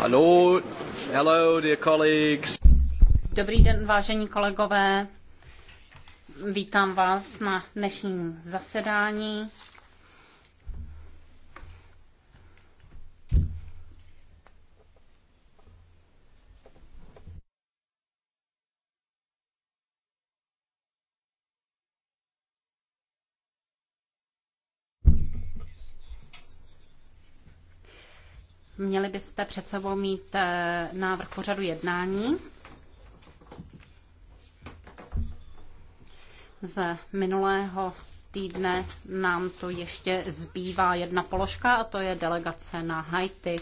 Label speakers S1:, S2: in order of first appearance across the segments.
S1: Hello, hello, dear colleagues. Dobrý den, vážení kolegové.
S2: Vítám vás na dnešním
S1: zasedání. Měli byste před sebou mít eh, návrh pořadu jednání z minulého týdne nám to ještě zbývá jedna položka a to je delegace na Haiti.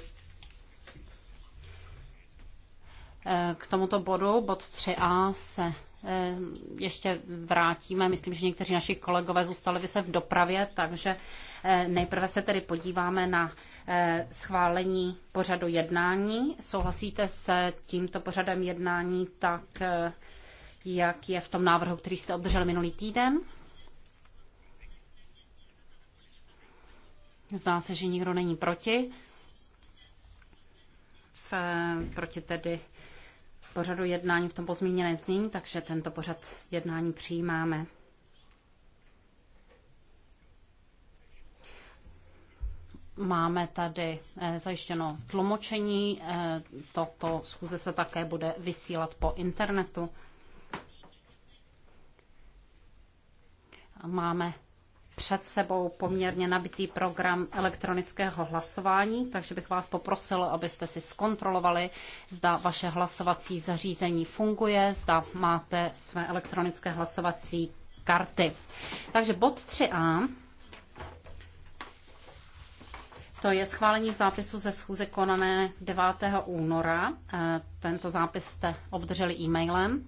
S1: Eh, k tomuto bodu, bod 3a, se Eh, ještě vrátíme. Myslím, že někteří naši kolegové zůstali by se v dopravě, takže eh, nejprve se tedy podíváme na eh, schválení pořadu jednání. Souhlasíte s tímto pořadem jednání tak, jak je v tom návrhu, který jste obdrželi minulý týden? Zdá se, že nikdo není proti. V, proti tedy pořadu jednání v tom pozmíněném znění, takže tento pořad jednání přijímáme. Máme tady eh, zajištěno tlumočení, eh, toto schůze se také bude vysílat po internetu. Máme před sebou poměrně nabitý program elektronického hlasování, takže bych vás poprosil, abyste si zkontrolovali, zda vaše hlasovací zařízení funguje, zda máte své elektronické hlasovací karty. Takže bod 3a, to je schválení zápisu ze schůze konané 9. února. E, tento zápis jste obdrželi e-mailem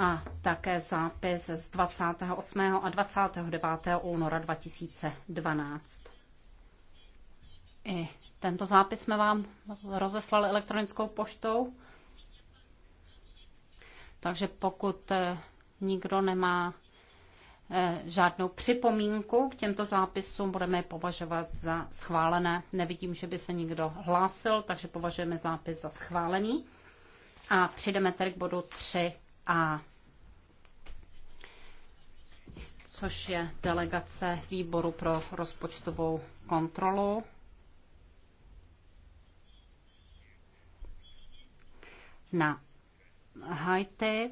S1: a také zápis z 28. a 29. února 2012. I tento zápis jsme vám rozeslali elektronickou poštou. Takže pokud eh, nikdo nemá eh, žádnou připomínku k těmto zápisům, budeme je považovat za schválené. Nevidím, že by se nikdo hlásil, takže považujeme zápis za schválený. A přijdeme tedy k bodu 3a což je delegace výboru pro rozpočtovou kontrolu. Na Haiti,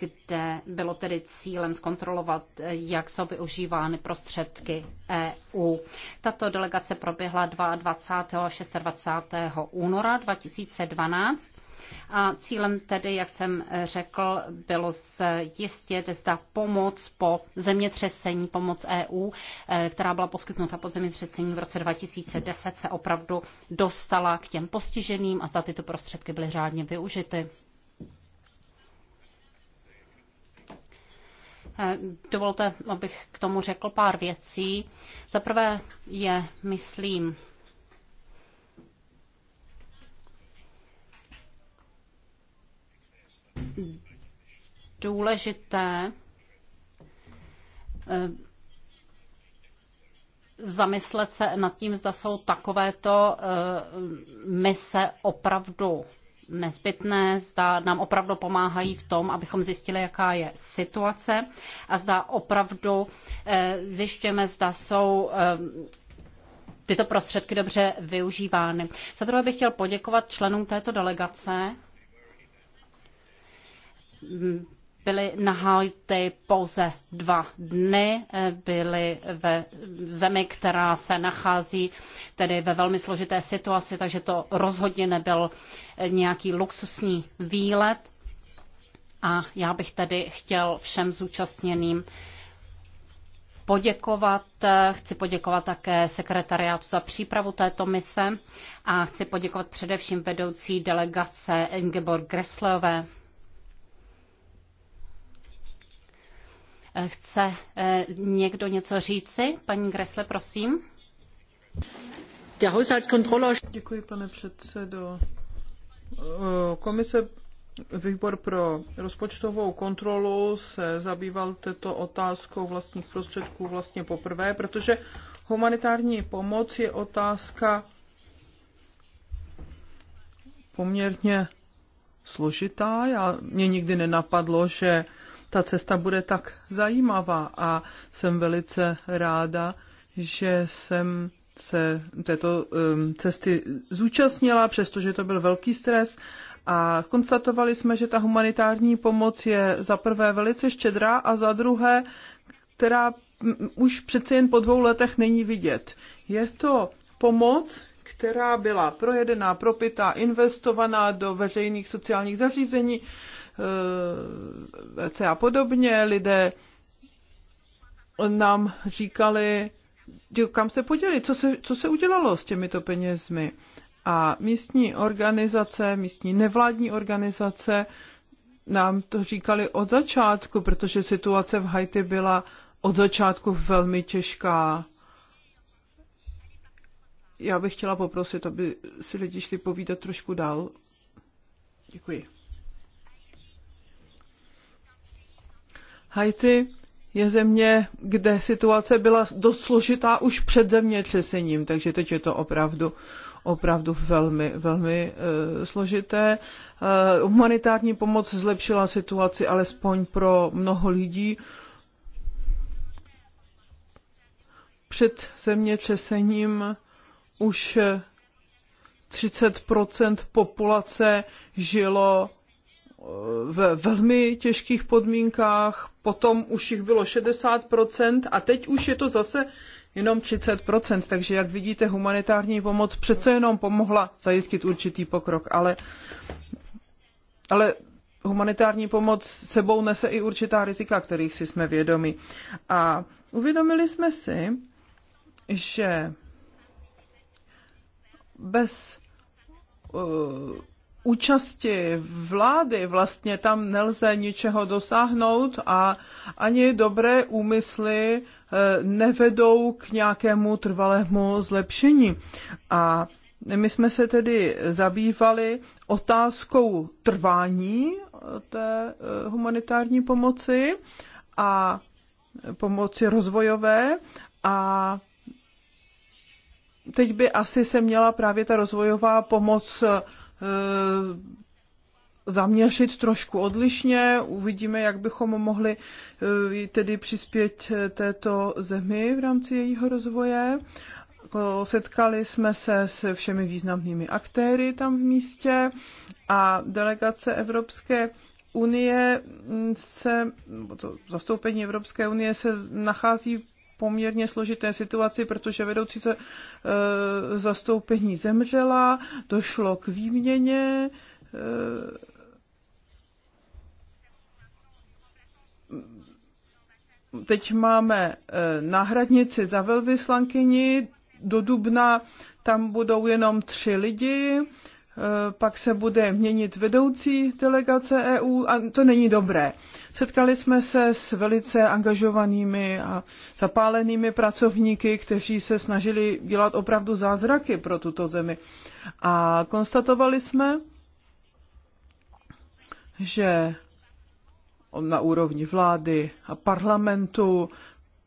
S1: kde bylo tedy cílem zkontrolovat, jak jsou využívány prostředky EU. Tato delegace proběhla 22. a 26. února 2012 a cílem tedy, jak jsem řekl, bylo zjistit, zda pomoc po zemětřesení, pomoc EU, eh, která byla poskytnuta po zemětřesení v roce 2010, se opravdu dostala k těm postiženým a zda tyto prostředky byly řádně využity. Eh, dovolte, abych k tomu řekl pár věcí. Za prvé je, myslím, důležité eh, zamyslet se nad tím, zda jsou takovéto eh, mise opravdu nezbytné, zda nám opravdu pomáhají v tom, abychom zjistili, jaká je situace a zda opravdu eh, zjišťujeme, zda jsou tyto prostředky dobře využívány. Za druhé bych chtěl poděkovat členům této delegace, byly na Haiti pouze dva dny, eh, byly ve zemi, která se nachází tedy ve velmi složité situaci, takže to rozhodně nebyl eh, nějaký luxusní výlet. A já bych tedy chtěl všem zúčastněným poděkovat. Eh, chci poděkovat také sekretariátu za přípravu této mise a chci poděkovat především vedoucí delegace Ingeborg Greslové, Eh, chce eh, někdo něco říci? Paní Gresle, prosím. Děkuji, pane
S3: předsedo. Eh, komise Výbor pro rozpočtovou kontrolu se zabýval této otázkou vlastních prostředků vlastně poprvé, protože humanitární pomoc je otázka poměrně složitá. Já, mě nikdy nenapadlo, že ta cesta bude tak zajímavá a jsem velice ráda, že jsem se této um, cesty zúčastnila, přestože to byl velký stres a konstatovali jsme, že ta humanitární pomoc je za prvé velice štědrá a za druhé, která už přece jen po dvou letech není vidět. Je to pomoc, která byla projedená, propitá, investovaná do veřejných sociálních zařízení, VC eh, a podobně. Lidé nám říkali, kam se podělit, co se, co se udělalo s těmito penězmi. A místní organizace, místní nevládní organizace nám to říkali od začátku, protože situace v Haiti byla od začátku velmi těžká. Já bych chtěla poprosit, aby si lidi šli povídat trošku dál. Děkuji. Haiti je země, kde situace byla dost složitá už před zemětřesením, takže teď je to opravdu opravdu velmi, velmi e, složité. E, humanitární pomoc zlepšila situaci alespoň pro mnoho lidí. Před zemětřesením už 30 populace žilo ve velmi těžkých podmínkách, potom už jich bylo 60% a teď už je to zase jenom 30%, takže jak vidíte, humanitární pomoc přece jenom pomohla zajistit určitý pokrok, ale, ale humanitární pomoc sebou nese i určitá rizika, kterých si jsme vědomi. A uvědomili jsme si, že bez uh, účasti vlády vlastně tam nelze ničeho dosáhnout a ani dobré úmysly eh, nevedou k nějakému trvalému zlepšení. A my jsme se tedy zabývali otázkou trvání eh, té eh, humanitární pomoci a pomoci rozvojové a teď by asi se měla právě ta rozvojová pomoc Eh, zaměřit trošku odlišně. Uvidíme, jak bychom mohli eh, tedy přispět této zemi v rámci jejího rozvoje. Setkali jsme se s všemi významnými aktéry tam v místě a delegace Evropské unie mm, se, to zastoupení Evropské unie se nachází poměrně složité situaci, protože vedoucí se, eh, zastoupení zemřela, došlo k výměně. Eh, teď máme eh, náhradnici za velvyslankyni, do dubna tam budou jenom tři lidi Eh, pak se bude měnit vedoucí delegace EU a to není dobré. Setkali jsme se s velice angažovanými a zapálenými pracovníky, kteří se snažili dělat opravdu zázraky pro tuto zemi. A konstatovali jsme, že na úrovni vlády a parlamentu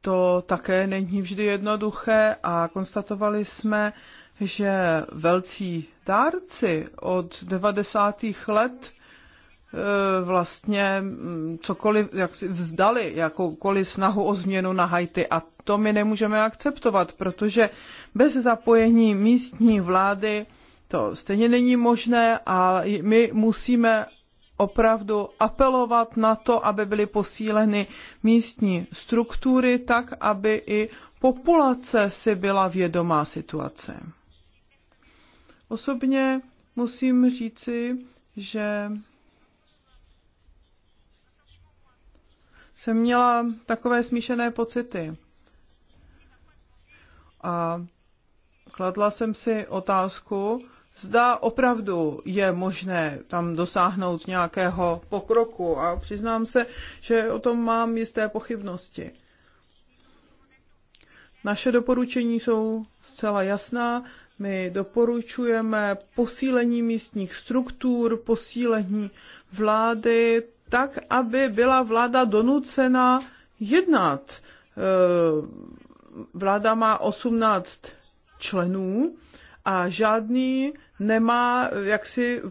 S3: to také není vždy jednoduché a konstatovali jsme, že velcí dárci od 90. let eh, vlastně mm, cokoliv, jak si vzdali jakoukoliv snahu o změnu na Haiti a to my nemůžeme akceptovat, protože bez zapojení místní vlády to stejně není možné a my musíme opravdu apelovat na to, aby byly posíleny místní struktury tak, aby i populace si byla vědomá situace. Osobně musím říci, že jsem měla takové smíšené pocity. A kladla jsem si otázku, zda opravdu je možné tam dosáhnout nějakého pokroku a přiznám se, že o tom mám jisté pochybnosti. Naše doporučení jsou zcela jasná my doporučujeme posílení místních struktur, posílení vlády, tak, aby byla vláda donucena jednat. E, vláda má 18 členů a žádný nemá jaksi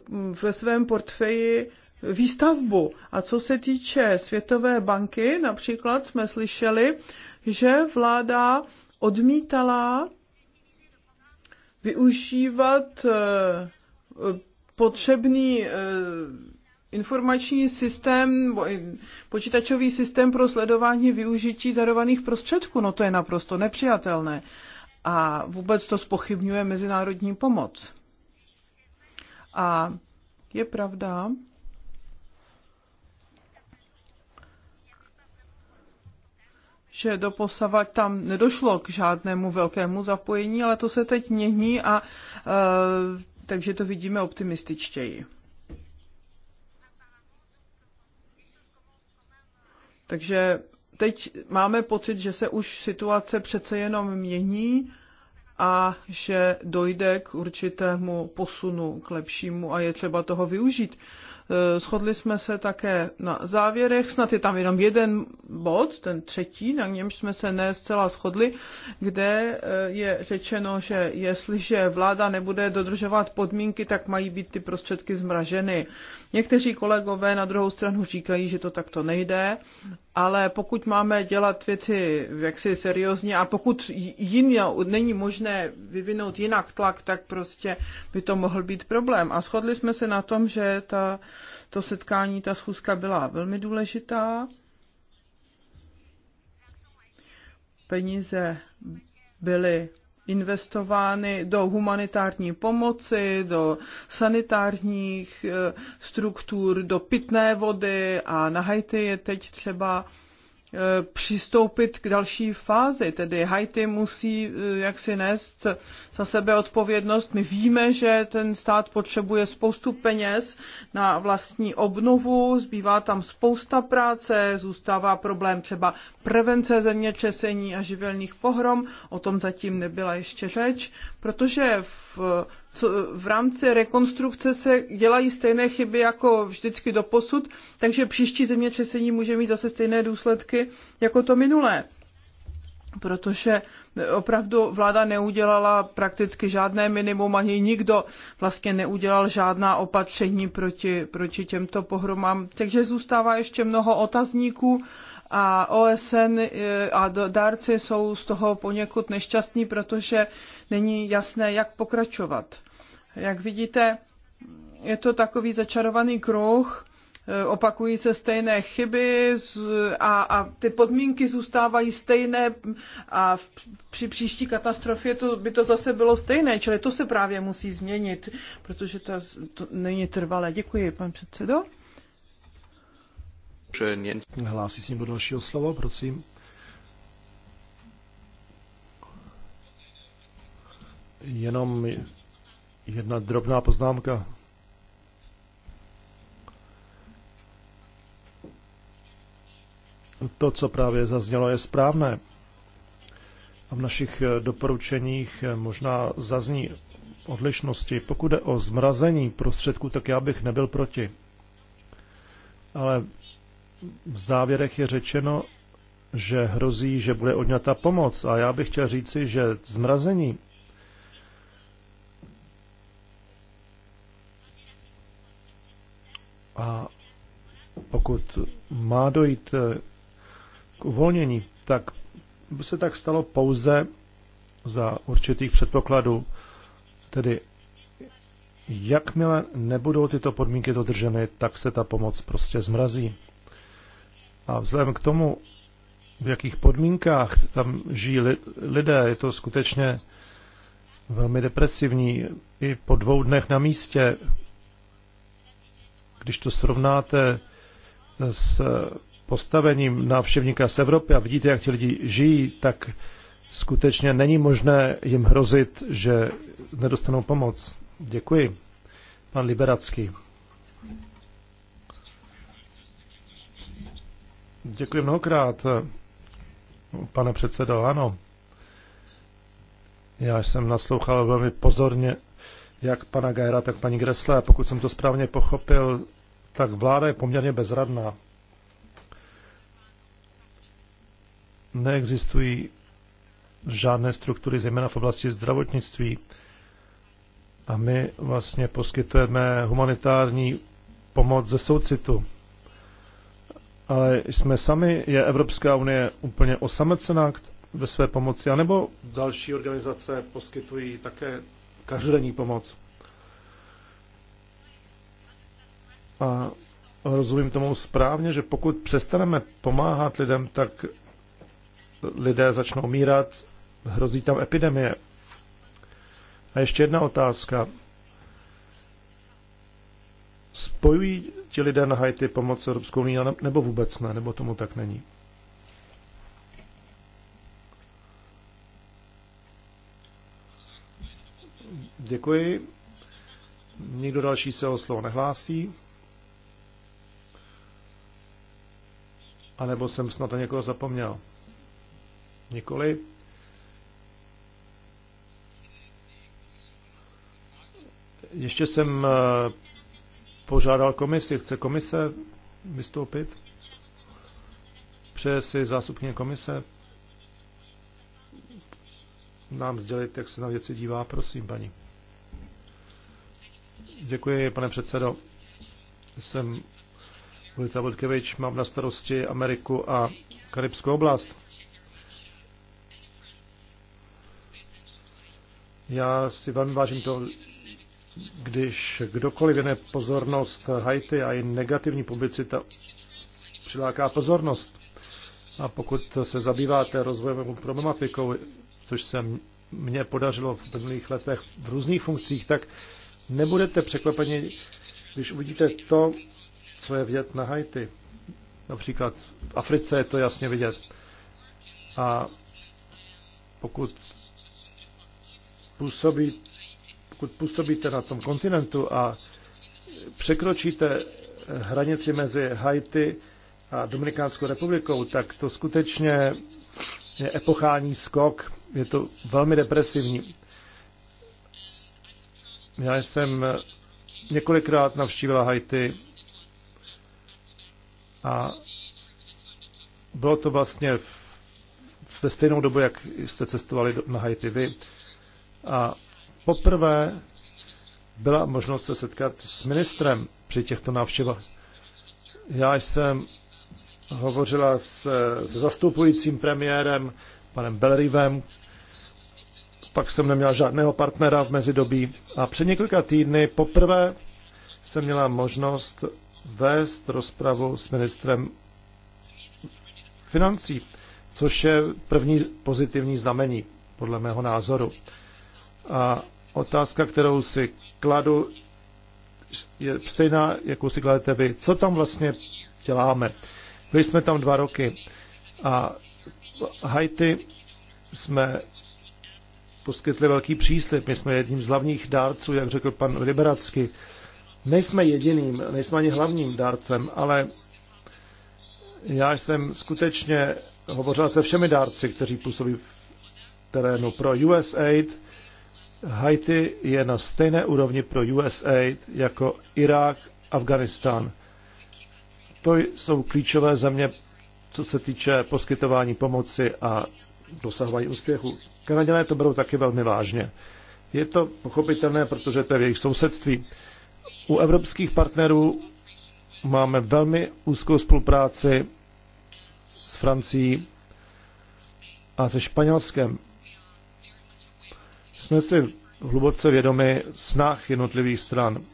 S3: ve svém portfeji výstavbu. A co se týče Světové banky, například jsme slyšeli, že vláda odmítala využívat eh, potřebný eh, informační systém, počítačový systém pro sledování využití darovaných prostředků. No to je naprosto nepřijatelné. A vůbec to spochybňuje mezinárodní pomoc. A je pravda, že doposavat tam nedošlo k žádnému velkému zapojení, ale to se teď mění a e, takže to vidíme optimističtěji. Takže teď máme pocit, že se už situace přece jenom mění a že dojde k určitému posunu, k lepšímu a je třeba toho využít. Eh, shodli jsme se také na závěrech, snad je tam jenom jeden bod, ten třetí, na něm jsme se ne zcela shodli, kde eh, je řečeno, že jestliže vláda nebude dodržovat podmínky, tak mají být ty prostředky zmraženy. Někteří kolegové na druhou stranu říkají, že to takto nejde, ale pokud máme dělat věci jaksi seriózně a pokud jim není možné vyvinout jinak tlak, tak prostě by to mohl být problém. A shodli jsme se na tom, že ta, to setkání, ta schůzka byla velmi důležitá. Peníze byly investovány do humanitární pomoci, do sanitárních eh, struktur, do pitné vody a na Haiti je teď třeba Eh, přistoupit k další fázi, tedy Haiti musí eh, jaksi nést za sebe odpovědnost. My víme, že ten stát potřebuje spoustu peněz na vlastní obnovu, zbývá tam spousta práce, zůstává problém třeba prevence zemětřesení a živelných pohrom, o tom zatím nebyla ještě řeč, protože v v rámci rekonstrukce se dělají stejné chyby jako vždycky do posud, takže příští zemětřesení může mít zase stejné důsledky jako to minulé. Protože opravdu vláda neudělala prakticky žádné minimum, ani nikdo vlastně neudělal žádná opatření proti, proti těmto pohromám. Takže zůstává ještě mnoho otazníků a OSN eh, a dárci jsou z toho poněkud nešťastní, protože není jasné, jak pokračovat. Jak vidíte, je to takový začarovaný kruh, eh, opakují se stejné chyby a, a ty podmínky zůstávají stejné a v, při příští katastrofě to, by to zase bylo stejné, čili to se právě musí změnit, protože to, to není trvalé. Děkuji, pan předsedo.
S2: Hlásí se do dalšího slova, prosím. Jenom jedna drobná poznámka. To, co právě zaznělo, je správné. A v našich doporučeních možná zazní odlišnosti. Pokud jde o zmrazení prostředků, tak já bych nebyl proti. Ale v závěrech je řečeno, že hrozí, že bude odňata pomoc. A já bych chtěl říci, že zmrazení a pokud má dojít eh, k uvolnění, tak by se tak stalo pouze za určitých předpokladů. Tedy jakmile nebudou tyto podmínky dodrženy, tak se ta pomoc prostě zmrazí. A vzhledem k tomu, v jakých podmínkách tam žijí lidé, je to skutečně velmi depresivní. I po dvou dnech na místě, když to srovnáte s postavením návštěvníka z Evropy a vidíte, jak ti lidi žijí, tak skutečně není možné jim hrozit, že nedostanou pomoc. Děkuji. Pan Liberacký. Děkuji mnohokrát, pane předsedo. Ano, já jsem naslouchal velmi pozorně jak pana Gajera, tak paní Gressle. A pokud jsem to správně pochopil, tak vláda je poměrně bezradná. Neexistují žádné struktury, zejména v oblasti zdravotnictví. A my vlastně poskytujeme humanitární pomoc ze soucitu ale jsme sami, je Evropská unie úplně osamecená ve své pomoci, anebo další organizace poskytují také každodenní pomoc? A rozumím tomu správně, že pokud přestaneme pomáhat lidem, tak lidé začnou mírat, hrozí tam epidemie. A ještě jedna otázka spojují ti lidé na Haiti pomoc Evropskou unii, nebo vůbec ne, nebo tomu tak není? Děkuji. Nikdo další se o slovo nehlásí. A nebo jsem snad na někoho zapomněl. Nikoli. Ještě jsem eh, požádal komisi. Chce komise vystoupit? Přeje si zástupně komise nám sdělit, jak se na věci dívá. Prosím, paní. Děkuji, pane předsedo. Jsem Vojta Vodkevič, mám na starosti Ameriku a Karibskou oblast. Já si velmi vážím toho, když kdokoliv věne pozornost Haiti a i negativní publicita přiláká pozornost. A pokud se zabýváte rozvojovou problematikou, což se mně podařilo v minulých letech v různých funkcích, tak nebudete překvapeni, když uvidíte to, co je vidět na Haiti. Například v Africe je to jasně vidět. A pokud působí pokud působíte na tom kontinentu a překročíte hranici mezi Haiti a Dominikánskou republikou, tak to skutečně je epochální skok, je to velmi depresivní. Já jsem několikrát navštívila Haiti a bylo to vlastně v, ve stejnou dobu, jak jste cestovali na Haiti vy. A Poprvé byla možnost se setkat s ministrem při těchto návštěvách. Já jsem hovořila s, s zastupujícím premiérem, panem Belrivem, pak jsem neměla žádného partnera v mezidobí a před několika týdny poprvé jsem měla možnost vést rozpravu s ministrem financí, což je první pozitivní znamení, podle mého názoru. A otázka, kterou si kladu, je stejná, jakou si kladete vy. Co tam vlastně děláme? Byli jsme tam dva roky a Haiti jsme poskytli velký příslip. My jsme jedním z hlavních dárců, jak řekl pan Liberacky. Nejsme jediným, nejsme ani hlavním dárcem, ale já jsem skutečně hovořil se všemi dárci, kteří působí v terénu pro USAID, Haiti je na stejné úrovni pro USAID jako Irák, Afganistán. To jsou klíčové země, co se týče poskytování pomoci a dosahování úspěchu. Kanaděné to berou taky velmi vážně. Je to pochopitelné, protože to je v jejich sousedství. U evropských partnerů máme velmi úzkou spolupráci s Francií a se Španělskem. Jsme si hluboce vědomi snah jednotlivých stran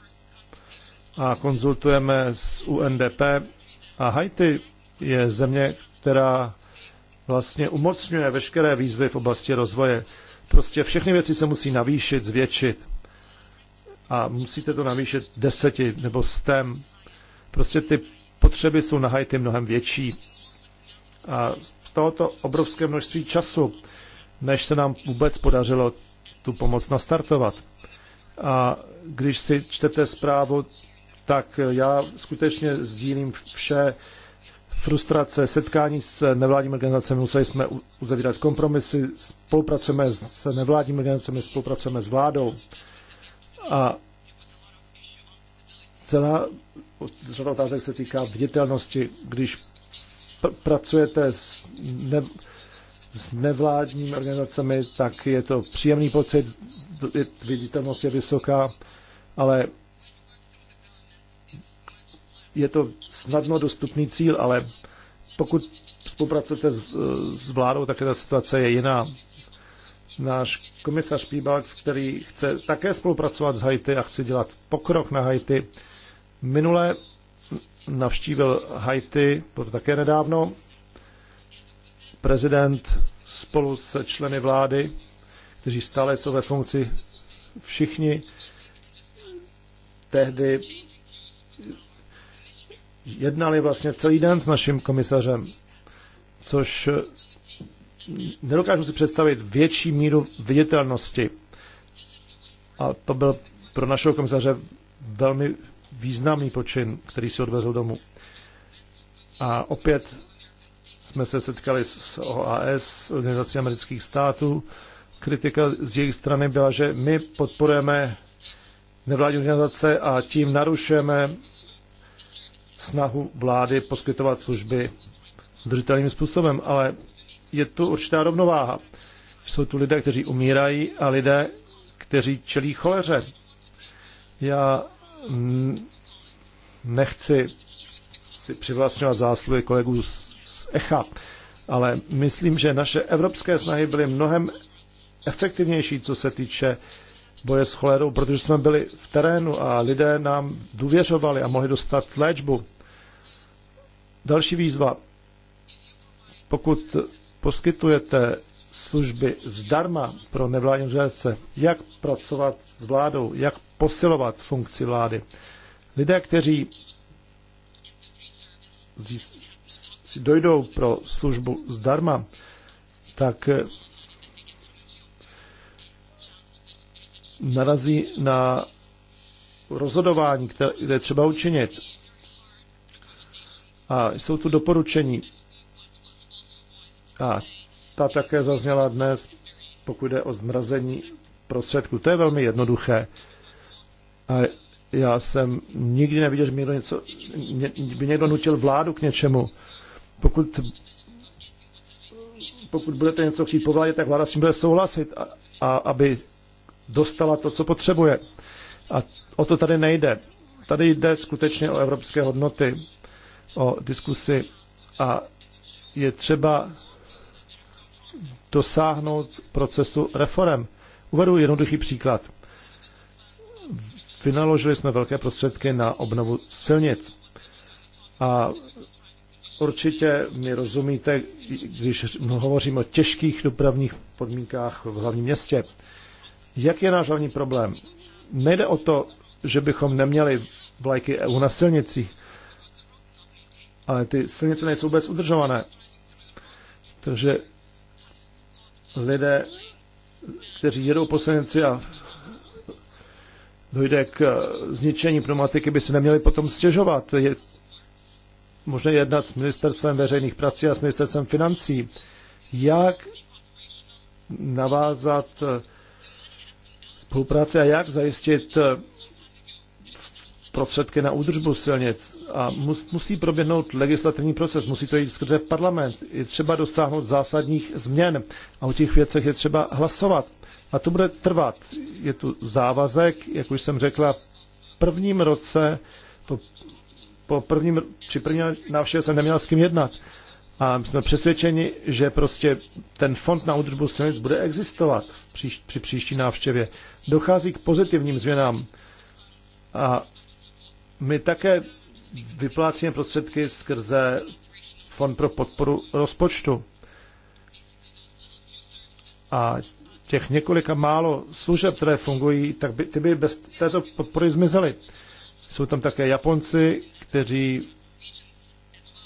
S2: a konzultujeme s UNDP a Haiti je země, která vlastně umocňuje veškeré výzvy v oblasti rozvoje. Prostě všechny věci se musí navýšit, zvětšit. A musíte to navýšit deseti nebo stem. Prostě ty potřeby jsou na Haiti mnohem větší. A stalo to obrovské množství času, než se nám vůbec podařilo tu pomoc nastartovat. A když si čtete zprávu, tak já skutečně sdílím vše frustrace, setkání s nevládními organizacemi, museli jsme uzavírat kompromisy, spolupracujeme s nevládními organizacemi, spolupracujeme s vládou a celá řada otázek se týká viditelnosti, když pr- pracujete s ne- s nevládními organizacemi, tak je to příjemný pocit, viditelnost je vysoká, ale je to snadno dostupný cíl, ale pokud spolupracujete s, s vládou, tak ta situace je jiná. Náš komisař Píbalx, který chce také spolupracovat s Haiti a chce dělat pokrok na Haiti, minule navštívil Haiti, bylo to také nedávno, prezident spolu se členy vlády, kteří stále jsou ve funkci, všichni tehdy jednali vlastně celý den s naším komisařem, což nedokážu si představit větší míru viditelnosti. A to byl pro našeho komisaře velmi významný počin, který si odvezl domů. A opět jsme se setkali s OAS, Organizací amerických států. Kritika z jejich strany byla, že my podporujeme nevládní organizace a tím narušujeme snahu vlády poskytovat služby držitelným způsobem, ale je tu určitá rovnováha. Jsou tu lidé, kteří umírají a lidé, kteří čelí choleře. Já nechci si přivlastňovat zásluhy kolegů z z ECHA, ale myslím, že naše evropské snahy byly mnohem efektivnější, co se týče boje s cholerou, protože jsme byli v terénu a lidé nám důvěřovali a mohli dostat léčbu. Další výzva. Pokud poskytujete služby zdarma pro nevládní organizace, jak pracovat s vládou, jak posilovat funkci vlády. Lidé, kteří si dojdou pro službu zdarma, tak eh, narazí na rozhodování, které je třeba učinit. A jsou tu doporučení. A ta také zazněla dnes, pokud jde o zmrazení prostředků. To je velmi jednoduché. A já jsem nikdy neviděl, že by někdo, něco, mě, by někdo nutil vládu k něčemu. Pokud, pokud budete něco chtít po vládě, tak vláda s tím bude souhlasit, a, a aby dostala to, co potřebuje. A o to tady nejde. Tady jde skutečně o evropské hodnoty, o diskusy a je třeba dosáhnout procesu reform. Uvedu jednoduchý příklad. Vynaložili jsme velké prostředky na obnovu silnic a Určitě mi rozumíte, když hovořím o těžkých dopravních podmínkách v hlavním městě. Jak je náš hlavní problém? Nejde o to, že bychom neměli vlajky EU na silnicích, ale ty silnice nejsou vůbec udržované. Takže lidé, kteří jedou po silnici a dojde k eh, zničení pneumatiky, by se neměli potom stěžovat. Je možné jednat s ministerstvem veřejných prací a s ministerstvem financí. Jak navázat eh, spolupráci a jak zajistit eh, prostředky na údržbu silnic a musí proběhnout legislativní proces, musí to jít skrze parlament, je třeba dostáhnout zásadních změn a o těch věcech je třeba hlasovat. A to bude trvat. Je tu závazek, jak už jsem řekla, v prvním roce po po prvním, při první návštěvě jsem neměl s kým jednat. A jsme přesvědčeni, že prostě ten fond na údržbu silnic bude existovat v příš, při příští návštěvě. Dochází k pozitivním změnám. A my také vyplácíme prostředky skrze Fond pro podporu rozpočtu. A těch několika málo služeb, které fungují, tak by, ty by bez této podpory zmizely. Jsou tam také Japonci, kteří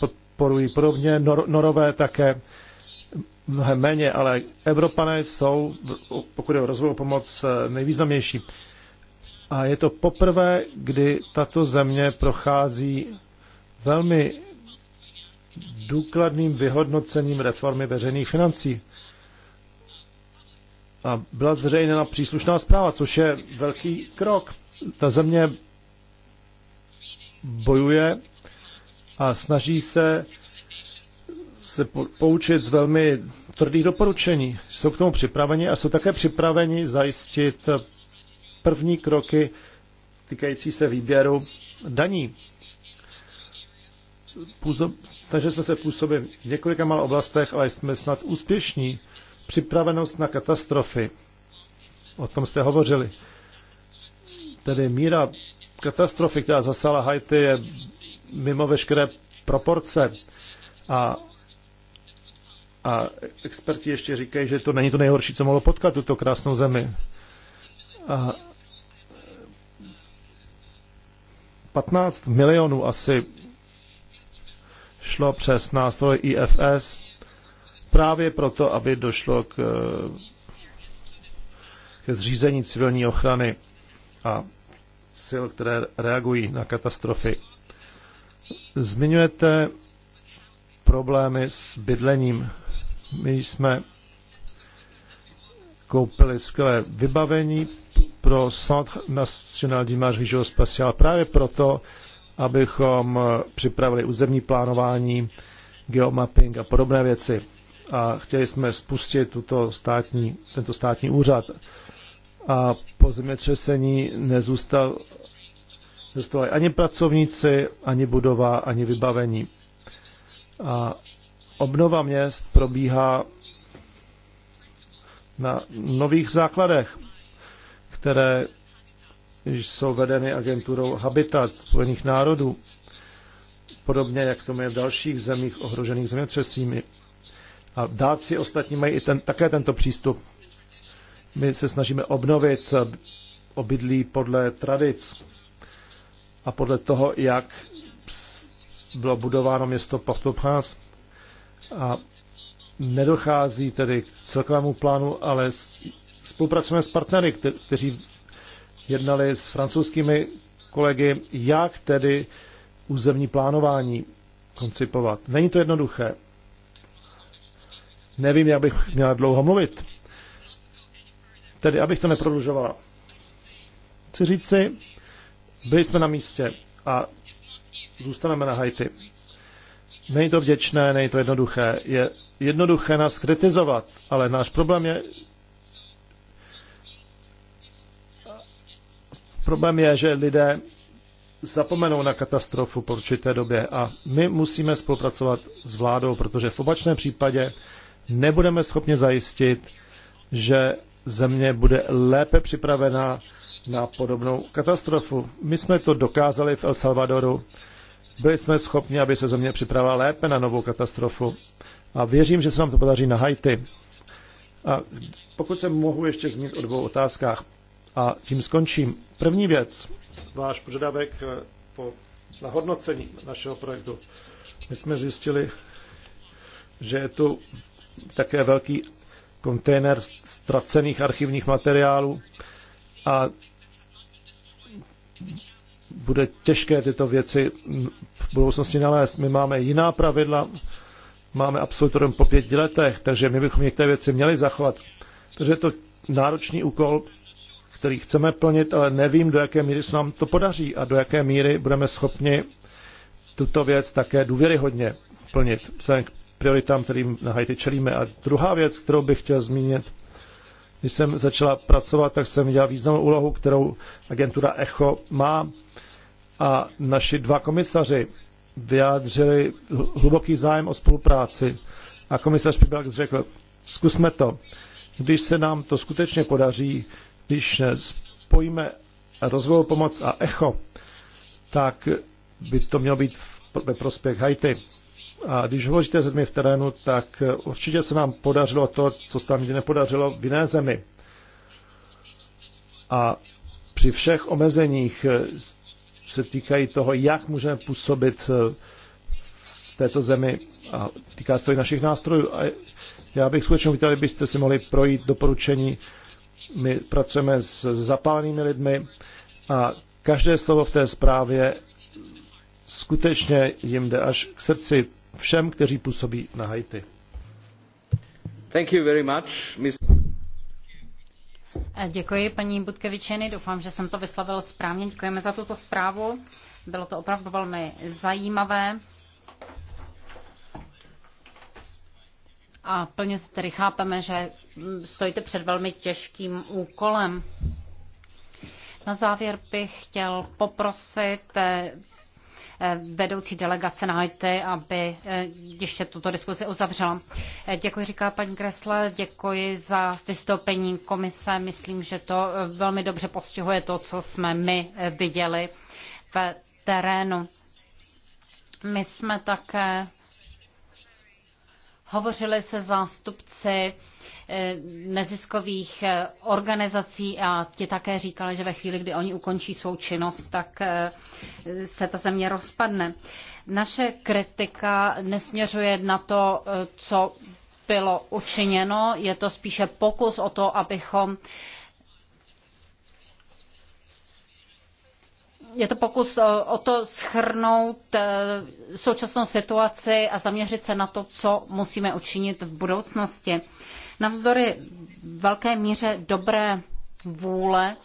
S2: podporují podobně, nor, norové také mnohem méně, ale Evropané jsou, pokud je o rozvoj pomoc, nejvýznamnější. A je to poprvé, kdy tato země prochází velmi důkladným vyhodnocením reformy veřejných financí. A byla zveřejněna příslušná zpráva, což je velký krok. Ta země bojuje a snaží se se poučit z velmi tvrdých doporučení. Jsou k tomu připraveni a jsou také připraveni zajistit první kroky týkající se výběru daní. Působ, snažili jsme se působit v několika malých oblastech, ale jsme snad úspěšní. Připravenost na katastrofy. O tom jste hovořili. Tedy míra katastrofy, která zasala Haiti, je mimo veškeré proporce. A, a experti ještě říkají, že to není to nejhorší, co mohlo potkat tuto krásnou zemi. A 15 milionů asi šlo přes nástroj IFS právě proto, aby došlo k, k zřízení civilní ochrany a sil, které reagují na katastrofy. Zmiňujete problémy s bydlením. My jsme koupili skvělé vybavení pro Centre National d'Image Geospatial právě proto, abychom připravili územní plánování, geomapping a podobné věci. A chtěli jsme spustit tuto státní, tento státní úřad a po zemětřesení nezůstal, nezůstali ani pracovníci, ani budova, ani vybavení. A obnova měst probíhá na nových základech, které jsou vedeny agenturou Habitat Spojených národů, podobně jak tomu je v dalších zemích ohrožených zemětřesími. A dáci ostatní mají i ten, také tento přístup. My se snažíme obnovit eh, obydlí podle tradic a podle toho, jak bylo budováno město port au A nedochází tedy k celkovému plánu, ale spolupracujeme s partnery, kteří jednali s francouzskými kolegy, jak tedy územní plánování koncipovat. Není to jednoduché. Nevím, jak bych měl dlouho mluvit. Tedy, abych to neprodlužovala. Chci říci, byli jsme na místě a zůstaneme na Haiti. Není to vděčné, není to jednoduché. Je jednoduché nás kritizovat, ale náš problém je, problém je, že lidé zapomenou na katastrofu po určité době a my musíme spolupracovat s vládou, protože v opačném případě nebudeme schopni zajistit, že země bude lépe připravena na podobnou katastrofu. My jsme to dokázali v El Salvadoru. Byli jsme schopni, aby se země připravila lépe na novou katastrofu. A věřím, že se nám to podaří na Haiti. A pokud se mohu ještě zmínit o dvou otázkách, a tím skončím. První věc, váš požadavek eh, po, na hodnocení našeho projektu. My jsme zjistili, že je tu také velký kontejner ztracených archivních materiálů a bude těžké tyto věci v budoucnosti nalézt. My máme jiná pravidla, máme absolutorium po pěti letech, takže my bychom některé věci měli zachovat. Takže je to náročný úkol, který chceme plnit, ale nevím, do jaké míry se nám to podaří a do jaké míry budeme schopni tuto věc také důvěryhodně plnit, vzhledem k prioritám, kterým na Haiti čelíme. A druhá věc, kterou bych chtěl zmínit, když jsem začala pracovat, tak jsem viděla významnou úlohu, kterou agentura ECHO má. A naši dva komisaři vyjádřili hluboký zájem o spolupráci. A komisař Pibalk řekl, zkusme to. Když se nám to skutečně podaří, když spojíme rozvojovou pomoc a ECHO, tak by to mělo být ve prospěch Haiti. A když hovoříte s lidmi v terénu, tak určitě se nám podařilo to, co se nám nikdy nepodařilo v jiné zemi. A při všech omezeních se týkají toho, jak můžeme působit v této zemi a týká se to i našich nástrojů. A já bych skutečně chtěl, byste si mohli projít doporučení. My pracujeme s zapálenými lidmi a každé slovo v té zprávě skutečně jim jde až k srdci, všem, kteří působí na Haiti. Thank you very much, Ms.
S1: Eh, děkuji paní Budkevičeny, doufám, že jsem to vyslavil správně. Děkujeme za tuto zprávu. Bylo to opravdu velmi zajímavé. A plně tedy chápeme, že mm, stojíte před velmi těžkým úkolem. Na závěr bych chtěl poprosit eh, vedoucí delegace na Haiti, aby eh, ještě tuto diskuzi uzavřela. Eh, děkuji, říká paní Kresle, děkuji za vystoupení komise. Myslím, že to eh, velmi dobře postihuje to, co jsme my viděli v terénu. My jsme také hovořili se zástupci Eh, neziskových eh, organizací a ti také říkali, že ve chvíli, kdy oni ukončí svou činnost, tak eh, se ta země rozpadne. Naše kritika nesměřuje na to, co bylo učiněno, je to spíše pokus o to, abychom je to pokus o, to schrnout současnou situaci a zaměřit se na to, co musíme učinit v budoucnosti. Navzdory velké míře dobré vůle,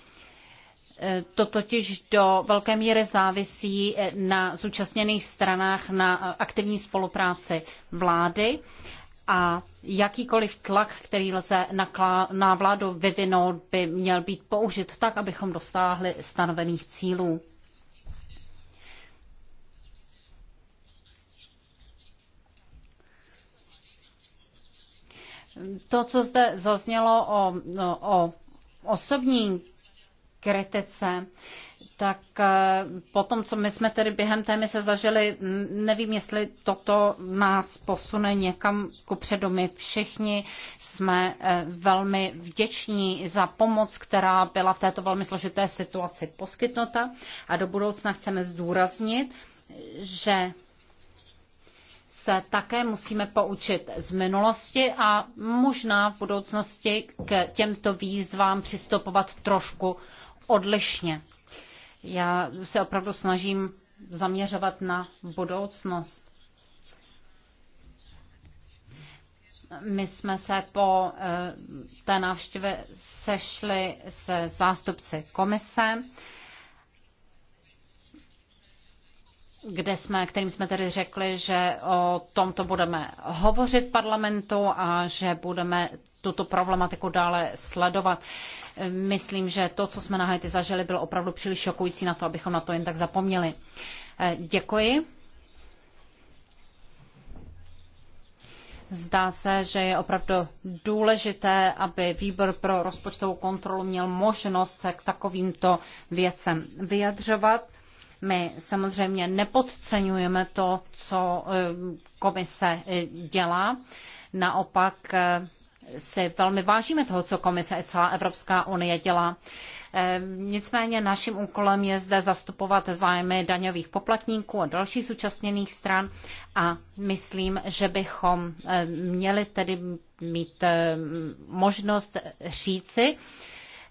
S1: eh, to totiž do velké míry závisí eh, na zúčastněných stranách na eh, aktivní spolupráci vlády a jakýkoliv tlak, který lze na vládu vyvinout, by měl být použit tak, abychom dosáhli stanovených cílů. To, co zde zaznělo o, o osobní kritice, tak eh, po tom, co my jsme tedy během té mise zažili, mm, nevím, jestli toto nás posune někam ku předu. My všichni jsme eh, velmi vděční za pomoc, která byla v této velmi složité situaci poskytnuta a do budoucna chceme zdůraznit, že se také musíme poučit z minulosti a možná v budoucnosti k těmto výzvám přistupovat trošku odlišně. Já se opravdu snažím zaměřovat na budoucnost. My jsme se po eh, té návštěvě sešli se zástupci komise. kde jsme, kterým jsme tedy řekli, že o tomto budeme hovořit v parlamentu a že budeme tuto problematiku dále sledovat. Myslím, že to, co jsme na Haiti zažili, bylo opravdu příliš šokující na to, abychom na to jen tak zapomněli. Eh, děkuji. Zdá se, že je opravdu důležité, aby výbor pro rozpočtovou kontrolu měl možnost se k takovýmto věcem vyjadřovat. My samozřejmě nepodceňujeme to, co eh, komise eh, dělá. Naopak eh, si velmi vážíme toho, co komise i celá Evropská unie dělá. Nicméně naším úkolem je zde zastupovat zájmy daňových poplatníků a dalších zúčastněných stran a myslím, že bychom měli tedy mít možnost říci,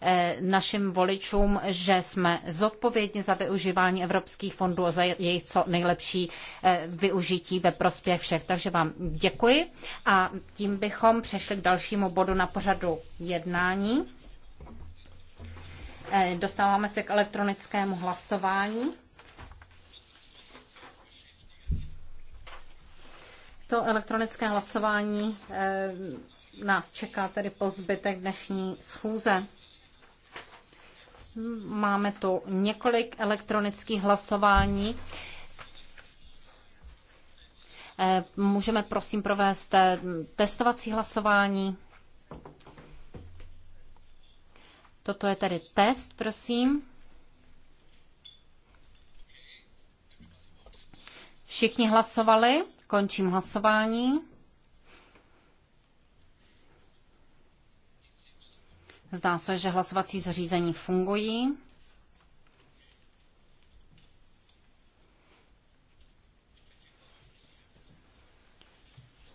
S1: Eh, našim voličům, že jsme zodpovědní za využívání evropských fondů a za jejich co nejlepší eh, využití ve prospěch všech. Takže vám děkuji a tím bychom přešli k dalšímu bodu na pořadu jednání. Eh, dostáváme se k elektronickému hlasování. To elektronické hlasování nás čeká tedy po zbytek dnešní schůze. Máme tu několik elektronických hlasování. Eh, můžeme prosím provést eh, testovací hlasování. Toto je tedy test, prosím. Všichni hlasovali, končím hlasování. Zdá se, že hlasovací zařízení fungují.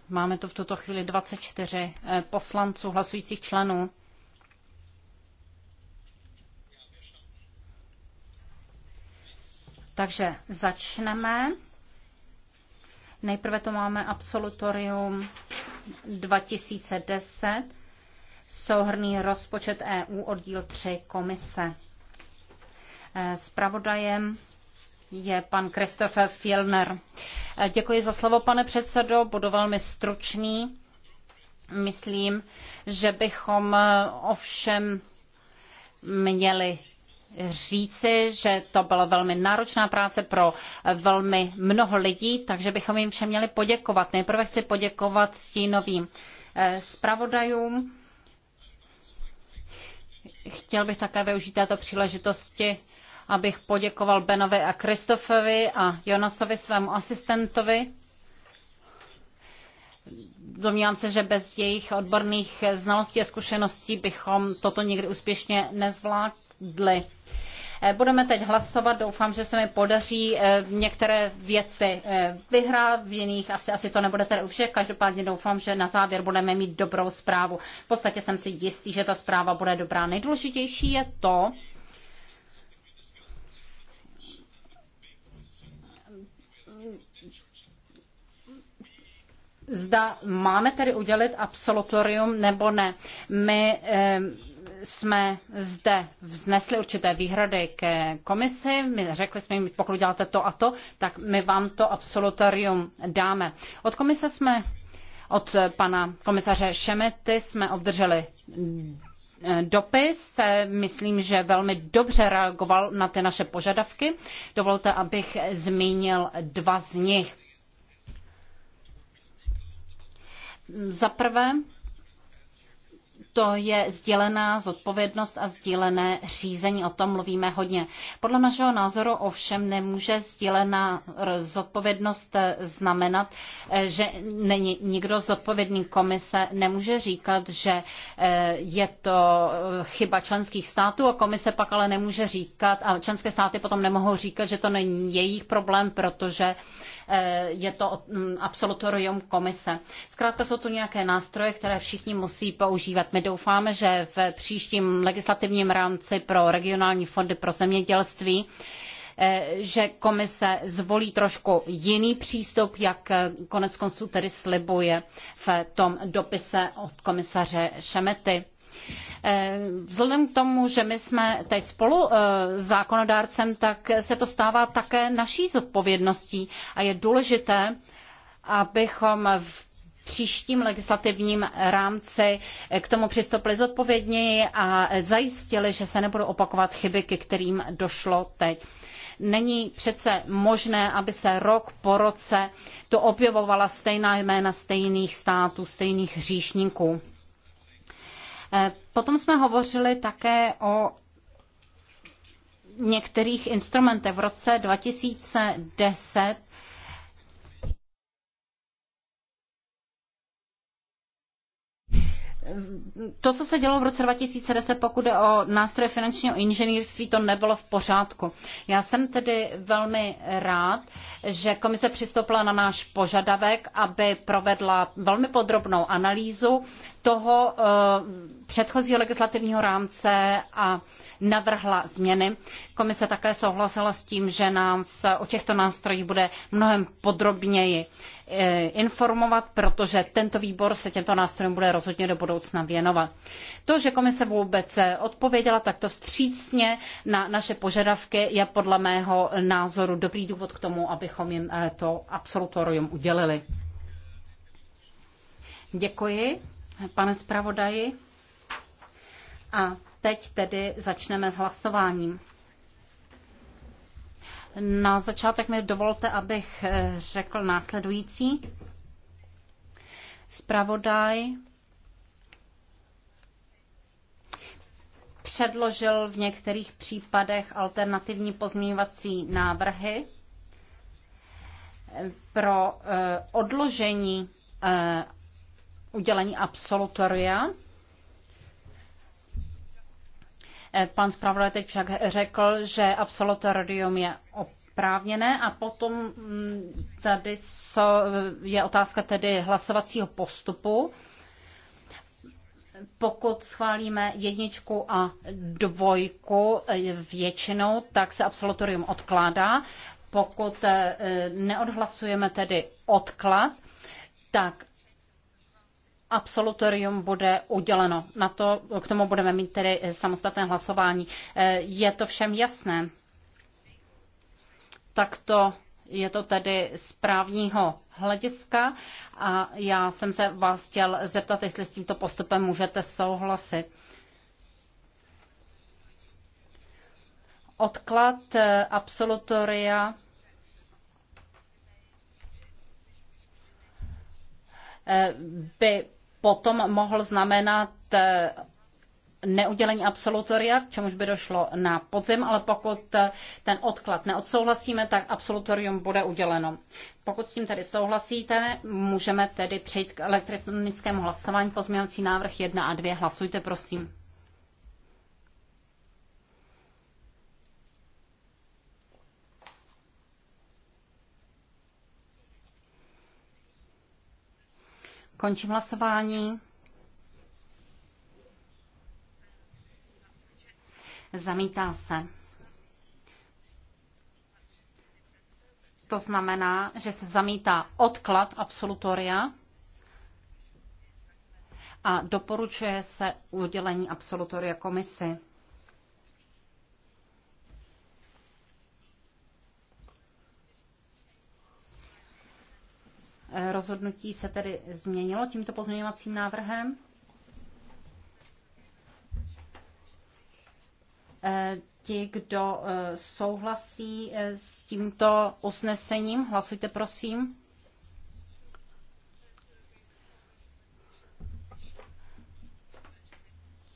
S1: Máme tu v tuto chvíli 24 eh, poslanců hlasujících členů. Takže začneme. Nejprve to máme absolutorium 2010 souhrný rozpočet EU oddíl 3 komise. Spravodajem eh, je pan Christopher Fielner. Eh, děkuji za slovo, pane předsedo, budu velmi stručný. Myslím, že bychom eh, ovšem měli říci, že to byla velmi náročná práce pro velmi mnoho lidí, takže bychom jim všem měli poděkovat. Nejprve chci poděkovat stínovým zpravodajům Chtěl bych také využít této příležitosti, abych poděkoval Benovi a Kristofovi a Jonasovi, svému asistentovi. Domnívám se, že bez jejich odborných znalostí a zkušeností bychom toto nikdy úspěšně nezvládli. Eh, budeme teď hlasovat, doufám, že se mi podaří eh, některé věci eh, vyhrát, v jiných asi, asi to nebude tedy u všech, každopádně doufám, že na závěr budeme mít dobrou zprávu. V podstatě jsem si jistý, že ta zpráva bude dobrá. Nejdůležitější je to, zda máme tedy udělit absolutorium nebo ne. My jsme zde vznesli určité výhrady ke komisi, my řekli jsme jim, pokud děláte to a to, tak my vám to absolutorium dáme. Od komise jsme, od pana komisaře Šemety jsme obdrželi dopis. Myslím, že velmi dobře reagoval na ty naše požadavky. Dovolte, abych zmínil dva z nich. Za prvé, to je sdělená zodpovědnost a sdělené řízení. O tom mluvíme hodně. Podle našeho názoru ovšem nemůže sdělená zodpovědnost znamenat, že není nikdo zodpovědný komise, nemůže říkat, že eh, je to chyba členských států a komise pak ale nemůže říkat, a členské státy potom nemohou říkat, že to není jejich problém, protože Eh, je to mm, absolutorium komise. Zkrátka jsou tu nějaké nástroje, které všichni musí používat. My doufáme, že v příštím legislativním rámci pro regionální fondy pro zemědělství eh, že komise zvolí trošku jiný přístup, jak eh, konec konců tedy slibuje v tom dopise od komisaře Šemety. Eh, vzhledem k tomu, že my jsme teď spolu eh, zákonodárcem, tak se to stává také naší zodpovědností a je důležité, abychom v příštím legislativním rámci eh, k tomu přistoupili zodpovědněji a zajistili, že se nebudou opakovat chyby, ke kterým došlo teď. Není přece možné, aby se rok po roce to objevovala stejná jména stejných států, stejných hříšníků. Potom jsme hovořili také o některých instrumentech. V roce 2010 to, co se dělo v roce 2010, pokud jde o nástroje finančního inženýrství, to nebylo v pořádku. Já jsem tedy velmi rád, že komise přistoupila na náš požadavek, aby provedla velmi podrobnou analýzu toho eh, předchozího legislativního rámce a navrhla změny. Komise také souhlasila s tím, že nás o těchto nástrojích bude mnohem podrobněji Eh, informovat, protože tento výbor se těmto nástrojům bude rozhodně do budoucna věnovat. To, že komise vůbec odpověděla takto vstřícně na naše požadavky, je podle mého názoru dobrý důvod k tomu, abychom jim eh, to absolutorium udělili. Děkuji, pane zpravodaji. A teď tedy začneme s hlasováním. Na začátek mi dovolte, abych eh, řekl následující. Spravodaj předložil v některých případech alternativní pozměňovací návrhy eh, pro eh, odložení udělení absolutoria Eh, pan zpravodaj teď však řekl, že absolutorium je oprávněné a potom mm, tady je otázka tedy hlasovacího postupu. Pokud schválíme jedničku a dvojku eh, většinou, tak se absolutorium odkládá. Pokud eh, neodhlasujeme tedy odklad, tak absolutorium bude uděleno. Na to, k tomu budeme mít tedy samostatné hlasování. Eh, je to všem jasné? Tak to je to tedy z právního hlediska a já jsem se vás chtěl zeptat, jestli s tímto postupem můžete souhlasit. Odklad eh, absolutoria eh, by potom mohl znamenat eh, neudělení absolutoria, k čemuž by došlo na podzim, ale pokud eh, ten odklad neodsouhlasíme, tak absolutorium bude uděleno. Pokud s tím tedy souhlasíte, můžeme tedy přejít k elektronickému hlasování. Pozměňovací návrh 1 a 2. Hlasujte, prosím. Končím hlasování. Zamítá se. To znamená, že se zamítá odklad absolutoria a doporučuje se udělení absolutoria komisi. Eh, rozhodnutí se tedy změnilo tímto pozměňovacím návrhem. Eh, ti, kdo eh, souhlasí s tímto usnesením, hlasujte prosím.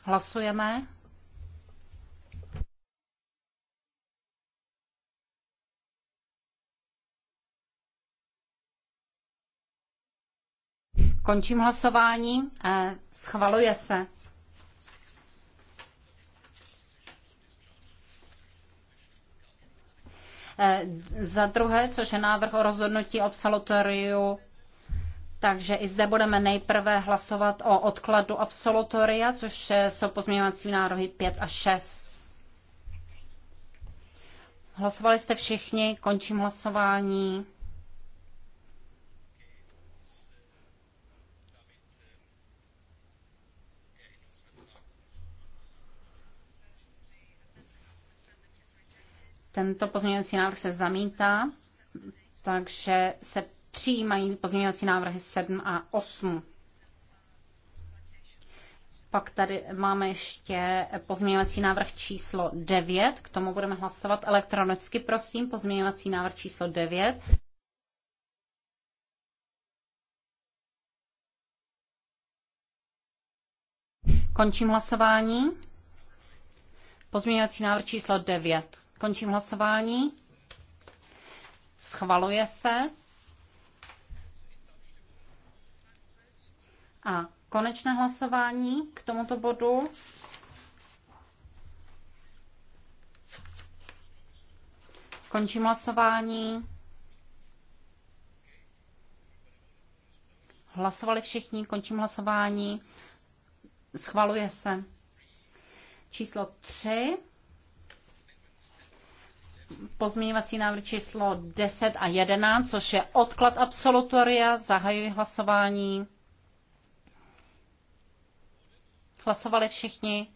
S1: Hlasujeme. Končím hlasování. Eh, schvaluje se. Eh, za druhé, což je návrh o rozhodnutí absolutoriu, takže i zde budeme nejprve hlasovat o odkladu absolutoria, což eh, jsou pozměňovací návrhy 5 a 6. Hlasovali jste všichni, končím hlasování. Tento pozměňovací návrh se zamítá, takže se přijímají pozměňovací návrhy 7 a 8. Pak tady máme ještě pozměňovací návrh číslo 9. K tomu budeme hlasovat elektronicky, prosím. Pozměňovací návrh číslo 9. Končím hlasování. Pozměňovací návrh číslo 9. Končím hlasování. Schvaluje se. A konečné hlasování k tomuto bodu. Končím hlasování. Hlasovali všichni, končím hlasování. Schvaluje se. Číslo 3. Pozměňovací návrh číslo 10 a 11, což je odklad absolutoria. Zahajuji hlasování. Hlasovali všichni.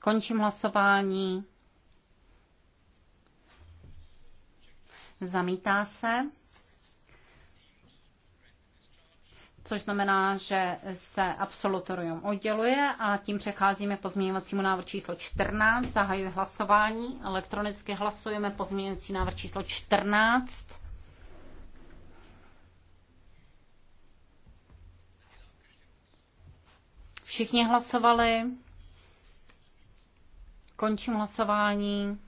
S1: Končím hlasování. Zamítá se. což znamená, že se absolutorium odděluje a tím přecházíme k pozměňovacímu návrhu číslo 14. Zahajuji hlasování, elektronicky hlasujeme pozměňovací návrh číslo 14. Všichni hlasovali. Končím hlasování.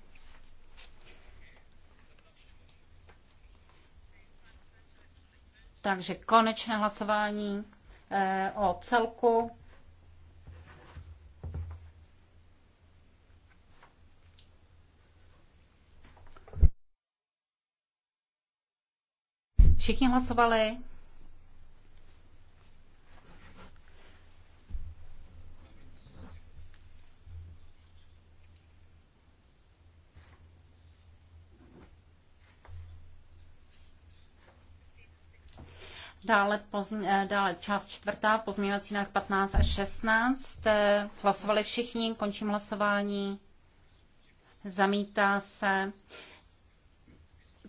S1: Takže konečné hlasování eh, o celku. Všichni hlasovali? Dále, pozm, eh, dále část čtvrtá, pozměňovací návrh 15 až 16. Eh, hlasovali všichni, končím hlasování. Zamítá se,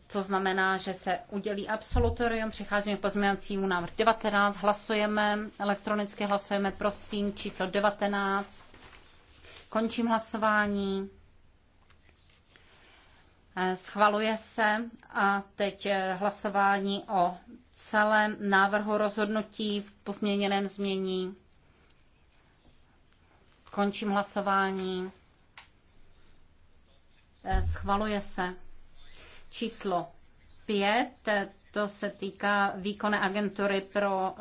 S1: co znamená, že se udělí absolutorium. Přecházíme k pozměňovacímu návrh 19. Hlasujeme, elektronicky hlasujeme, prosím, číslo 19. Končím hlasování. Schvaluje se a teď eh, hlasování o celém návrhu rozhodnutí v pozměněném změní. Končím hlasování. Eh, schvaluje se číslo 5, eh, to se týká výkonné agentury pro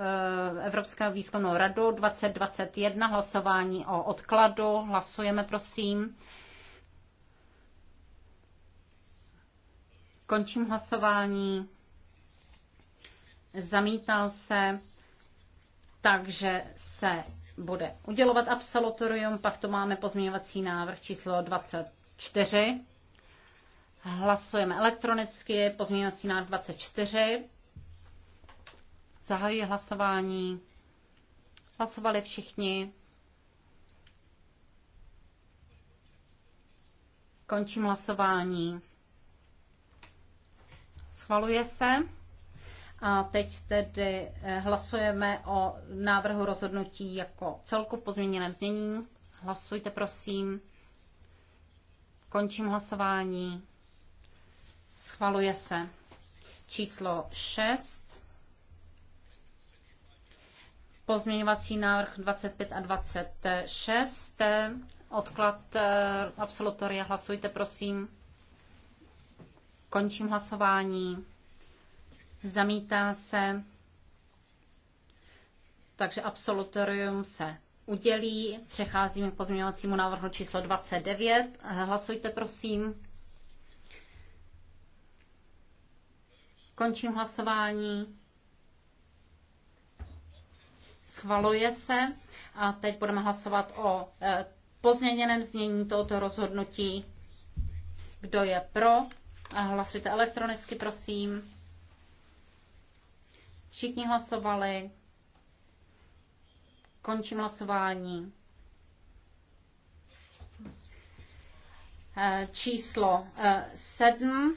S1: Evropskou výzkumnou radu 2021, hlasování o odkladu. Hlasujeme, prosím. Končím hlasování. Zamítal se, takže se bude udělovat absolutorium. Pak to máme pozměňovací návrh číslo 24. Hlasujeme elektronicky, pozměňovací návrh 24. Zahajuji hlasování. Hlasovali všichni. Končím hlasování. Schvaluje se. A teď tedy eh, hlasujeme o návrhu rozhodnutí jako celku v pozměněném znění. Hlasujte, prosím. Končím hlasování. Schvaluje se číslo 6. Pozměňovací návrh 25 a 26. Odklad eh, absolutoria. Hlasujte, prosím. Končím hlasování. Zamítá se. Takže absolutorium se udělí. Přecházíme k pozměňovacímu návrhu číslo 29. Hlasujte, prosím. Končím hlasování. Schvaluje se. A teď budeme hlasovat o eh, pozměněném znění tohoto rozhodnutí. Kdo je pro? Hlasujte elektronicky, prosím. Všichni hlasovali. Končím hlasování. Eh, číslo 7.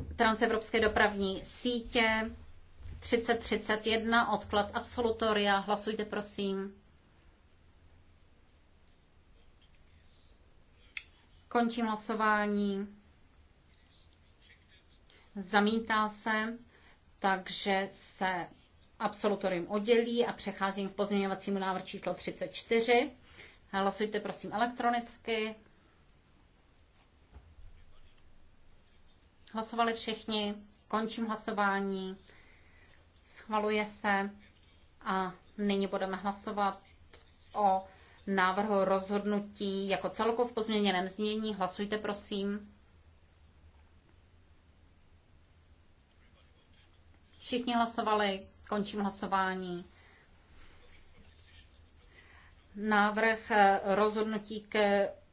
S1: Eh, Transevropské dopravní sítě 3031. Odklad absolutoria. Hlasujte, prosím. Končím hlasování zamítá se, takže se absolutorium oddělí a přecházím k pozměňovacímu návrhu číslo 34. Hlasujte prosím elektronicky. Hlasovali všichni, končím hlasování, schvaluje se a nyní budeme hlasovat o návrhu rozhodnutí jako celku v pozměněném změní. Hlasujte prosím. Všichni hlasovali, končím hlasování. Návrh eh, rozhodnutí k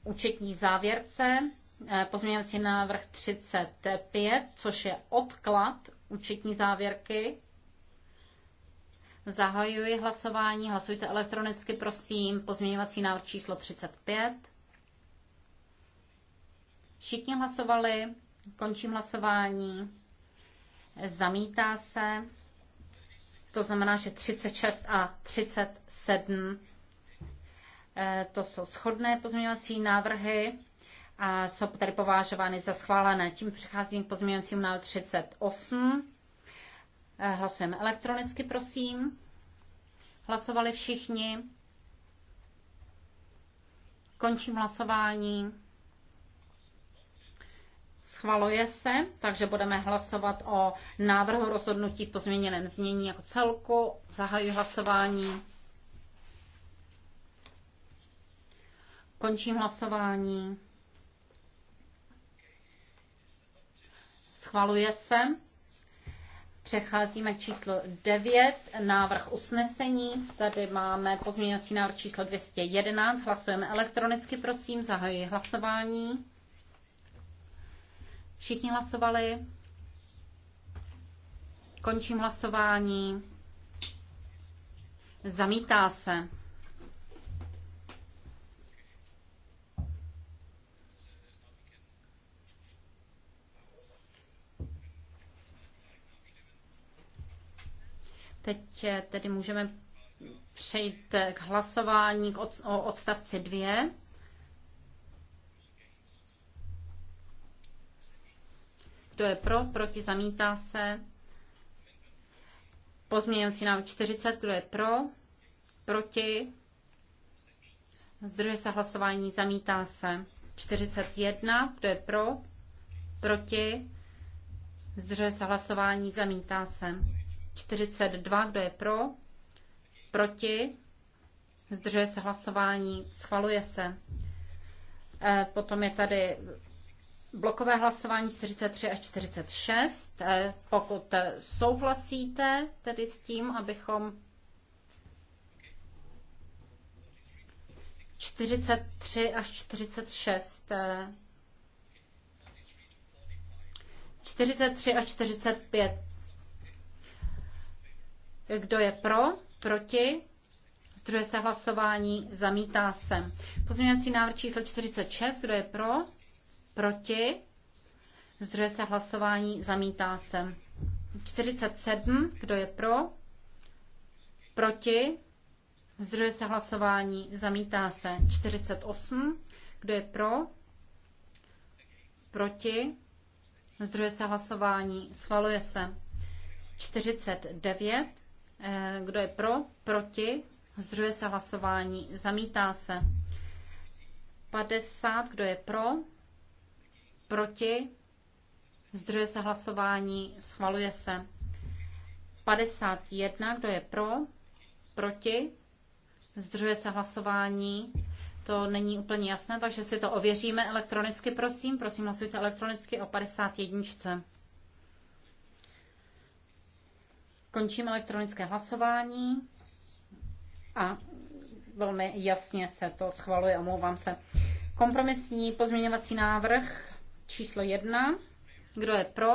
S1: účetní závěrce, eh, pozměňovací návrh 35, což je odklad účetní závěrky. Zahajuji hlasování, hlasujte elektronicky, prosím, pozměňovací návrh číslo 35. Všichni hlasovali, končím hlasování zamítá se, to znamená, že 36 a 37 eh, to jsou shodné pozměňovací návrhy a jsou tady považovány za schválené. Tím přicházím k pozměňovacímu návrhu 38. Eh, hlasujeme elektronicky, prosím. Hlasovali všichni. Končím hlasování. Schvaluje se, takže budeme hlasovat o návrhu rozhodnutí v pozměněném znění jako celku. Zahajuji hlasování. Končím hlasování. Schvaluje se. Přecházíme k číslu 9, návrh usnesení. Tady máme pozměňovací návrh číslo 211. Hlasujeme elektronicky, prosím. Zahajuji hlasování. Všichni hlasovali. Končím hlasování. Zamítá se. Teď eh, tedy můžeme přejít k hlasování od, o odstavci 2. Kdo je pro? Proti? Zamítá se. Pozměňovací návrh 40. Kdo je pro? Proti? Zdržuje se hlasování. Zamítá se. 41. Kdo je pro? Proti? Zdržuje se hlasování. Zamítá se. 42. Kdo je pro? Proti? Zdržuje se hlasování. Schvaluje se. Eh, potom je tady blokové hlasování 43 a 46. Eh, pokud eh, souhlasíte tedy s tím, abychom 43 až 46 43 a 45. Eh, Kdo je pro? Proti? Zdržuje se hlasování? Zamítá se. Pozměňovací návrh číslo 46. Kdo je pro? Proti? Zdržuje se hlasování, zamítá se. 47, kdo je pro? Proti? Zdržuje se hlasování, zamítá se. 48, kdo je pro? Proti? Zdržuje se hlasování, schvaluje se. 49, eh, kdo je pro? Proti? Zdržuje se hlasování, zamítá se. 50, kdo je pro? Proti? Zdržuje se hlasování. Schvaluje se. 51. Kdo je pro? Proti? Zdržuje se hlasování. To není úplně jasné, takže si to ověříme elektronicky, prosím. Prosím, hlasujte elektronicky o 51. Končím elektronické hlasování a velmi jasně se to schvaluje, omlouvám se. Kompromisní pozměňovací návrh číslo jedna. Kdo je pro?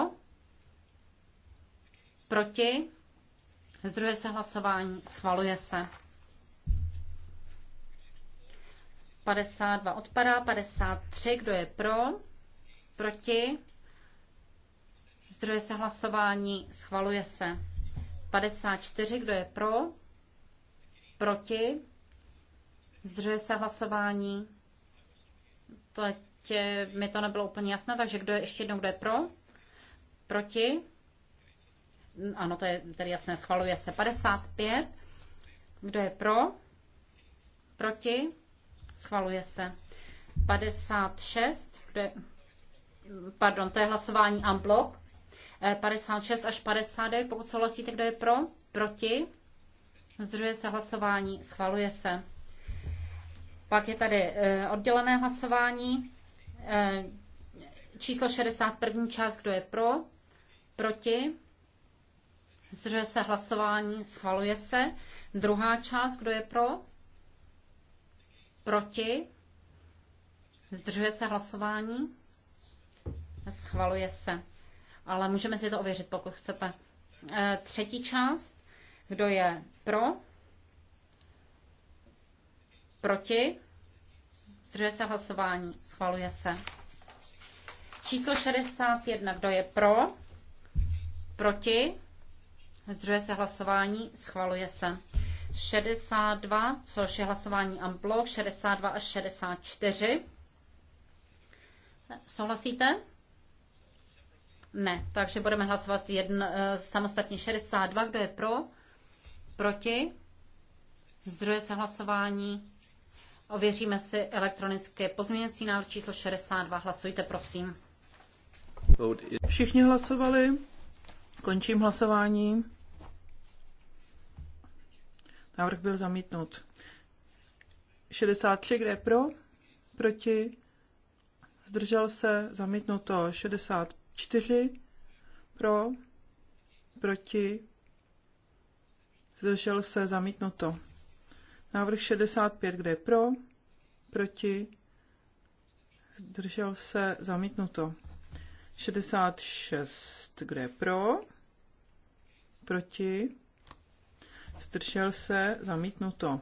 S1: Proti? Zdruje se hlasování. Schvaluje se. 52 odpadá. 53. Kdo je pro? Proti? Zdruje se hlasování. Schvaluje se. 54. Kdo je pro? Proti? Zdržuje se hlasování. To je ještě prostě mi to nebylo úplně jasné, takže kdo je ještě jednou, kdo je pro? Proti? Ano, to je tedy jasné, schvaluje se 55. Kdo je pro? Proti? Schvaluje se 56. Kdo je, pardon, to je hlasování unblock. 56 eh, až 59, pokud souhlasíte, kdo je pro? Proti? Zdržuje se hlasování, schvaluje se. Pak je tady eh, oddělené hlasování Eh, číslo 61. část, kdo je pro? Proti? Zdržuje se hlasování, schvaluje se. Druhá část, kdo je pro? Proti? Zdržuje se hlasování? Schvaluje se. Ale můžeme si to ověřit, pokud chcete. Eh, třetí část, kdo je pro? Proti? Zdržuje se hlasování. Schvaluje se. Číslo 61. Kdo je pro? Proti? Zdržuje se hlasování. Schvaluje se. 62, což je hlasování amplo, 62 až 64. Souhlasíte? Ne, takže budeme hlasovat jedn, eh, samostatně 62. Kdo je pro? Proti? Zdroje se hlasování? Ověříme si elektronické pozměňovací návrh číslo 62. Hlasujte, prosím.
S3: Všichni hlasovali. Končím hlasování. Návrh byl zamítnut. 63, kde je pro? Proti? Zdržel se? Zamítnuto. 64, pro? Proti? Zdržel se? Zamítnuto. Návrh 65, kde je pro, proti, zdržel se, zamítnuto. 66, kde je pro, proti, zdržel se, zamítnuto.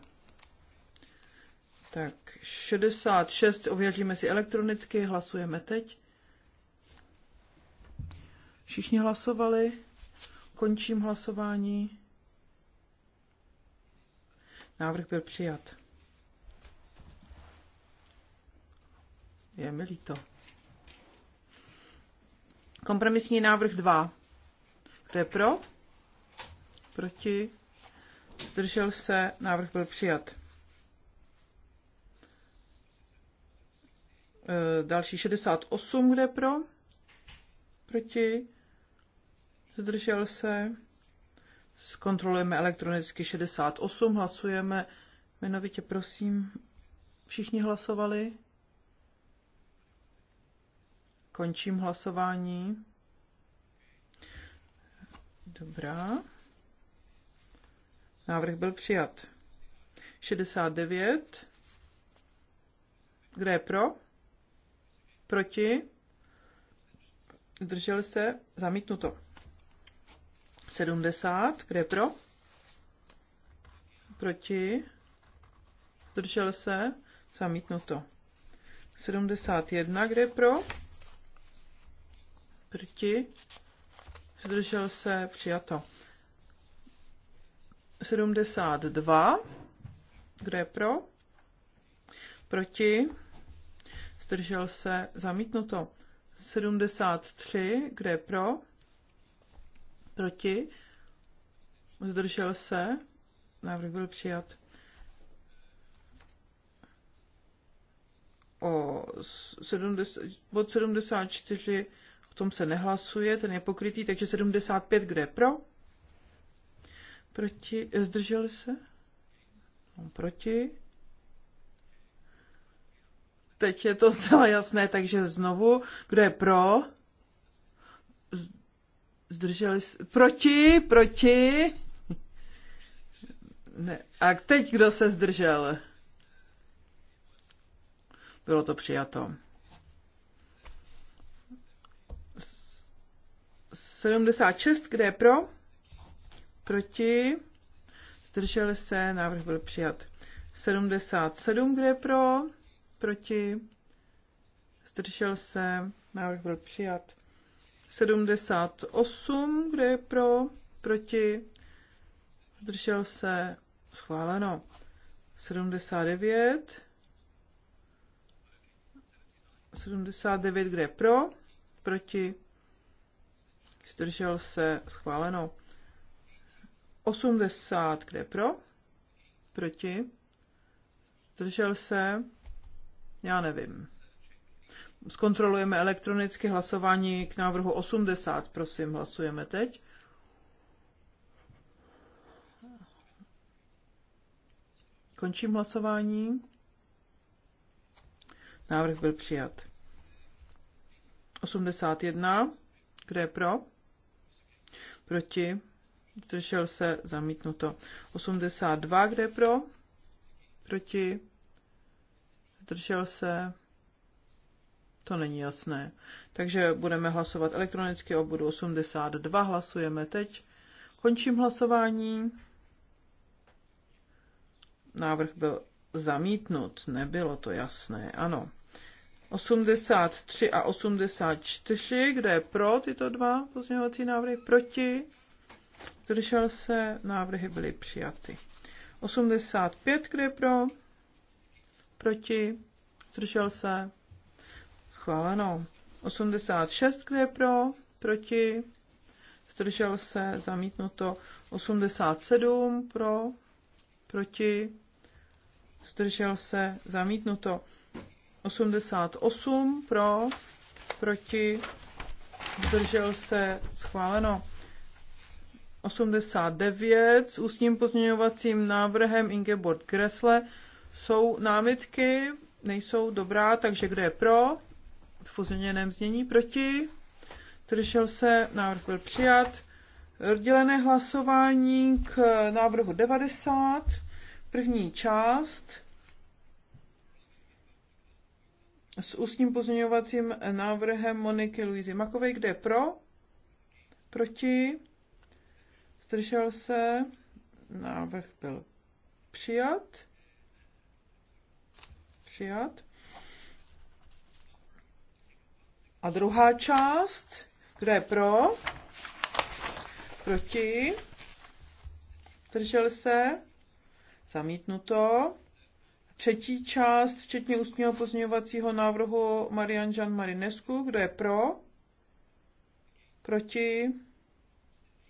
S3: Tak 66 ověříme si elektronicky, hlasujeme teď. Všichni hlasovali, končím hlasování. Návrh byl přijat. Je mi líto. Kompromisní návrh 2. Kdo je pro? Proti? Zdržel se? Návrh byl přijat. E, další 68, kde pro? Proti? Zdržel se? Zkontrolujeme elektronicky 68, hlasujeme jmenovitě, prosím. Všichni hlasovali? Končím hlasování. Dobrá. Návrh byl přijat. 69. Kdo je pro? Proti? Zdrželi se? Zamítnuto. 70, kde pro? Proti? Zdržel se? Zamítnuto. 71, kde pro? Proti? Zdržel se? Přijato. 72, kde pro? Proti? Zdržel se? Zamítnuto. 73, kde pro? Proti? Zdržel se? Návrh byl přijat. O 70, bod 74 o tom se nehlasuje, ten je pokrytý, takže 75, kde je pro? Proti, zdržel se? proti. Teď je to zcela jasné, takže znovu, kdo je pro? Zdrželi se. Proti, proti. Ne. A teď kdo se zdržel? Bylo to přijato. 76, kde je pro? Proti. Zdrželi se, návrh byl přijat. 77, kde je pro? Proti. Zdržel se, návrh byl přijat. 78, kde je pro, proti, zdržel se, schváleno. 79, 79, kde je pro, proti, zdržel se, schváleno. 80, kde je pro, proti, zdržel se, já nevím zkontrolujeme elektronicky hlasování k návrhu 80, prosím, hlasujeme teď. Končím hlasování. Návrh byl přijat. 81. Kdo je pro? Proti? Zdržel se? Zamítnuto. 82. Kdo je pro? Proti? Zdržel se? to není jasné. Takže budeme hlasovat elektronicky o bodu 82. Hlasujeme teď. Končím hlasování. Návrh byl zamítnut, nebylo to jasné, ano. 83 a 84, kde je pro tyto dva pozměňovací návrhy, proti, zdržel se, návrhy byly přijaty. 85, kde je pro, proti, zdržel se, schváleno. 86, kvě pro, proti, zdržel se, zamítnuto. 87 pro, proti, zdržel se, zamítnuto. 88 pro, proti, zdržel se, schváleno. 89 s ústním pozměňovacím návrhem Ingeborg Kresle. Jsou námitky, nejsou dobrá, takže kdo je pro? v pozměněném znění proti, držel se, návrh byl přijat. Rozdělené hlasování k návrhu 90, první část s ústním pozměňovacím návrhem Moniky Luizy Makovej, kde je pro, proti, zdržel se, návrh byl přijat, přijat. A druhá část, kdo je pro? Proti? Držel se? Zamítnuto. Třetí část, včetně ústního pozměňovacího návrhu Marian Jean Marinescu, kdo je pro? Proti?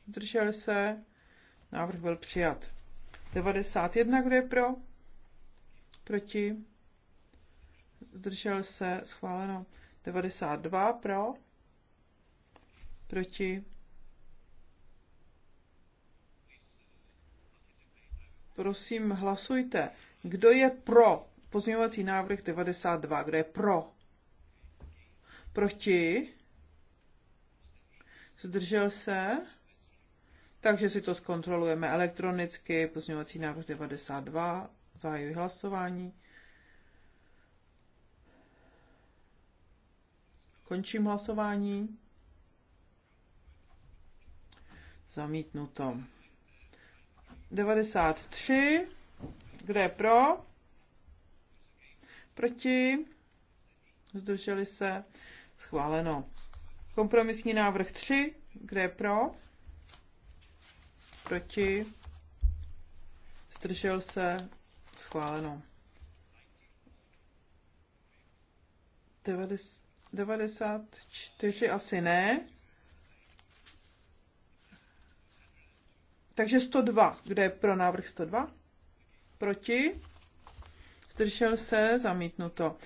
S3: Držel se? Návrh byl přijat. 91, kdo je pro? Proti? Zdržel se? Schváleno. 92 pro, proti, prosím hlasujte, kdo je pro pozměňovací návrh 92, kdo je pro, proti, zdržel se, takže si to zkontrolujeme elektronicky, pozměňovací návrh 92, zahajuji hlasování. Končím hlasování. Zamítnuto. 93. Kde je pro? Proti? Zdrželi se? Schváleno. Kompromisní návrh 3. Kde je pro? Proti? Zdržel se? Schváleno. 90. 94 asi ne. Takže 102. Kde je pro návrh 102? Proti? Zdržel se? Zamítnuto.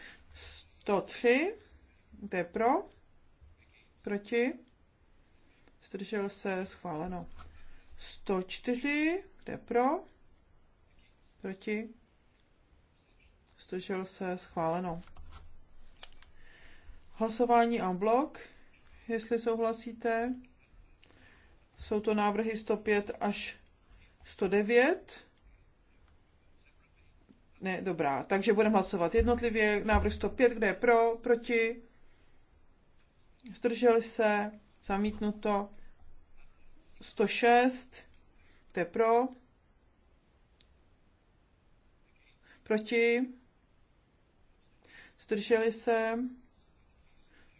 S3: 103. Kde je pro? Proti? Zdržel se? Schváleno. 104. Kde je pro? Proti? Zdržel se? Schváleno. Hlasování en blok, jestli souhlasíte. Jsou to návrhy 105 až 109. Ne, dobrá. Takže budeme hlasovat jednotlivě. Návrh 105, kde je pro, proti. Zdrželi se, zamítnuto. 106, kde je pro. Proti. Zdrželi se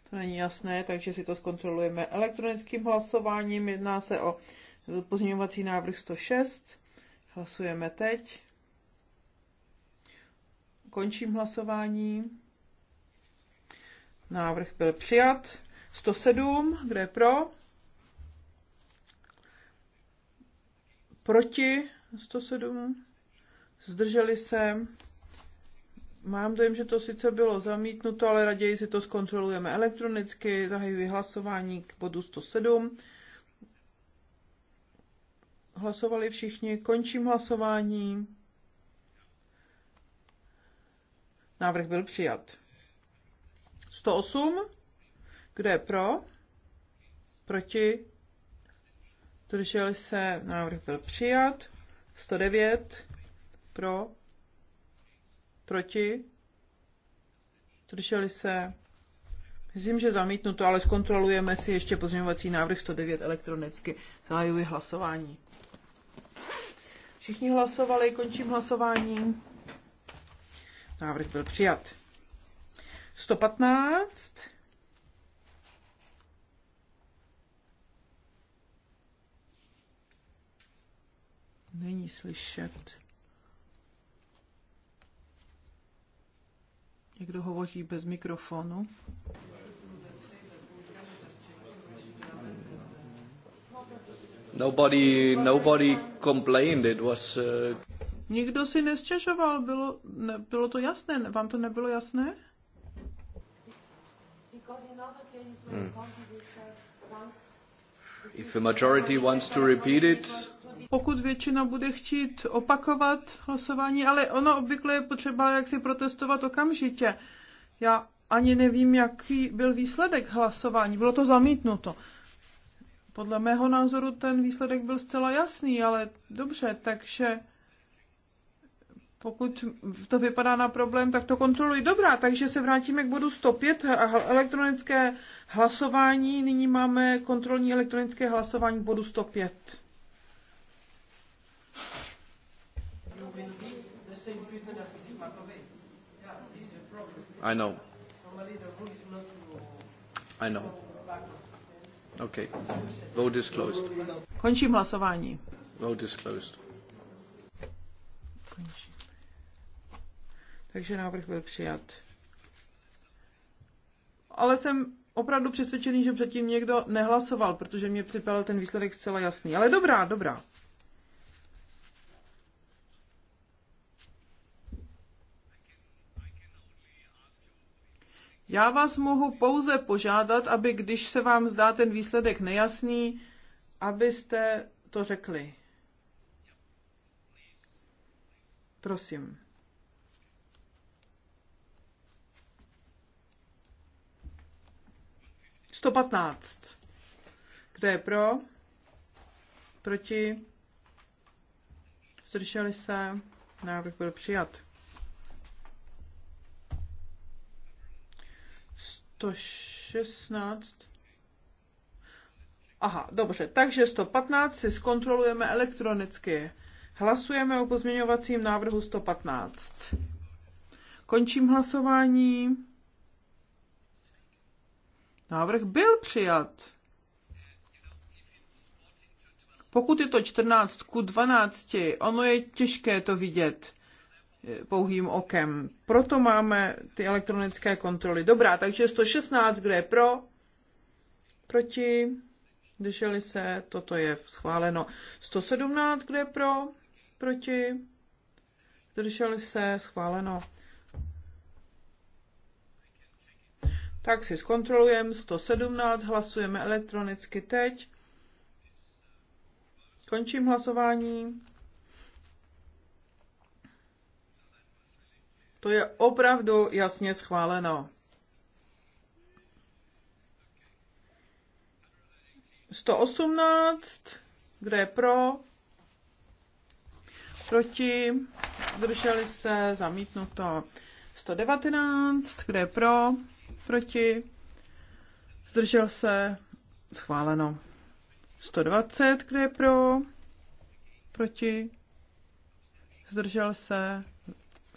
S3: to není jasné, takže si to zkontrolujeme elektronickým hlasováním. Jedná se o pozměňovací návrh 106. Hlasujeme teď. Končím hlasování. Návrh byl přijat. 107, kde je pro? Proti 107. Zdrželi se. Mám dojem, že to sice bylo zamítnuto, ale raději si to zkontrolujeme elektronicky. Zahajuji hlasování k bodu 107. Hlasovali všichni, končím hlasování. Návrh byl přijat. 108. Kdo je pro? Proti? Drželi se, návrh byl přijat. 109. Pro? Proti? Drželi se? Myslím, že zamítnuto, ale zkontrolujeme si ještě pozměňovací návrh 109 elektronicky. Zahajuji hlasování. Všichni hlasovali, končím hlasování. Návrh byl přijat. 115. Není slyšet. Někdo hovoří bez mikrofonu.
S1: Nobody, nobody complained. It was, uh...
S3: Nikdo si nestěžoval, bylo, ne, bylo to jasné. Vám to nebylo jasné?
S2: Hmm.
S1: If a majority wants to repeat it,
S3: pokud většina bude chtít opakovat hlasování, ale ono obvykle je potřeba jaksi protestovat okamžitě. Já ani nevím, jaký byl výsledek hlasování. Bylo to zamítnuto. Podle mého názoru ten výsledek byl zcela jasný, ale dobře, takže pokud to vypadá na problém, tak to kontroluji. Dobrá, takže se vrátíme k bodu 105 elektronické hlasování. Nyní máme kontrolní elektronické hlasování bodu 105. I know. I know. Okay. Vote is closed. Končím hlasování.
S1: Vote is closed.
S3: Takže návrh byl přijat. Ale jsem opravdu přesvědčený, že předtím někdo nehlasoval, protože mě připadal ten výsledek zcela jasný. Ale dobrá, dobrá. Já vás mohu pouze požádat, aby když se vám zdá ten výsledek nejasný, abyste to řekli. Prosím. Sto patnáct. Kdo je pro? Proti? Zdrželi se? Návrh byl přijat. 116. Aha, dobře, takže 115 si zkontrolujeme elektronicky. Hlasujeme o pozměňovacím návrhu 115. Končím hlasování. Návrh byl přijat. Pokud je to 14 ku 12, ono je těžké to vidět pouhým okem. Proto máme ty elektronické kontroly. Dobrá, takže 116, kde je pro, proti, drželi se, toto je schváleno. 117, kde je pro, proti, drželi se, schváleno. Tak si zkontrolujeme, 117, hlasujeme elektronicky teď. Končím hlasování. To je opravdu jasně schváleno. Sto osmnáct kde je pro, proti, zdrželi se, zamítnuto. devatenáct kde je pro, proti, zdržel se, schváleno. Sto dvacet kde je pro, proti, zdržel se,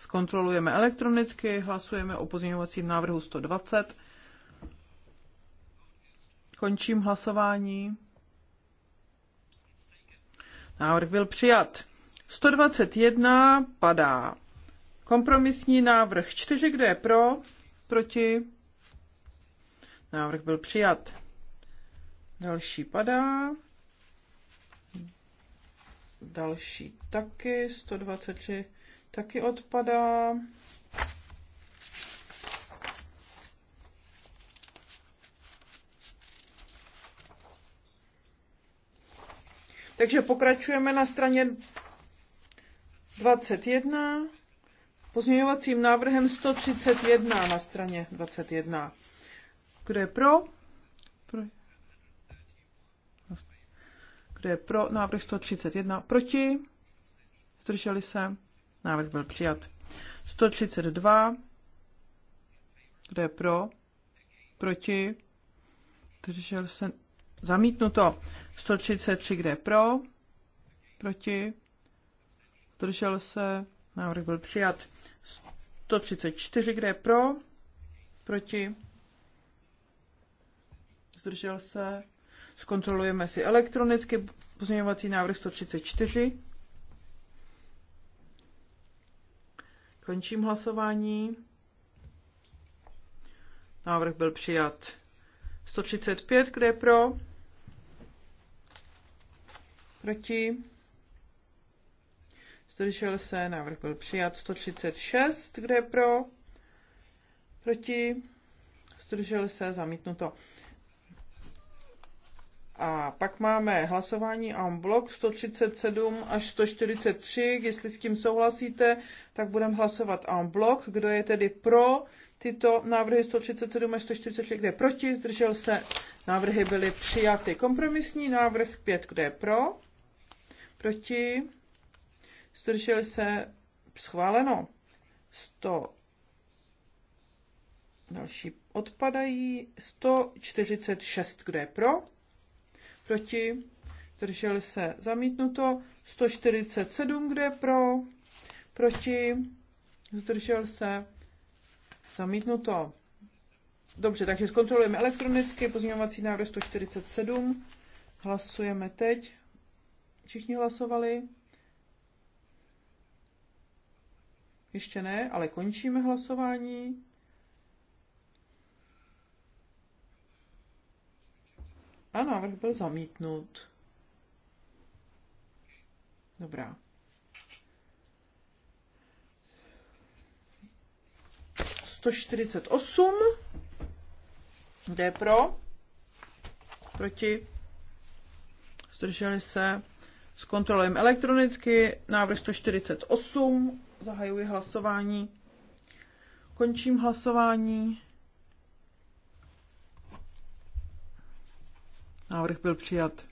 S3: zkontrolujeme elektronicky, hlasujeme o pozměňovacím návrhu 120. Končím hlasování. Návrh byl přijat. 121 padá. Kompromisní návrh 4, kde je pro, proti. Návrh byl přijat. Další padá. Další taky. 123 taky odpadá. Takže pokračujeme na straně 21 pozměňovacím návrhem 131 na straně 21. Kdo je pro? pro? Kdo je pro návrh 131? Proti? Zdrželi se? Návrh byl přijat. 132. Kdo je pro? Proti? Držel se. Zamítnuto. 133. Kdo je pro? Proti? Držel se. Návrh byl přijat. 134. Kdo je pro? Proti? Zdržel se. Zkontrolujeme si elektronicky pozměňovací návrh 134. Končím hlasování. Návrh byl přijat. 135, kde je pro? Proti? Zdržel se, návrh byl přijat. 136, kde je pro? Proti? Zdržel se, zamítnuto. A pak máme hlasování en blok 137 až 143. Jestli s tím souhlasíte, tak budeme hlasovat en blok. Kdo je tedy pro tyto návrhy 137 až 143, kde je proti, zdržel se, návrhy byly přijaty. Kompromisní návrh 5, kde je pro, proti, zdržel se, schváleno. 100 Další odpadají. 146, kdo je pro? proti, zdrželi se zamítnuto, 147, kdo je pro, proti, zdržel se zamítnuto. Dobře, takže zkontrolujeme elektronicky pozměňovací návrh 147. Hlasujeme teď. Všichni hlasovali? Ještě ne, ale končíme hlasování. A návrh byl zamítnut. Dobrá. Sto čtyřicet osm. Jde pro? Proti? Zdrželi se. Zkontrolujeme elektronicky. Návrh 148. Zahajuji hlasování. Končím hlasování. Návrh byl přijat.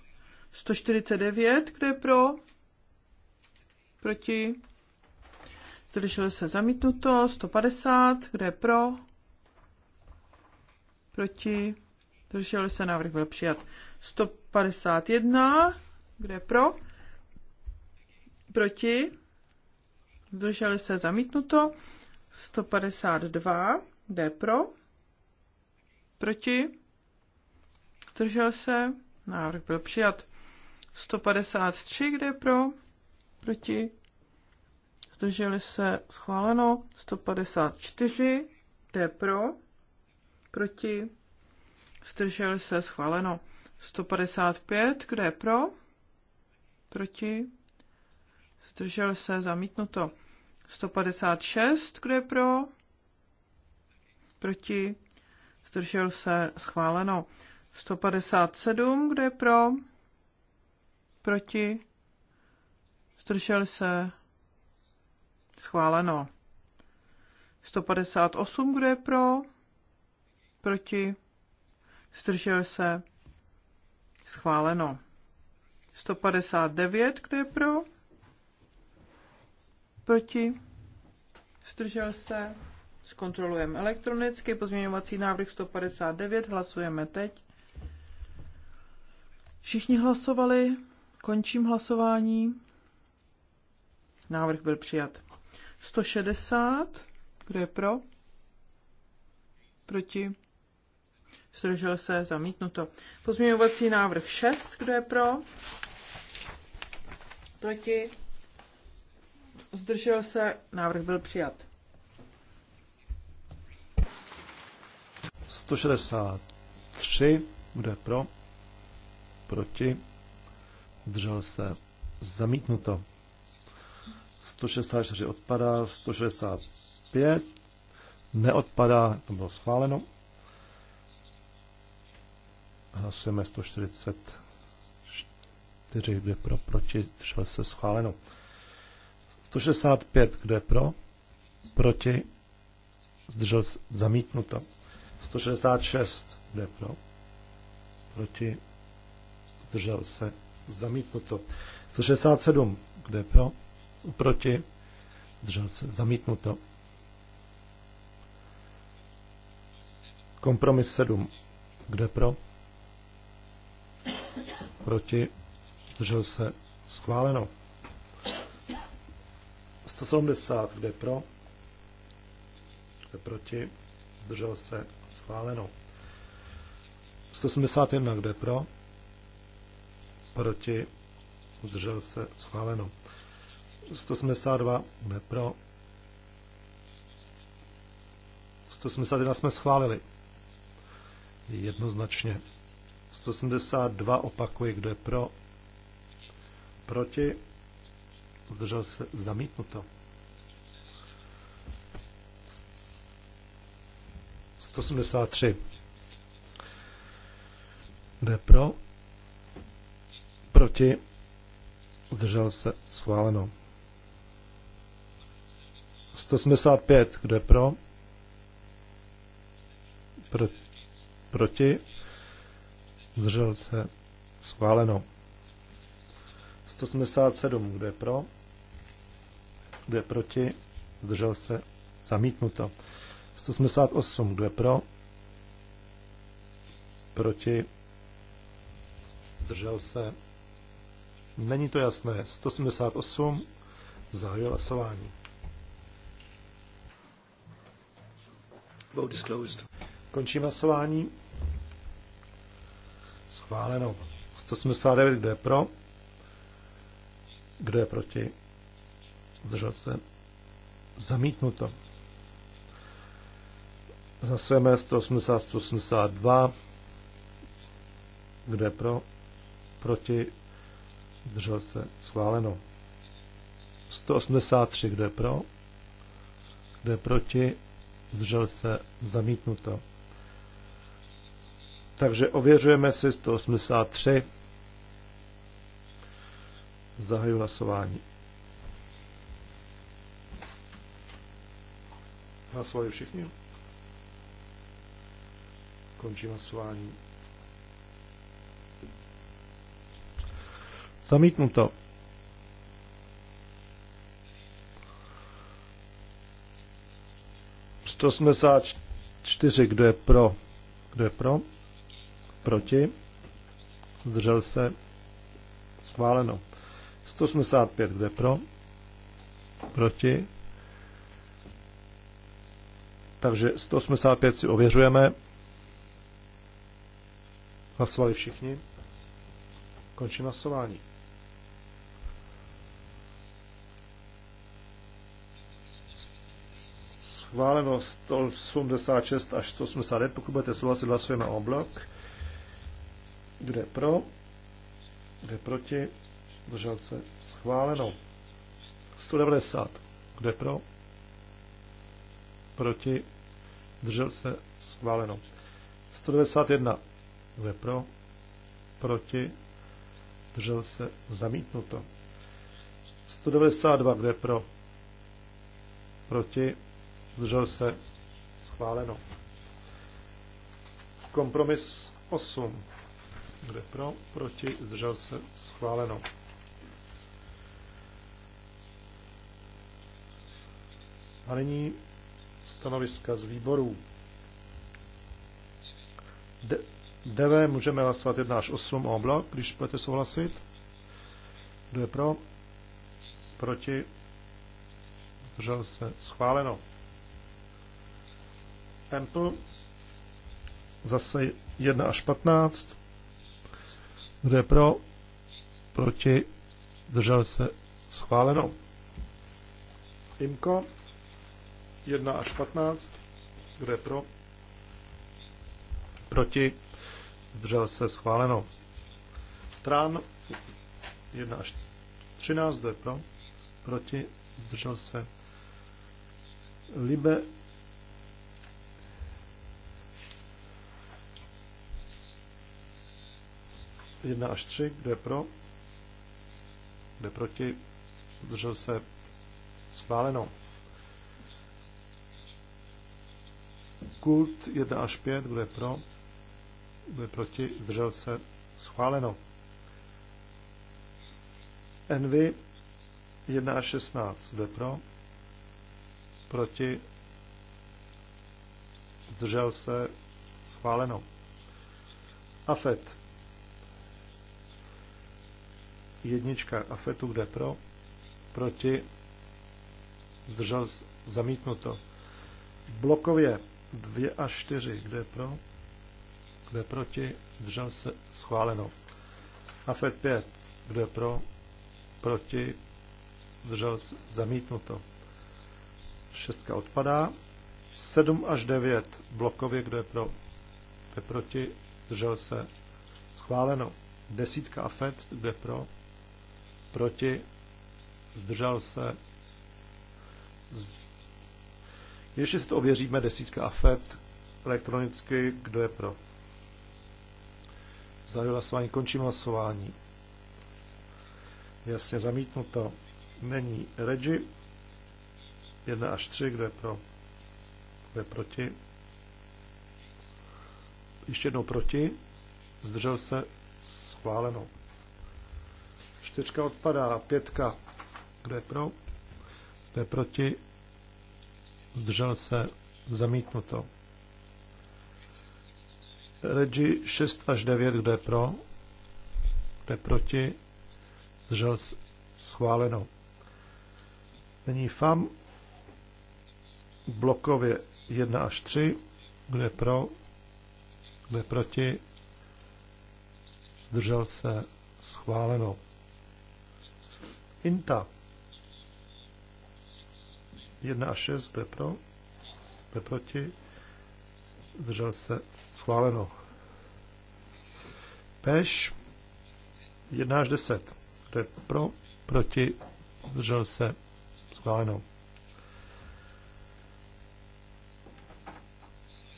S3: 149, kde je pro? Proti? Zdržel se zamítnuto. 150, kde je pro? Proti? Zdržel se, návrh byl přijat. 151, kde je pro? Proti? Zdrželi se zamítnuto. 152, kde je pro? Proti? zdržel se, návrh byl přijat. 153, kde je pro, proti, zdrželi se, schváleno. 154, kde je pro, proti, zdrželi se, schváleno. 155, kde je pro, proti, zdrželi se, zamítnuto. 156, kde je pro, proti, zdržel se, schváleno. 157, kdo je pro? Proti? Zdržel se? Schváleno. 158, kdo je pro? Proti? Zdržel se? Schváleno. 159, kdo je pro? Proti? Zdržel se? Zkontrolujeme elektronicky. Pozměňovací návrh 159, hlasujeme teď. Všichni hlasovali, končím hlasování. Návrh byl přijat. 160, kdo je pro? Proti? Zdržel se, zamítnuto. Pozměňovací návrh 6, kdo je pro? Proti? Zdržel se, návrh byl přijat.
S2: 163, kdo je pro? proti, držel se zamítnuto. 164 odpadá, 165 neodpadá, to bylo schváleno. Hlasujeme 144, je pro, proti, držel se schváleno. 165, je pro, proti, zdržel zamítnuto. 166, je pro, proti, zdržel se, zamítnuto. 167, kde pro, proti, zdržel se, zamítnuto. Kompromis 7, kde pro, proti, zdržel se, schváleno. 170, kde pro, kde proti, zdržel se, schváleno. 171, kde pro, proti, zdržel se, schváleno. 182 ne pro. 181 jsme schválili. Jednoznačně. 182 opakuji, kdo je pro. Proti. Zdržel se zamítnuto. 183. Kdo je pro? Proti? Zdržel se. Schváleno. 185. Kdo je pro? pro? Proti? Zdržel se. Schváleno. 187. Kdo je pro? Kdo je proti? Zdržel se. Zamítnuto. 188. Kdo je pro? Proti? Zdržel se. Není to jasné. 178. Zahajuji hlasování. Končím hlasování. Schváleno. 179, kdo je pro? Kdo je proti? Zdržel se. Zamítnuto. Hlasujeme 180, 182. Kdo je pro? Proti? Zdržel se. Schváleno. 183. Kdo je pro? Kdo je proti? Zdržel se. Zamítnuto. Takže ověřujeme si 183. Zahaju hlasování. Hlasovali všichni? Končím hlasování. Zamítnuto. Sto čtyři, kdo je pro? Kdo je pro? Proti? Zdržel se? Schváleno. 185, kde pro? Proti? Takže 185 si ověřujeme. Hlasovali všichni. Končím hlasování. schváleno 186 až 189, pokud budete souhlasit, hlasujeme o blok. Kde pro? Kde proti? Držel se schváleno. 190. Kde pro? Proti? Držel se schváleno. 191. Kde pro? Proti? Držel se zamítnuto. 192. Kde pro? Proti? zdržel se, schváleno. Kompromis 8, kde pro, proti, zdržel se, schváleno. A nyní stanoviska z výborů. DV můžeme hlasovat 1 až 8 o blok, když budete souhlasit. Kdo je pro? Proti? Zdržel se. Schváleno. Temple, zase 1 až 15. Kdo je pro? Proti? Držel se? Schváleno. Imko, 1 až 15. Kdo je pro? Proti? Držel se? Schváleno. Tran, 1 až 13. Kdo je pro? Proti? Držel se? Libe 1 až 3, kdo je pro, kdo je proti, zdržel se schváleno. Kult 1 až 5, kdo je pro, kdo je proti, zdržel se schváleno. Envy 1 až 16, kdo je pro, proti, zdržel se schváleno. Afet jednička a fetu kde pro, proti, zdržel zamítnuto. Blokově 2 a 4, kde pro, kde proti, zdržel se schváleno. A AFET 5, kde pro, proti, zdržel se zamítnuto. Šestka odpadá. 7 až 9 blokově, kde pro, kde proti, zdržel se schváleno. Desítka a AFET, kde pro, proti, zdržel se. Z... Ještě si to ověříme, desítka AFET, elektronicky, kdo je pro. Zahajuji hlasování, končím hlasování. Jasně zamítnuto. Není Regi. 1 až 3, kdo je pro? Kdo je proti? Ještě jednou proti. Zdržel se schváleno. Čtyřka odpadá, pětka. Kdo je pro? Kdo je proti? Zdržel se zamítnuto. Regi 6 až 9, kdo je pro? Kdo je proti? Zdržel se schváleno. Není FAM blokově 1 až 3, kdo je pro? Kdo je proti? Zdržel se schválenou. INTA. 1 a 6, kdo pro, kdo proti, zdržel se, schváleno. Peš 1 až 10, kdo pro, proti, zdržel se, schváleno.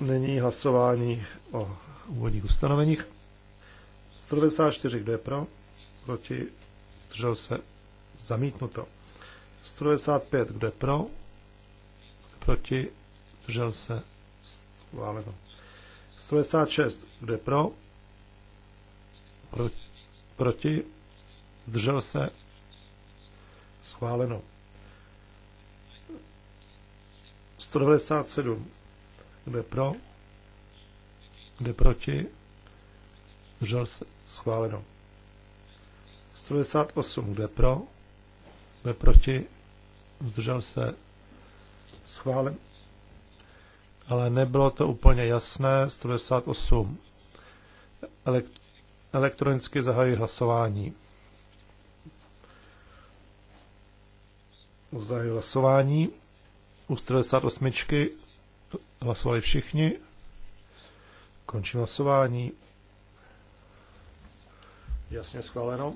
S2: Není hlasování o úvodních ustanoveních. 194, kdo je pro, proti, zdržel se, Zamítnuto. 195, kdo je pro? Proti? držel se? Schváleno. 196, kdo je pro? pro? Proti? držel se? Schváleno. 197, kdo je pro? Kdo je proti? držel se? Schváleno. 198, kdo je pro? Byl proti, zdržel se schválen. Ale nebylo to úplně jasné. 198. Elektronicky zahajuji hlasování. Zahajuji hlasování. U 198. hlasovali všichni. Končím hlasování. Jasně schváleno.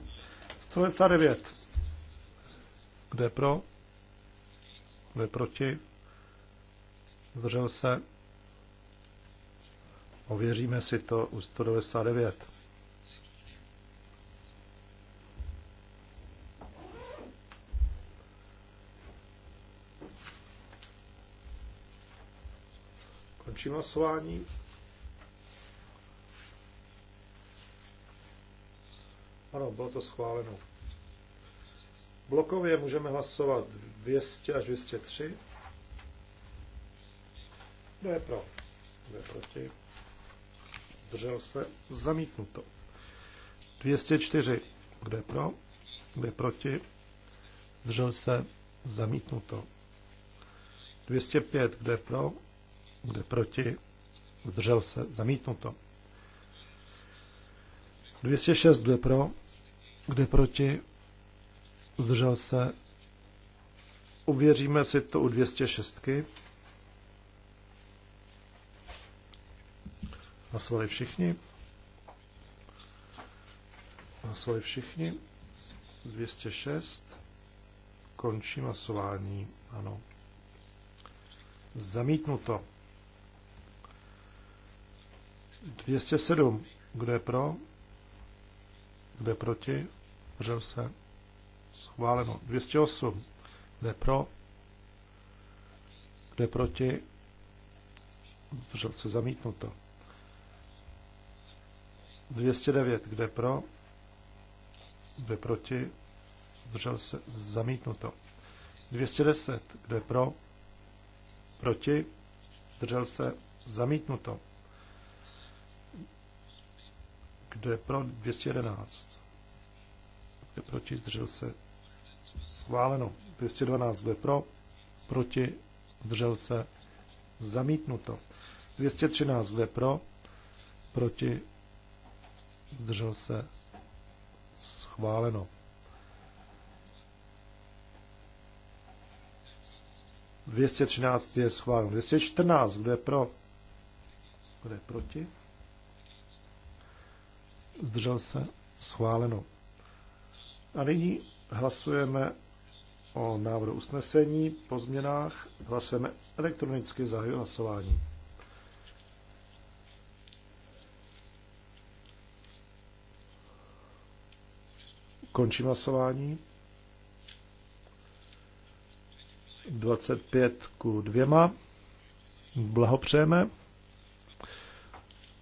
S2: 199. Kdo je pro? Kdo je proti? Zdržel se? Ověříme si to u 199. Končím hlasování. Ano, bylo to schváleno. Blokově můžeme hlasovat 200 až 203. Kdo je pro? Kdo je proti? Držel se? Zamítnuto. 204. Kdo je pro? Kdo je proti? Držel se? Zamítnuto. 205. Kdo je pro? Kdo je proti? Zdržel se? Zamítnuto. 206. Kdo je pro? Kdo je proti? zdržel se, uvěříme si to u 206. Hlasovali všichni. Hlasovali všichni. 206. Končí hlasování. Ano. Zamítnuto. 207. Kdo je pro? Kdo je proti? Držel se. Schváleno. 208. Kde pro? Kde proti? Držel se zamítnuto. 209. Kde pro? Kde proti? Držel se zamítnuto. 210. Kde pro? Proti? Držel se zamítnuto. Kde pro 211? Kde proti? Zdržel se schváleno. 212 ve pro, proti, zdržel se, zamítnuto. 213 ve pro, proti, zdržel se, schváleno. třináct je schváleno. kdo je pro? je proti? Zdržel se? Schváleno. A nyní Hlasujeme o návrhu usnesení po změnách. Hlasujeme elektronicky za hlasování. Končím hlasování. 25 ku dvěma. Blahopřejeme.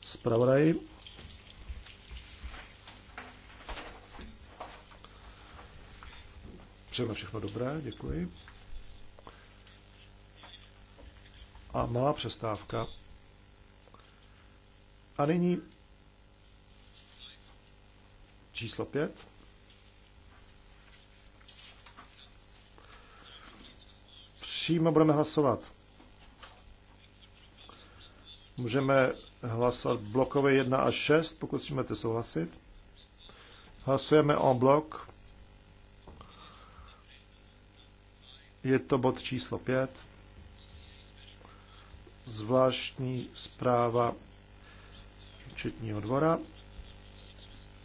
S2: Zpravodaji. Přejeme všechno dobré, děkuji. A malá přestávka. A nyní číslo pět. Přímo budeme hlasovat. Můžeme hlasovat blokové 1 až 6, pokud si tím souhlasit. Hlasujeme o blok Je to bod číslo 5. Zvláštní zpráva četního dvora.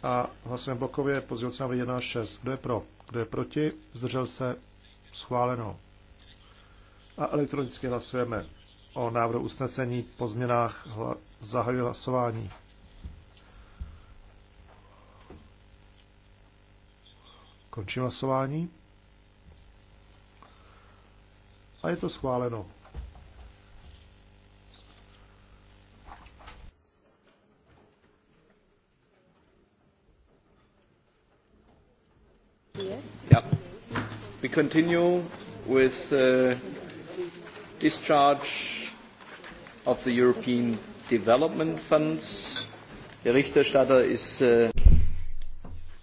S2: A hlasujeme blokově pozici návrh 1 6. Kdo je pro? Kdo je proti? Zdržel se? Schváleno. A elektronicky hlasujeme o návrhu usnesení po změnách hla, zahajuje hlasování. Končím hlasování je to schváleno. Yeah.
S3: We continue with
S2: uh, discharge of the European Development Funds. Der Berichterstatter ist uh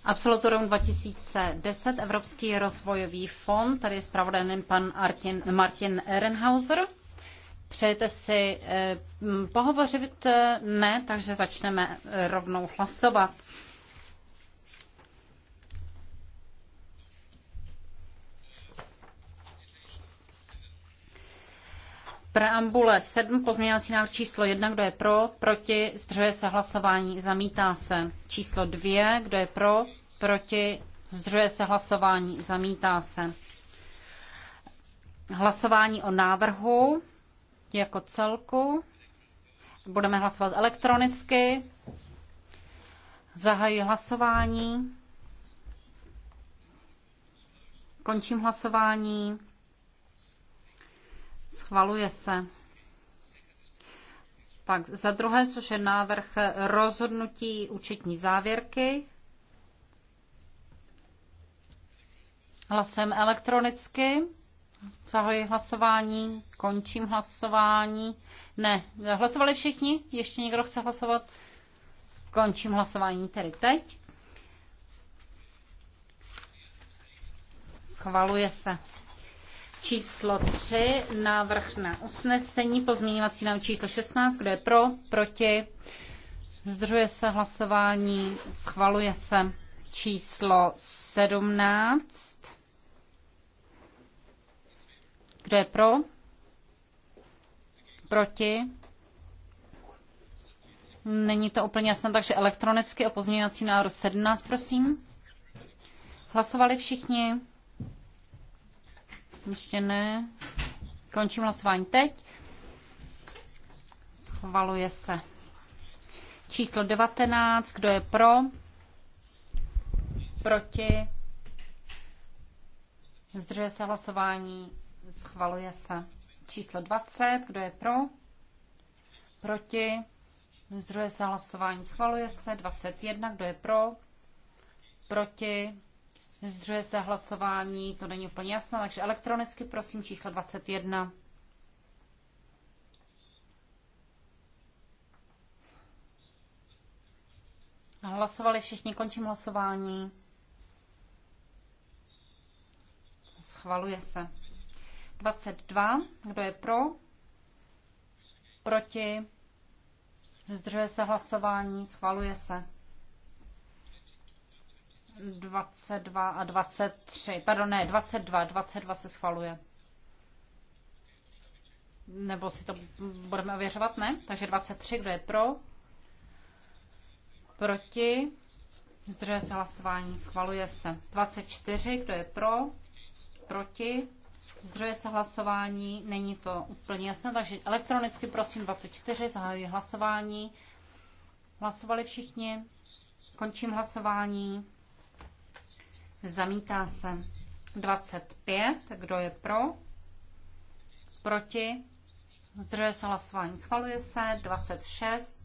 S1: Absolutorium 2010, Evropský rozvojový fond, tady je zpravodajem pan Artin, Martin Ehrenhauser. Přejete si eh, pohovořit? Eh, ne, takže začneme eh, rovnou hlasovat. Preambule 7, pozměňovací návrh číslo 1, kdo je pro, proti, zdržuje se hlasování, zamítá se. Číslo 2, kdo je pro, proti, zdržuje se hlasování, zamítá se. Hlasování o návrhu jako celku. Budeme hlasovat elektronicky. Zahajuji hlasování. Končím hlasování. Schvaluje se. Pak za druhé, což je návrh rozhodnutí účetní závěrky. Hlasujeme elektronicky. Zahoji hlasování, končím hlasování. Ne, hlasovali všichni? Ještě někdo chce hlasovat? Končím hlasování tedy teď. Schvaluje se číslo 3, návrh na usnesení, pozměňovací návrh číslo 16, kdo je pro, proti, zdržuje se hlasování, schvaluje se číslo 17, kdo je pro, proti, Není to úplně jasné, takže elektronicky o pozměňovací návrh 17, prosím. Hlasovali všichni? Ještě ne. Končím hlasování teď. Schvaluje se. Číslo 19. Kdo je pro? Proti? Zdržuje se hlasování. Schvaluje se. Číslo 20. Kdo je pro? Proti? Zdržuje se hlasování. Schvaluje se. 21. Kdo je pro? Proti? zdroje za hlasování, to není úplně jasné, takže elektronicky prosím číslo 21. Hlasovali všichni, končím hlasování. Schvaluje se. 22. Kdo je pro? Proti? Zdržuje se hlasování, schvaluje se. 22 a 23. Pardon, ne, 22. 22 se schvaluje. Nebo si to budeme ověřovat, ne? Takže 23, kdo je pro? Proti? Zdržuje se hlasování, schvaluje se. 24, kdo je pro? Proti? Zdržuje se hlasování, není to úplně jasné, takže elektronicky prosím 24, zahajuji hlasování. Hlasovali všichni? Končím hlasování. Zamítá se. 25. Kdo je pro? Proti? Zdržuje se hlasování. Schvaluje se. 26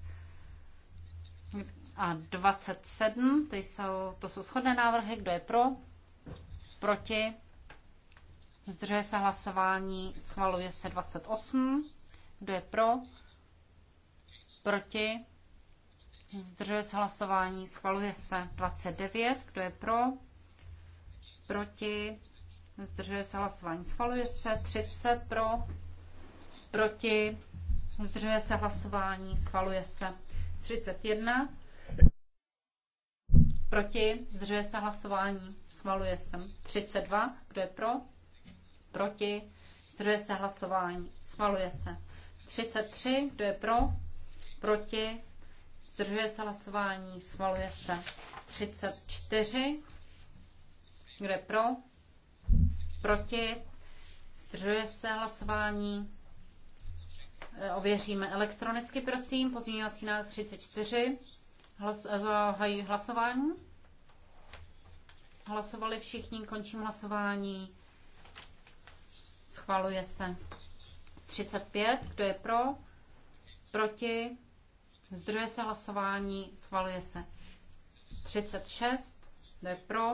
S1: a 27. Ty jsou, to jsou shodné návrhy. Kdo je pro? Proti? Zdržuje se hlasování. Schvaluje se 28. Kdo je pro? Proti? Zdržuje se hlasování. Schvaluje se 29. Kdo je pro? proti, zdržuje se hlasování, schvaluje se 30 pro, proti, zdržuje se hlasování, schvaluje se 31 proti, zdržuje se hlasování, schvaluje se 32, kdo je pro, proti, zdržuje se hlasování, schvaluje se 33, kdo je pro, proti, zdržuje se hlasování, schvaluje se 34, kdo je pro? Proti? Zdržuje se hlasování? E, ověříme elektronicky, prosím. Pozměňovací návrh 34. Hlas, e, zahajuji hlasování. Hlasovali všichni, končím hlasování. Schvaluje se. 35. Kdo je pro? Proti? Zdržuje se hlasování, schvaluje se. 36. Kdo je pro?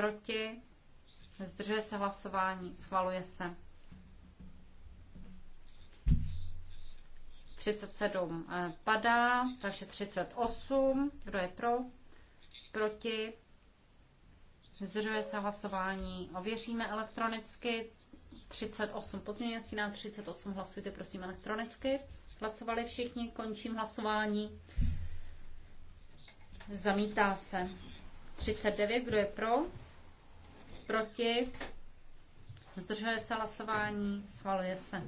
S1: proti, zdržuje se hlasování, schvaluje se. 37 eh, padá, takže 38, kdo je pro, proti, zdržuje se hlasování, ověříme elektronicky, 38 pozměňovací nám 38, hlasujte prosím elektronicky. Hlasovali všichni, končím hlasování. Zamítá se. 39, kdo je pro? proti, Zdržuje se hlasování, schvaluje se.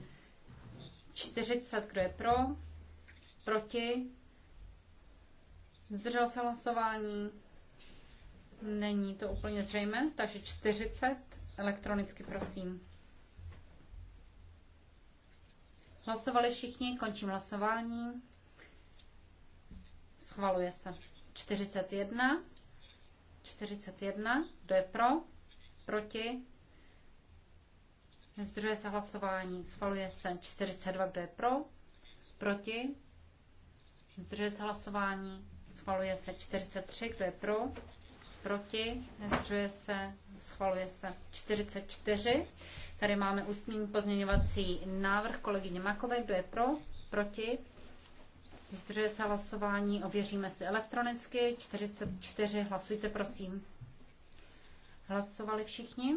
S1: 40, kdo je pro, proti, zdržel se hlasování, není to úplně zřejmé, takže 40, elektronicky prosím. Hlasovali všichni, končím hlasování. Schvaluje se. 41. 41. Kdo je pro? proti, zdržuje se hlasování, schvaluje se 42, kdo je pro, proti, zdržuje se hlasování, schvaluje se 43, kdo je pro, proti, zdržuje se, schvaluje se 44. Tady máme ústní pozměňovací návrh kolegyně Makové, kdo je pro, proti, zdržuje se hlasování, ověříme si elektronicky, 44, hlasujte prosím. Hlasovali všichni?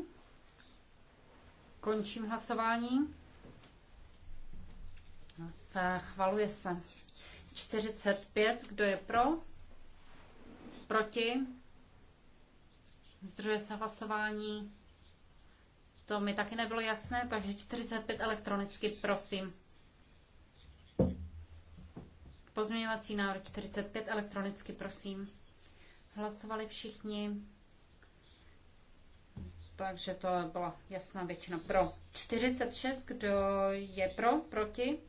S1: Končím hlasování. No, se chvaluje se. 45, kdo je pro? Proti? Zdržuje se hlasování? To mi taky nebylo jasné, takže 45 elektronicky, prosím. Pozměňovací návrh 45 elektronicky, prosím. Hlasovali všichni takže to byla jasná většina pro. 46, kdo je pro, proti?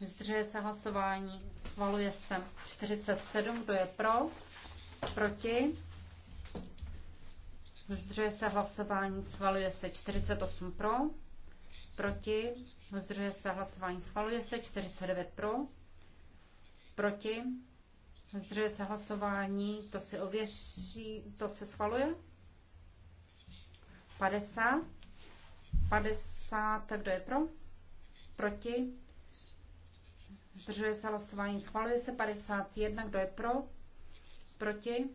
S1: Zdrží se hlasování, schvaluje se. 47, kdo je pro, proti? Zdržuje se hlasování, schvaluje se 48 pro, proti, zdržuje se hlasování, schvaluje se 49 pro, proti, zdržuje se hlasování, to si ověří, to se schvaluje. 50. 50. Kdo je pro? Proti? Zdržuje se hlasování. Schvaluje se 51. Kdo je pro? Proti?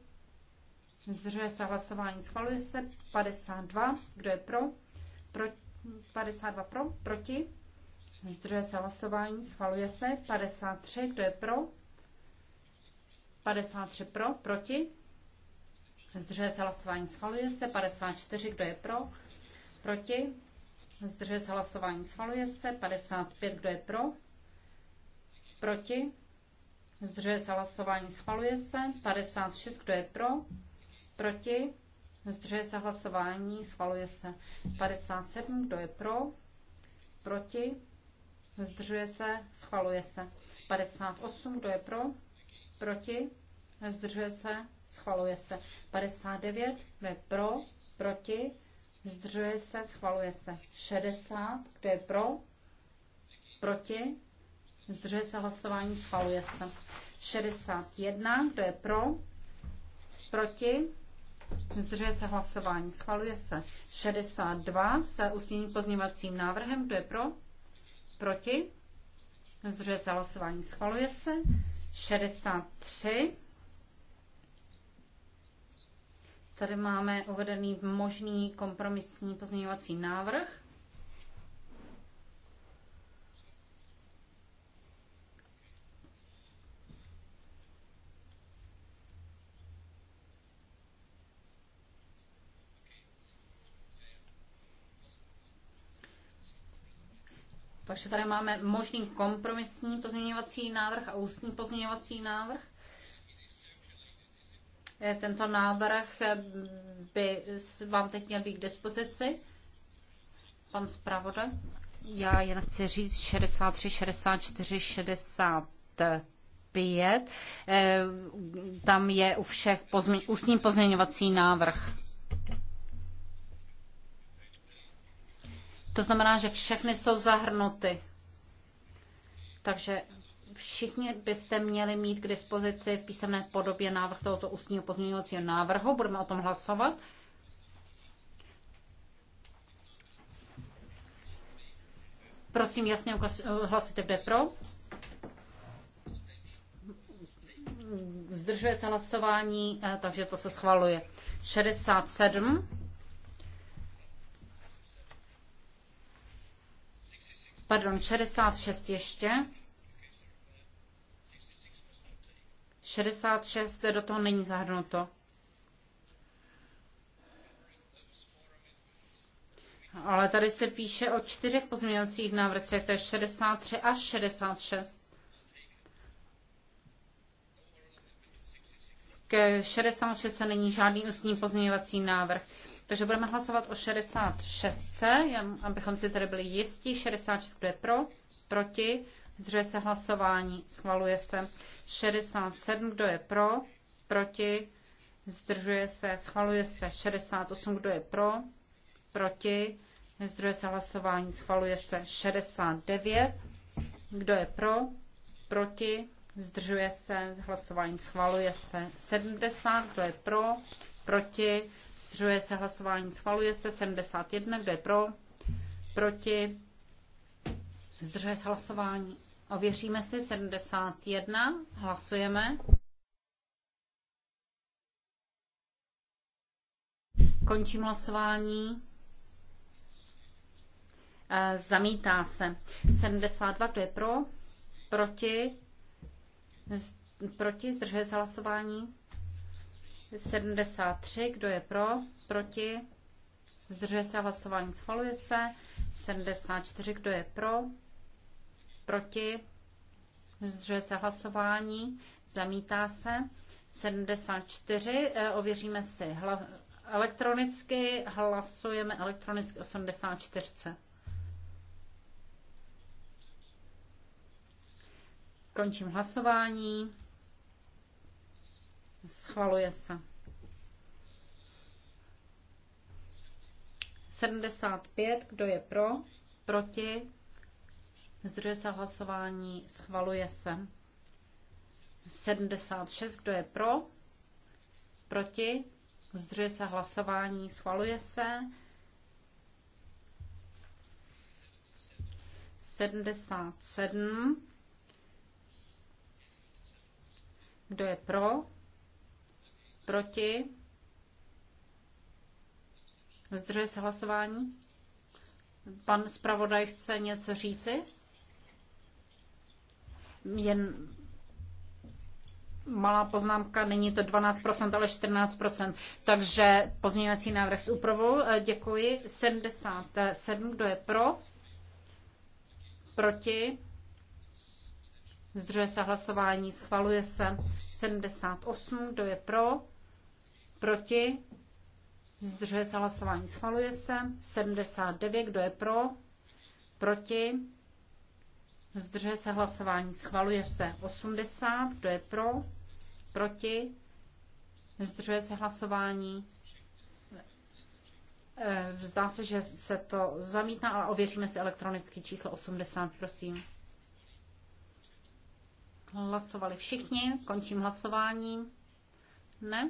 S1: Zdržuje se hlasování. Schvaluje se 52. Kdo je pro? pro 52 pro? Proti? Zdržuje se hlasování. Schvaluje se 53. Kdo je pro? 53 pro? Proti? Zdržuje se hlasování. Schvaluje se. 54. Kdo je pro? Proti? Zdržuje se hlasování. Schvaluje se. 55. Kdo je pro? Proti? Zdržuje se hlasování. Schvaluje se. 56. Kdo je pro? Proti? Zdržuje se hlasování. Schvaluje se. 57. Kdo je pro? Proti? Zdržuje se. Schvaluje se. 58. Kdo je pro? Proti? Zdržuje se schvaluje se. 59, kdo je pro, proti, zdržuje se, schvaluje se. 60, kdo je pro, proti, zdržuje se hlasování, schvaluje se. 61, kdo je pro, proti, zdržuje se hlasování, schvaluje se. 62 se ústním pozměňovacím návrhem, kdo je pro, proti, zdržuje se hlasování, schvaluje se. 63 Tady máme uvedený možný kompromisní pozměňovací návrh. Takže tady máme možný kompromisní pozměňovací návrh a ústní pozměňovací návrh. Eh, tento návrh eh, by vám teď měl být k dispozici. Pan zpravoda. Já jen chci říct 63, 64, 65. Tam je u všech pozměň, ústní pozměňovací návrh. To znamená, že všechny jsou zahrnuty. Takže všichni byste měli mít k dispozici v písemné podobě návrh tohoto ústního pozměňovacího návrhu. Budeme o tom hlasovat. Prosím, jasně hlasujte, kde pro. Zdržuje se hlasování, eh, takže to se schvaluje. 67. 66. Pardon, 66 ještě. 66 do toho není zahrnuto. Ale tady se píše o čtyřech pozměňovacích návrcech, to je 63 až 66. K 66 se není žádný ústní pozměňovací návrh. Takže budeme hlasovat o 66, abychom si tady byli jistí. 66, kdo je pro, proti, zdržuje se hlasování, schvaluje se 67, kdo je pro, proti, zdržuje se, schvaluje se 68, kdo je pro, proti, zdržuje se hlasování, schvaluje se 69, kdo je pro, proti, zdržuje se hlasování, schvaluje se 70, kdo je pro, proti, zdržuje se hlasování, schvaluje se 71, kdo je pro, proti, zdržuje se hlasování, Ověříme si 71, hlasujeme. Končím hlasování. Eh, zamítá se. 72, kdo je pro? Proti? Proti? Zdržuje se hlasování? 73, kdo je pro? Proti? Zdržuje se hlasování, schvaluje se. 74, kdo je pro? proti, zdržuje se hlasování, zamítá se. 74, eh, ověříme si hla, elektronicky, hlasujeme elektronicky 84. Končím hlasování. Schvaluje se. 75, kdo je pro, proti, Zdržuje se hlasování, schvaluje se. 76, kdo je pro? Proti? Zdržuje se hlasování, schvaluje se. 77. Kdo je pro? Proti? Zdržuje se hlasování? Pan zpravodaj chce něco říci? Jen malá poznámka, není to 12%, ale 14%. Takže pozměňovací návrh s úpravou. Eh, děkuji. 77, kdo je pro? Proti? Zdržuje se hlasování, schvaluje se. 78, kdo je pro? Proti? Zdržuje se hlasování, schvaluje se. 79, kdo je pro? Proti? Zdržuje se hlasování. Schvaluje se 80. Kdo je pro? Proti? Zdržuje se hlasování. Eh, zdá se, že se to zamítá, ale ověříme si elektronické číslo 80, prosím. Hlasovali všichni, končím hlasování. Ne?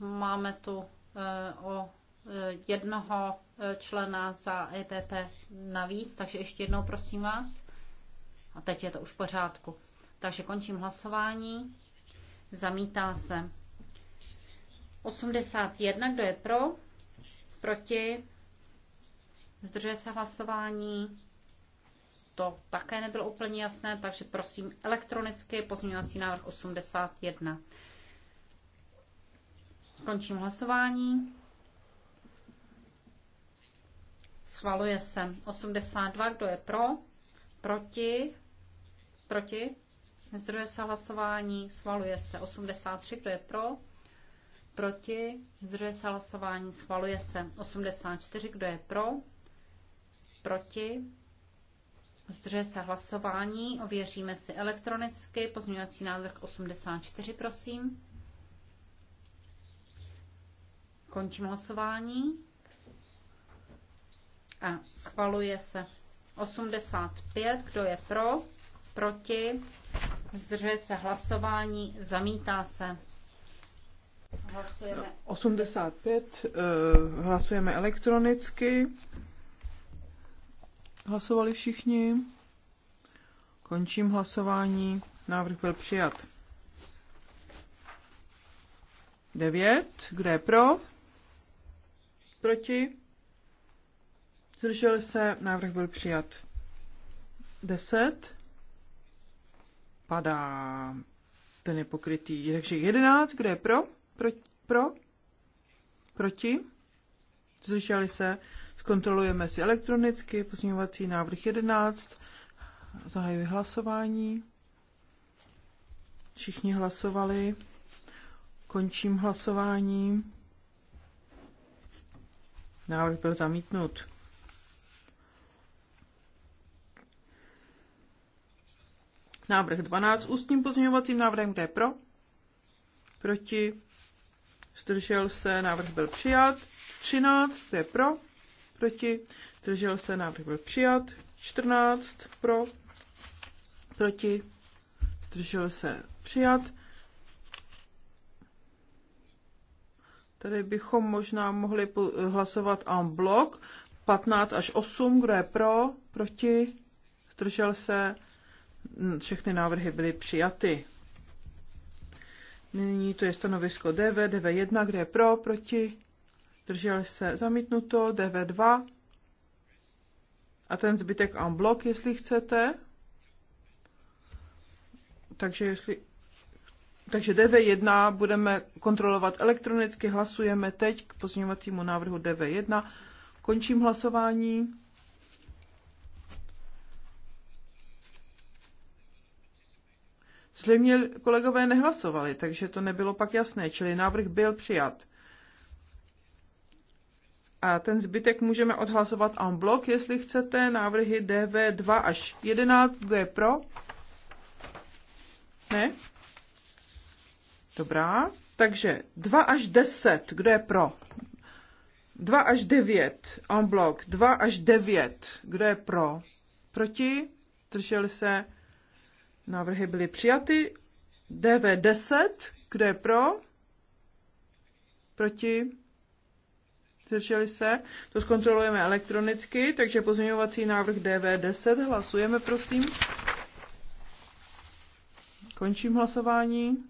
S1: Máme tu eh, o eh, jednoho člena za EPP navíc, takže ještě jednou prosím vás. A teď je to už v pořádku. Takže končím hlasování. Zamítá se. 81, kdo je pro? Proti? Zdržuje se hlasování? To také nebylo úplně jasné, takže prosím elektronicky pozměňovací návrh 81. Končím hlasování. Schvaluje se 82, kdo je pro? Proti? Proti? Zdržuje se hlasování, schvaluje se 83, kdo je pro? Proti? Zdržuje se hlasování, schvaluje se 84, kdo je pro? Proti? Zdržuje se hlasování, ověříme si elektronicky, pozměňovací návrh 84, prosím. Končím hlasování. A schvaluje se 85, kdo je pro? proti, zdržuje se hlasování, zamítá se. Hlasujeme.
S3: 85, eh, hlasujeme elektronicky. Hlasovali všichni. Končím hlasování. Návrh byl přijat. 9. Kdo je pro? Proti? Zdržel se. Návrh byl přijat. 10 padá. Ten je pokrytý. Takže 11, kde je pro? Pro? pro? Proti? Zdrželi se? Zkontrolujeme si elektronicky. Pozměňovací návrh 11. Zahajuji hlasování. Všichni hlasovali. Končím hlasování. Návrh byl zamítnut. Návrh 12 ústním pozměňovacím návrhem, kde je pro? Proti? Zdržel se, návrh byl přijat. 13, kde je pro? Proti? Zdržel se, návrh byl přijat. 14, pro? Proti? Zdržel se, přijat. Tady bychom možná mohli hlasovat en blok. 15 až 8, kdo je pro, proti, zdržel se, všechny návrhy byly přijaty. Nyní to je stanovisko DV, DV1, kde je pro, proti, drželi se zamítnuto, DV2 a ten zbytek en blok, jestli chcete. Takže jestli takže DV1 budeme kontrolovat elektronicky, hlasujeme teď k pozměňovacímu návrhu DV1. Končím hlasování. Zřejmě kolegové nehlasovali, takže to nebylo pak jasné, čili návrh byl přijat. A ten zbytek můžeme odhlasovat en blok, jestli chcete, návrhy DV 2 až 11, kdo je pro? Ne? Dobrá. Takže 2 až 10, kdo je pro? 2 až 9, en blok, 2 až 9, kdo je pro? Proti? Držel se? Návrhy byly přijaty. DV10, kdo je pro? Proti? Zdrželi se? To zkontrolujeme elektronicky, takže pozměňovací návrh DV10. Hlasujeme, prosím. Končím hlasování.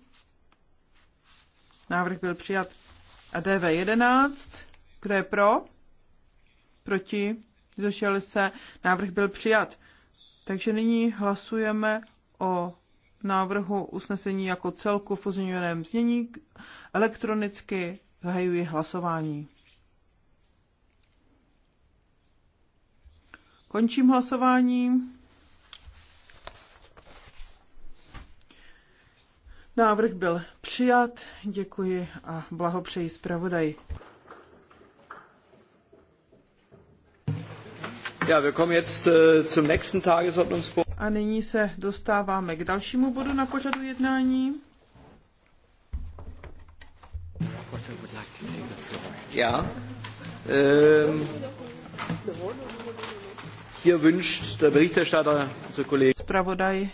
S3: Návrh byl přijat. A DV11, kdo je pro? Proti? Zdrželi se? Návrh byl přijat. Takže nyní hlasujeme o návrhu usnesení jako celku v pozměněném znění. Elektronicky zahajuji hlasování. Končím hlasování. Návrh byl přijat. Děkuji a blahopřeji zpravodaji. Ja, wir kommen jetzt äh, zum nächsten Tagesordnungspunkt. A nyní se dostáváme k dalšímu bodu na pořadu jednání.
S1: Ja. Ähm,
S3: hier wünscht der Berichterstatter, unser Kollege. Spravodaj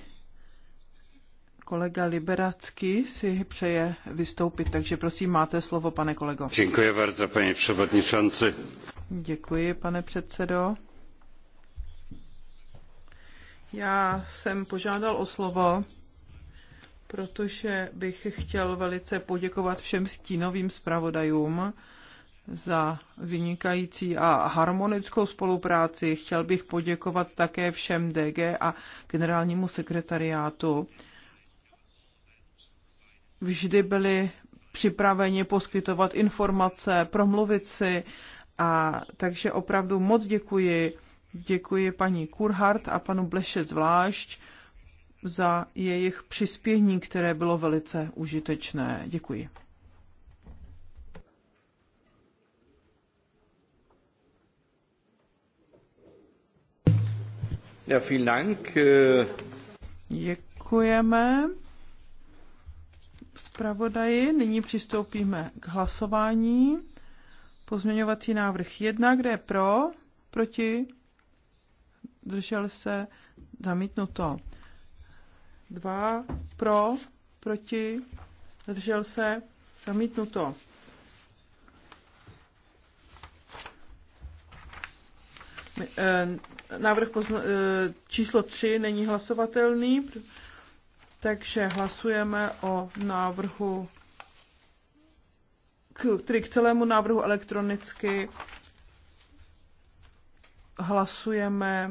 S3: kolega Liberacký si přeje vystoupit, takže prosím, máte slovo, pane kolego. Děkuji
S2: bardzo, paní předsedající.
S3: Děkuji, pane předsedo. Já jsem požádal o slovo, protože bych chtěl velice poděkovat všem stínovým zpravodajům za vynikající a harmonickou spolupráci. Chtěl bych poděkovat také všem DG a generálnímu sekretariátu. Vždy byli připraveni poskytovat informace, promluvit si a takže opravdu moc děkuji Děkuji paní Kurhart a panu Bleše zvlášť za jejich přispění, které bylo velice užitečné. Děkuji.
S2: Ja, vielen Dank. Äh,
S3: Děkujeme zpravodaji. Nyní přistoupíme k hlasování. Pozměňovací návrh 1, kde je pro, proti, zdržel se, zamítnuto. Dva pro, proti, zdržel se, zamítnuto. Eh, návrh pozna- eh, číslo 3 není hlasovatelný, takže hlasujeme o návrhu k, tedy k celému návrhu elektronicky hlasujeme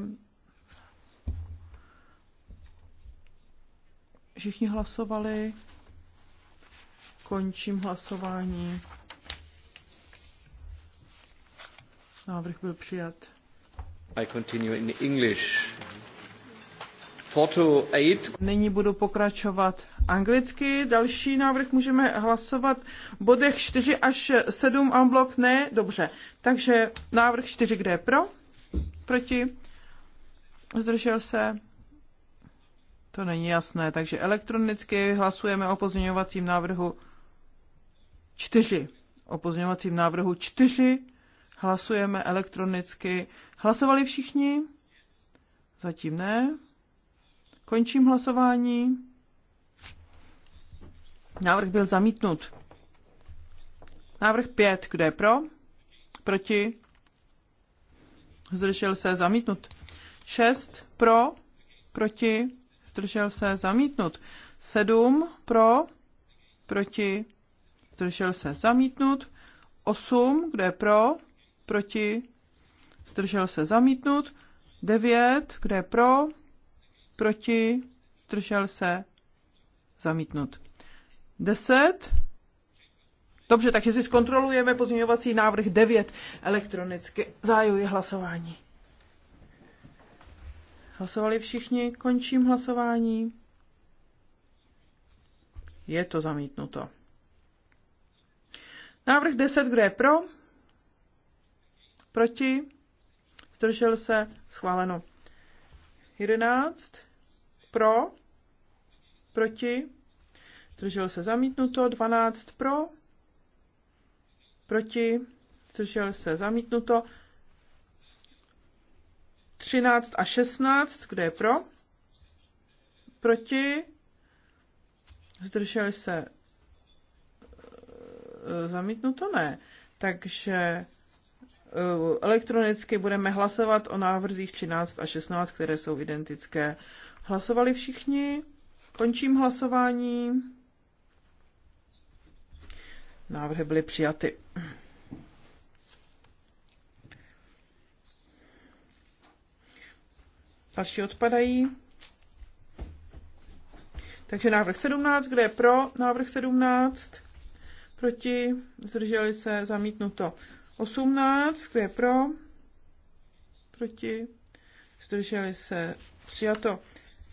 S3: Všichni hlasovali. Končím hlasování. Návrh byl přijat.
S2: I continue in English.
S3: Nyní budu pokračovat anglicky. Další návrh můžeme hlasovat v bodech 4 až 7 unblock, ne? Dobře. Takže návrh 4, kde je pro? Proti? Zdržel se? To není jasné, takže elektronicky hlasujeme o pozměňovacím návrhu 4. O pozměňovacím návrhu 4 hlasujeme elektronicky. Hlasovali všichni? Zatím ne. Končím hlasování. Návrh byl zamítnut. Návrh 5. Kdo je pro? Proti? Zdržel se zamítnut. 6. Pro? Proti? zdržel se, zamítnut. 7 pro, proti, zdržel se, zamítnut. 8, kde je pro, proti, zdržel se, zamítnut. 9, kde je pro, proti, zdržel se, zamítnut. 10, Dobře, takže si zkontrolujeme pozměňovací návrh 9 elektronicky. Zájuji hlasování. Hlasovali všichni, končím hlasování. Je to zamítnuto. Návrh 10, kde je pro? Proti? Zdržel se? Schváleno. 11. Pro? Proti? Zdržel se zamítnuto. 12. Pro? Proti? Zdržel se zamítnuto. 13 a 16, kdo je pro? Proti? Zdrželi se? E, zamítnuto ne. Takže e, elektronicky budeme hlasovat o návrzích 13 a 16, které jsou identické. Hlasovali všichni? Končím hlasování. Návrhy byly přijaty. Další odpadají. Takže návrh 17, kde je pro návrh 17, proti, zdrželi se, zamítnuto. 18, kde je pro, proti, zdrželi se, přijato.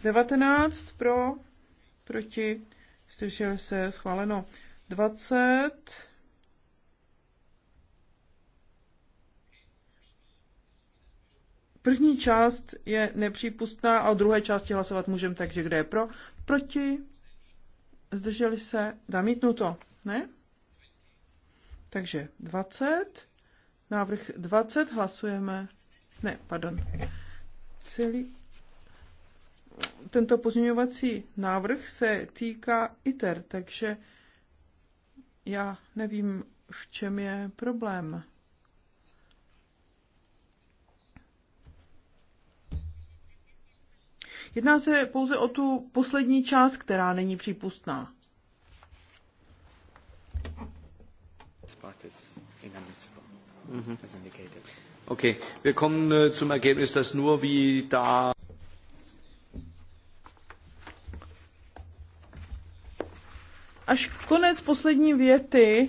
S3: 19 pro, proti, zdrželi se, schváleno. 20, První část je nepřípustná a o druhé části hlasovat můžeme, takže kde je pro? Proti? Zdrželi se? Zamítnuto, ne? Takže 20, návrh 20, hlasujeme, ne, pardon, celý, tento pozměňovací návrh se týká ITER, takže já nevím, v čem je problém. Jedná se pouze o tu poslední část, která není přípustná.
S2: Mhm. Äh,
S3: až konec poslední věty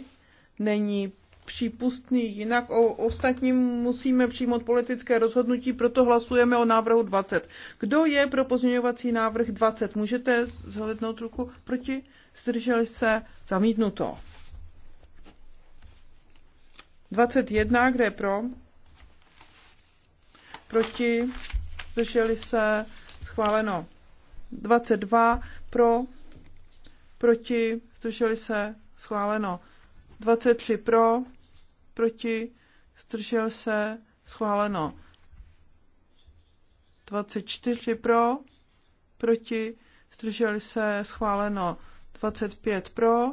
S3: není přípustný. Jinak o ostatním musíme přijmout politické rozhodnutí, proto hlasujeme o návrhu 20. Kdo je pro pozměňovací návrh 20? Můžete zhlednout ruku proti? Zdrželi se? Zamítnuto. 21, kde je pro? Proti? Zdrželi se? Schváleno. 22 pro, proti, zdrželi se, schváleno. 23 pro, proti, stržel se, schváleno. 24 pro, proti, zdrželi se, schváleno. 25 pro,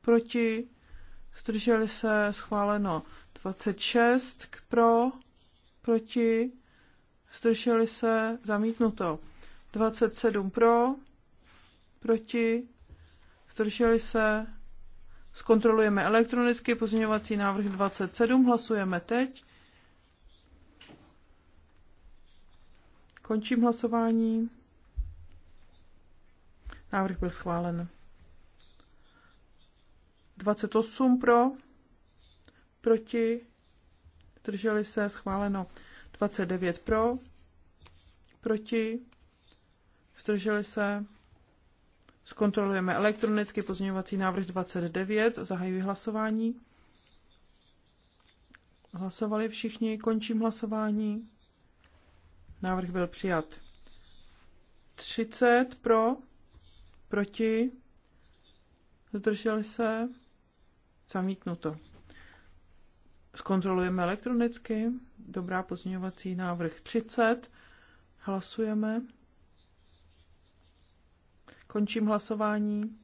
S3: proti, zdrželi se, schváleno. 26 pro, proti, zdrželi se, zamítnuto. 27 pro, proti, zdrželi se, Zkontrolujeme elektronicky pozměňovací návrh 27, hlasujeme teď. Končím hlasování. Návrh byl schválen. 28 pro, proti, drželi se, schváleno. 29 pro, proti, zdrželi se, Zkontrolujeme elektronicky pozměňovací návrh 29. Zahajuji hlasování. Hlasovali všichni, končím hlasování. Návrh byl přijat. 30 pro, proti, zdrželi se, zamítnuto. Zkontrolujeme elektronicky. Dobrá pozměňovací návrh 30. Hlasujeme. Končím hlasování.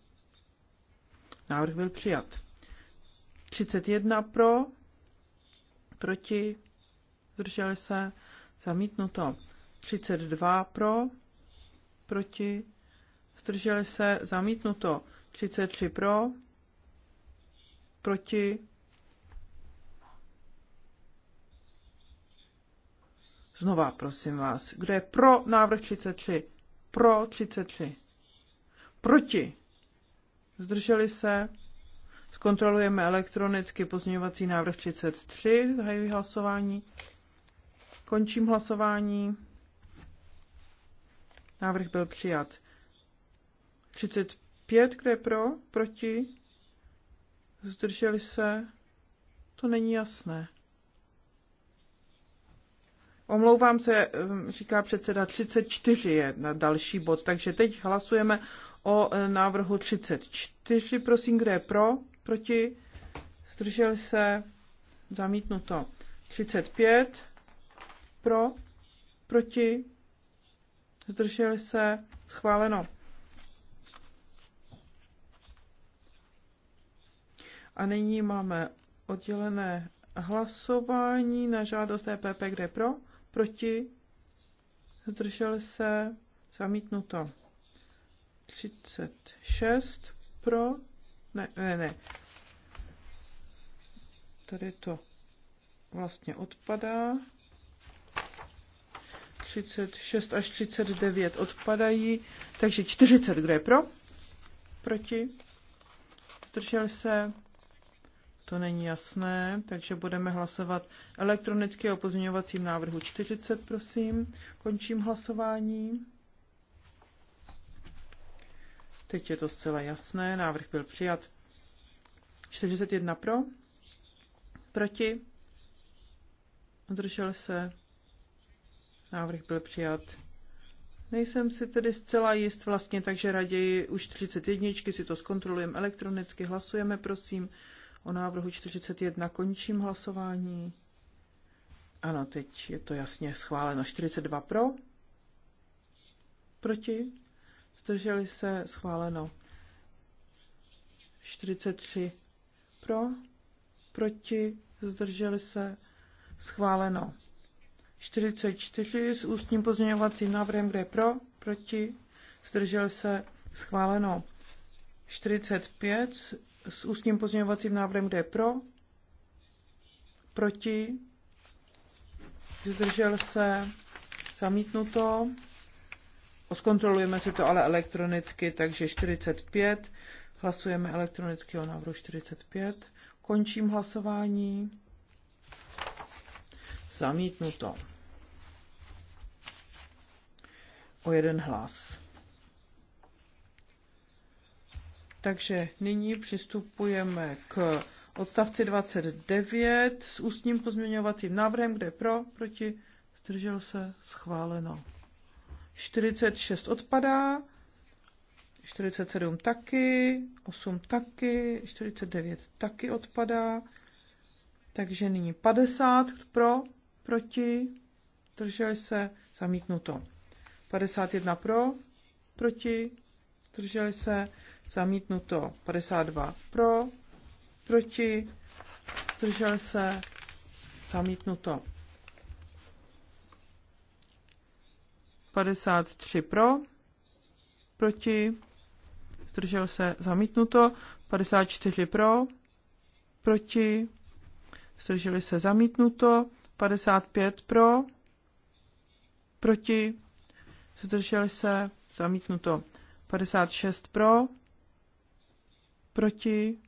S3: Návrh byl přijat. 31 pro, proti, zdrželi se, zamítnuto. 32 pro, proti, zdrželi se, zamítnuto. 33 pro, proti, Znova prosím vás, kdo je pro návrh 33? Pro 33 proti, zdrželi se, zkontrolujeme elektronicky pozměňovací návrh 33, zahajuji hlasování, končím hlasování, návrh byl přijat. 35, kde je pro, proti, zdrželi se, to není jasné. Omlouvám se, říká předseda, 34 je na další bod, takže teď hlasujeme o e, návrhu 34. Prosím, kdo je pro? Proti? Zdržel se? Zamítnuto. 35. Pro? Proti? Zdržel se? Schváleno. A nyní máme oddělené hlasování na žádost EPP, kde pro, proti, zdržel se, zamítnuto. 36 pro, ne, ne, ne. Tady to vlastně odpadá. 36 až 39 odpadají, takže 40, kdo je pro? Proti? Zdržel se? To není jasné, takže budeme hlasovat elektronicky o pozměňovacím návrhu 40, prosím. Končím hlasování. Teď je to zcela jasné, návrh byl přijat. 41 pro, proti, zdržel se, návrh byl přijat. Nejsem si tedy zcela jist vlastně, takže raději už 31 si to zkontrolujeme elektronicky. Hlasujeme, prosím, o návrhu 41. Končím hlasování. Ano, teď je to jasně schváleno. 42 pro, proti, zdrželi se, schváleno. 43 pro, proti, zdrželi se, schváleno. 44 s ústním pozměňovacím návrhem, kde je pro, proti, zdrželi se, schváleno. 45 s ústním pozměňovacím návrhem, kde je pro, proti, zdrželi se, zamítnuto. Oskontrolujeme si to ale elektronicky, takže 45. Hlasujeme elektronicky o návrhu 45. Končím hlasování. Zamítnuto. O jeden hlas. Takže nyní přistupujeme k odstavci 29 s ústním pozměňovacím návrhem, kde pro, proti, zdržel se, schváleno. 46 odpadá, 47 taky, 8 taky, 49 taky odpadá. Takže nyní 50 pro, proti, drželi se, zamítnuto. 51 pro, proti, drželi se, zamítnuto. 52 pro, proti, drželi se, zamítnuto. 53 pro, proti, zdržel se zamítnuto, 54 pro, proti, zdrželi se zamítnuto, 55 pro, proti, zdrželi se zamítnuto, 56 pro, proti,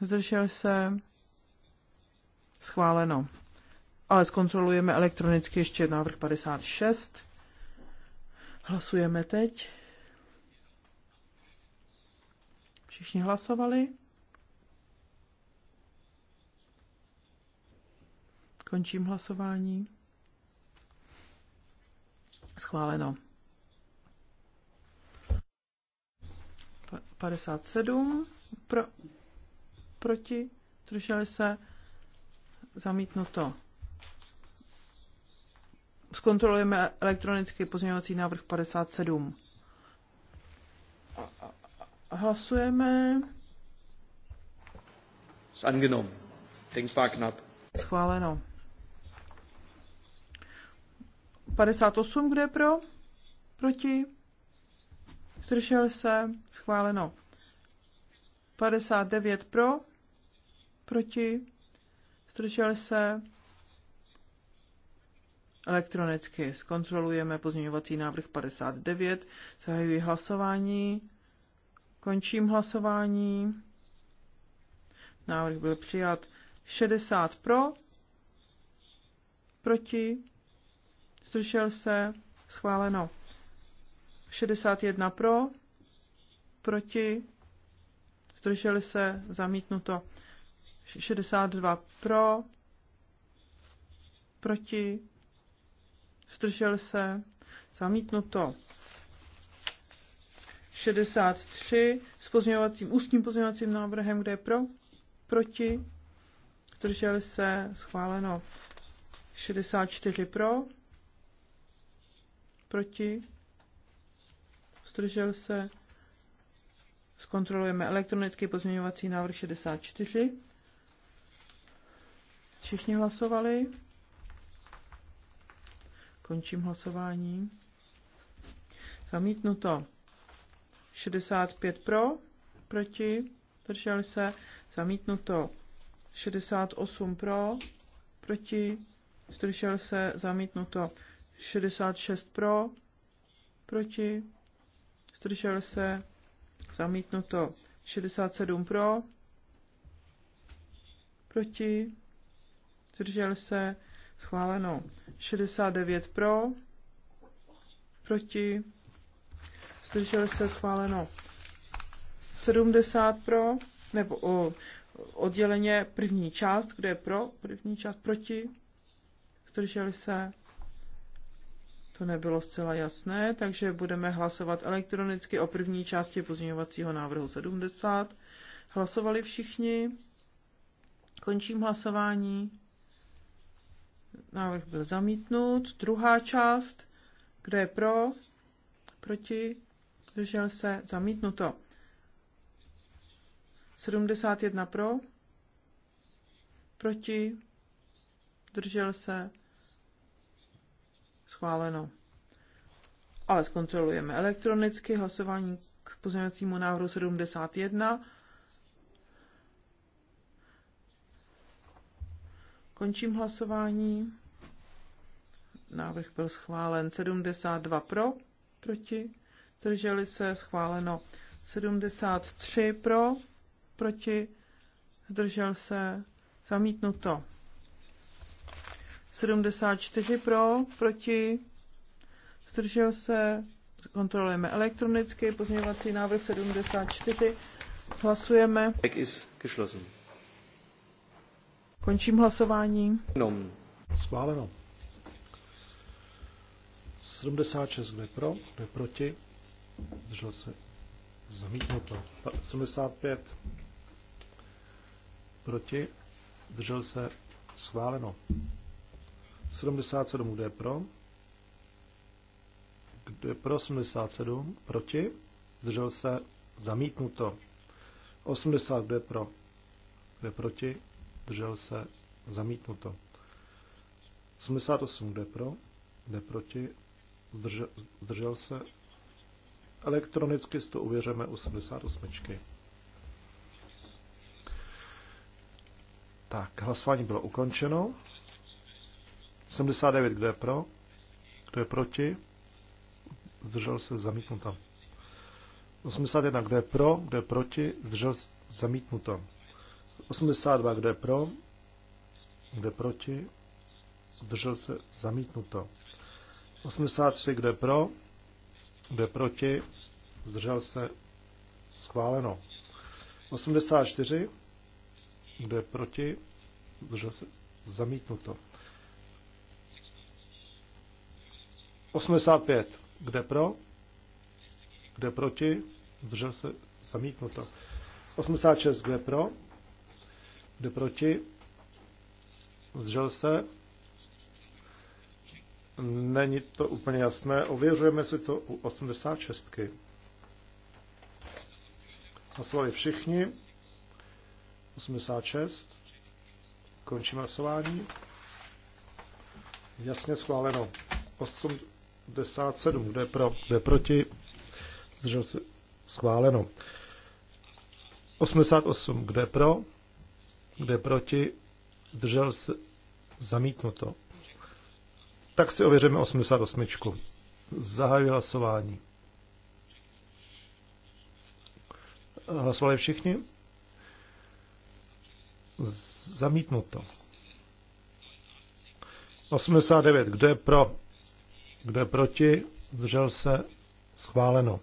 S3: zdržel se schváleno ale zkontrolujeme elektronicky ještě návrh 56. Hlasujeme teď. Všichni hlasovali? Končím hlasování. Schváleno. 57 pro, proti, drželi se, zamítnuto zkontrolujeme elektronicky pozměňovací návrh 57. Hlasujeme.
S2: S angenom. Denkbar nad.
S3: Schváleno. 58, kde je pro? Proti? Zdržel se? Schváleno. 59 pro? Proti? Zdržel se? Elektronicky zkontrolujeme pozměňovací návrh 59. Zahajuji hlasování. Končím hlasování. Návrh byl přijat 60 pro, proti, zdržel se, schváleno. 61 pro, proti, zdrželi se, zamítnuto. 62 pro, proti, zdržel se, zamítnuto. 63 s pozměňovacím, ústním pozměňovacím návrhem, kde je pro, proti, zdržel se, schváleno. 64 pro, proti, zdržel se, zkontrolujeme elektronický pozměňovací návrh 64. Všichni hlasovali. Končím hlasování. Zamítnuto. 65 pro, proti, drželi se. Zamítnuto. 68 pro, proti, zdržel se. Zamítnuto. 66 pro, proti, zdržel se. Zamítnuto. 67 pro, proti, zdržel se. Schváleno. 69 pro, proti, zdrželi se schváleno 70 pro, nebo o, odděleně první část, kde je pro, první část proti, zdrželi se, to nebylo zcela jasné, takže budeme hlasovat elektronicky o první části pozměňovacího návrhu 70. Hlasovali všichni, končím hlasování. Návrh byl zamítnut. Druhá část. Kdo je pro? Proti? držel se? Zamítnuto. 71 pro? Proti? držel se? Schváleno. Ale zkontrolujeme elektronicky hlasování k pozměňovacímu návrhu 71. Končím hlasování. Návrh byl schválen 72 pro, proti, Drželi se, schváleno 73 pro, proti, zdržel se, zamítnuto. 74 pro, proti, zdržel se, kontrolujeme elektronicky, pozměňovací návrh 74, hlasujeme.
S2: Is geschlossen. Končím hlasování. No. Schváleno. 76, kde pro, kde proti, zdržel se zamítnuto. 75 proti, držel se schváleno. 77, kde je pro, Kde je pro 77, proti, držel se zamítnuto. 80, kde je pro, Kde je proti, zdržel se, zamítnuto. 88, kde pro, kde proti, zdržel, zdržel se. Elektronicky si to uvěřeme 88. Tak, hlasování bylo ukončeno. 79, kdo je pro, kdo je proti, zdržel se, zamítnuto. 81, kdo je pro, kdo je proti, zdržel se, zamítnuto. 82, kdo je pro, kdo je proti, držel se zamítnuto. 83, kdo je pro, kdo je proti, zdržel se schváleno. 84, kdo je proti, zdržel se zamítnuto. 85, Kdo je pro, Kdo je proti, zdržel se zamítnuto. 86, Kdo je pro, jde proti? zřel se? Není to úplně jasné. Ověřujeme si to u 86. Hlasovali všichni. 86. Končím hlasování. Jasně schváleno. 87. kde pro? kde proti? zřel se. Schváleno. 88. kde pro? kde proti, držel se zamítnuto. Tak si ověřeme 88. Zahajuji hlasování. Hlasovali všichni? Zamítnuto. 89. Kdo je pro? Kdo je proti? Zdržel se? Schváleno.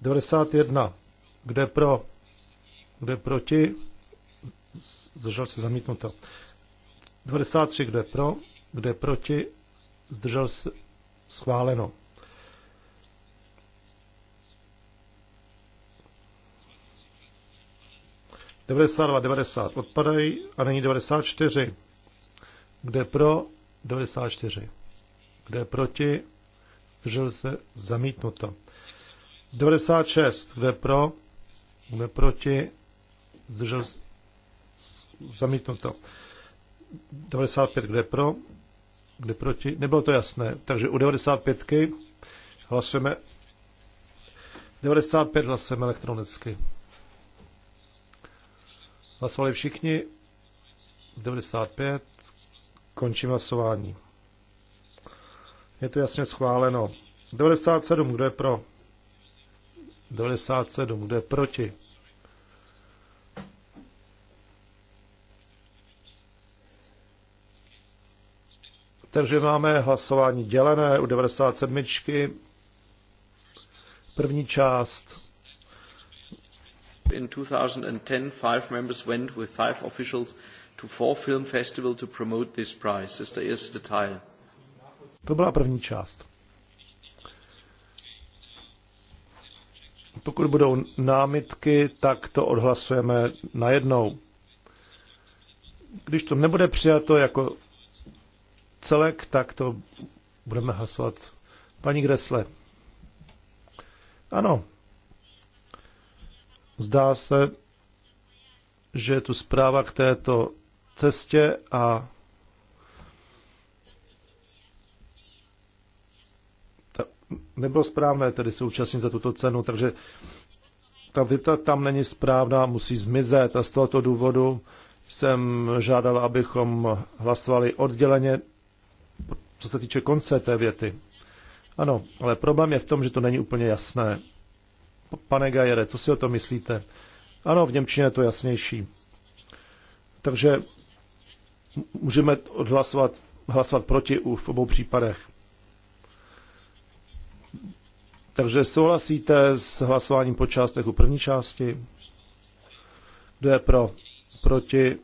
S2: 91. Kdo je pro? Kdo je proti? Zdržel se zamítnuto. 93. Kdo je pro? Kdo je proti? Zdržel se schváleno. Devadesát dva, devadesát odpadají a není devadesát čtyři. Kde pro? Devadesát čtyři. Kde proti? Zdržel se zamítnuto. 96, kde pro, kde proti, zdržel zamítnuto. 95, kde pro, kde proti, nebylo to jasné. Takže u 95 hlasujeme 95 hlasujeme elektronicky. Hlasovali všichni 95. Končím hlasování. Je to jasně schváleno. 97, kdo je pro? 97, kdo je proti? Takže máme hlasování dělené u 97. První část. In 2010, five members went with five officials to four film festival to promote this prize. Ist der the Teil. To byla první část. Pokud budou námitky, tak to odhlasujeme najednou. Když to nebude přijato jako celek, tak to budeme hlasovat. Paní Gresle. Ano. Zdá se, že je tu zpráva k této cestě a nebylo správné tedy se účastnit za tuto cenu, takže ta věta tam není správná, musí zmizet a z tohoto důvodu jsem žádal, abychom hlasovali odděleně co se týče konce té věty. Ano, ale problém je v tom, že to není úplně jasné. Pane Gajere, co si o to myslíte? Ano, v Němčině je to jasnější. Takže můžeme odhlasovat hlasovat proti u, v obou případech. Takže souhlasíte s hlasováním po částech u první části? Kdo je pro? Proti?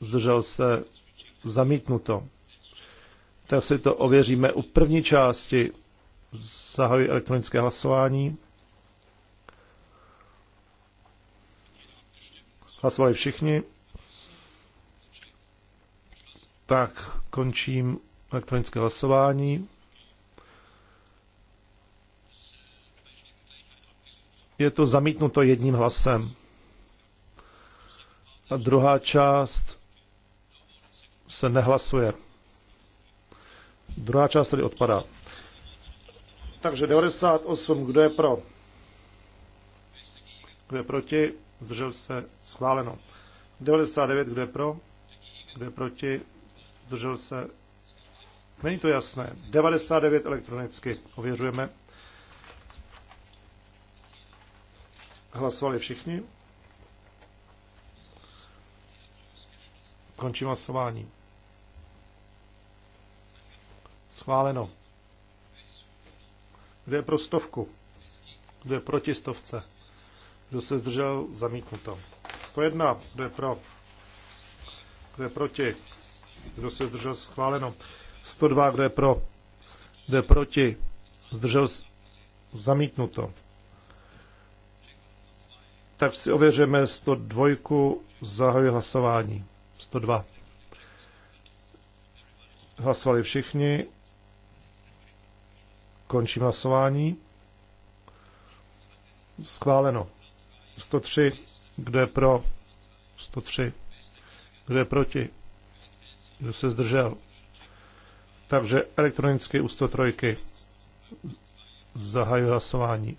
S2: Zdržel se? Zamítnuto tak si to ověříme u první části. Zahajuji elektronické hlasování. Hlasovali všichni. Tak, končím elektronické hlasování. Je to zamítnuto jedním hlasem. A druhá část se nehlasuje. Druhá část tady odpadá. Takže 98, kdo je pro? Kdo je proti? Zdržel se? Schváleno. 99, kdo je pro? Kdo je proti? Zdržel se? Není to jasné. 99 elektronicky. Ověřujeme. Hlasovali všichni. Končím hlasování. Schváleno. Kdo je pro stovku? Kdo je proti stovce? Kdo se zdržel? Zamítnuto. 101. Kdo je pro? Kdo je proti? Kdo se zdržel? Schváleno. 102. Kdo je pro? Kdo je proti? Zdržel? Zamítnuto. Tak si ověříme 102. Zahajuji hlasování. 102. Hlasovali všichni. Končím hlasování. Schváleno. 103. Kdo je pro? 103. Kdo je proti? Kdo se zdržel? Takže elektronicky u 103. Zahajuji hlasování.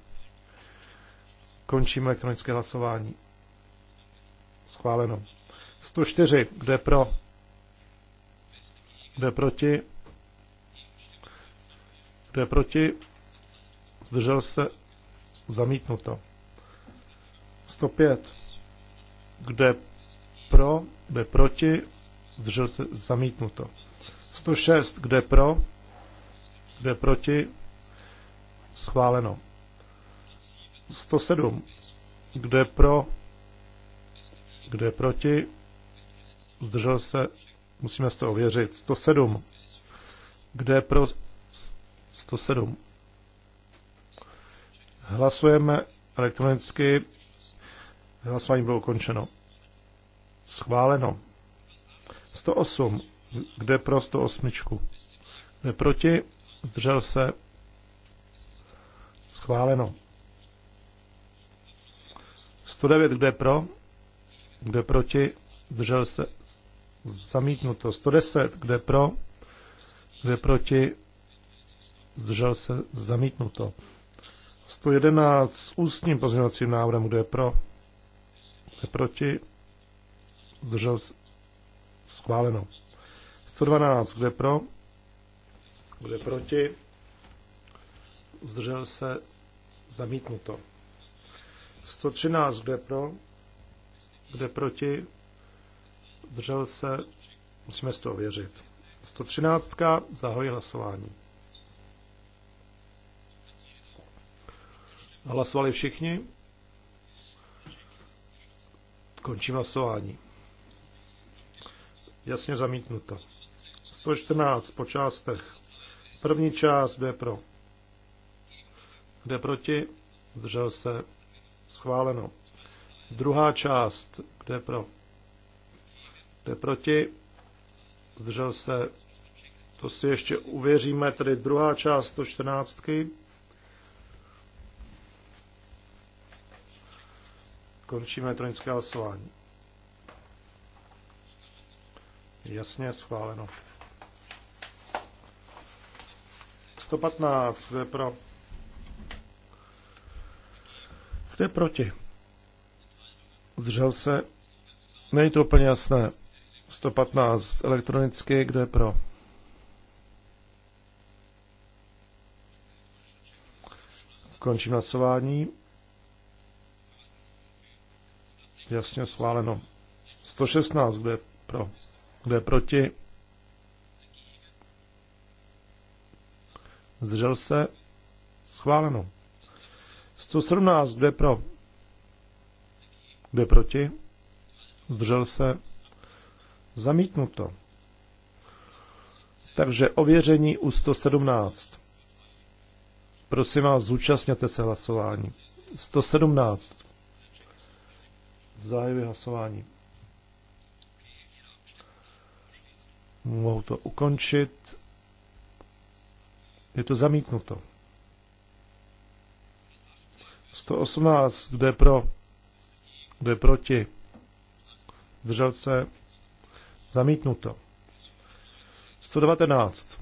S2: Končím elektronické hlasování. Schváleno. 104. Kdo je pro? Kdo je proti? Kdo je proti? Zdržel se? Zamítnuto. 105. Kdo je pro? Kdo je proti? Zdržel se? Zamítnuto. 106. Kdo je pro? Kdo je proti? Schváleno. 107. Kdo je pro? Kdo je proti? Zdržel se? Musíme z toho ověřit. 107. Kdo je pro 107. Hlasujeme elektronicky. Hlasování bylo ukončeno. Schváleno. 108. Kde pro 108? Kde proti? Zdržel se. Schváleno. 109. Kde pro? Kde proti? Zdržel se. Zamítnuto. 110. Kde pro? Kde proti? zdržel se, zamítnuto. 111 s ústním pozměňovacím návrhem, kdo je pro, je proti, zdržel se, schváleno. 112, kdo je pro, kdo je proti, zdržel se, zamítnuto. 113, kdo je pro, kde proti, zdržel se, musíme z toho věřit. 113. Zahoj hlasování. Hlasovali všichni? Končím hlasování. Jasně zamítnuto. 114 po částech. První část, kde pro? Kde proti? Držel se. Schváleno. Druhá část, kde pro? Kde proti? Zdržel se. To si ještě uvěříme, tedy druhá část 114. Končíme elektronické hlasování. Jasně, schváleno. 115, kdo je pro? Kdo je proti? Zdržel se? Není to úplně jasné. 115 elektronicky, kdo je pro? Končím hlasování. Jasně schváleno. 116, kde je pro, kde je proti. Zdržel se. Schváleno. 117, kde je pro, kde je proti. Zdržel se. Zamítnuto. Takže ověření u 117. Prosím vás, zúčastněte se hlasování. 117. Zahajuji hlasování. Mohu to ukončit. Je to zamítnuto. 118. Kdo je pro? Kdo je proti? Držel se? Zamítnuto. 119.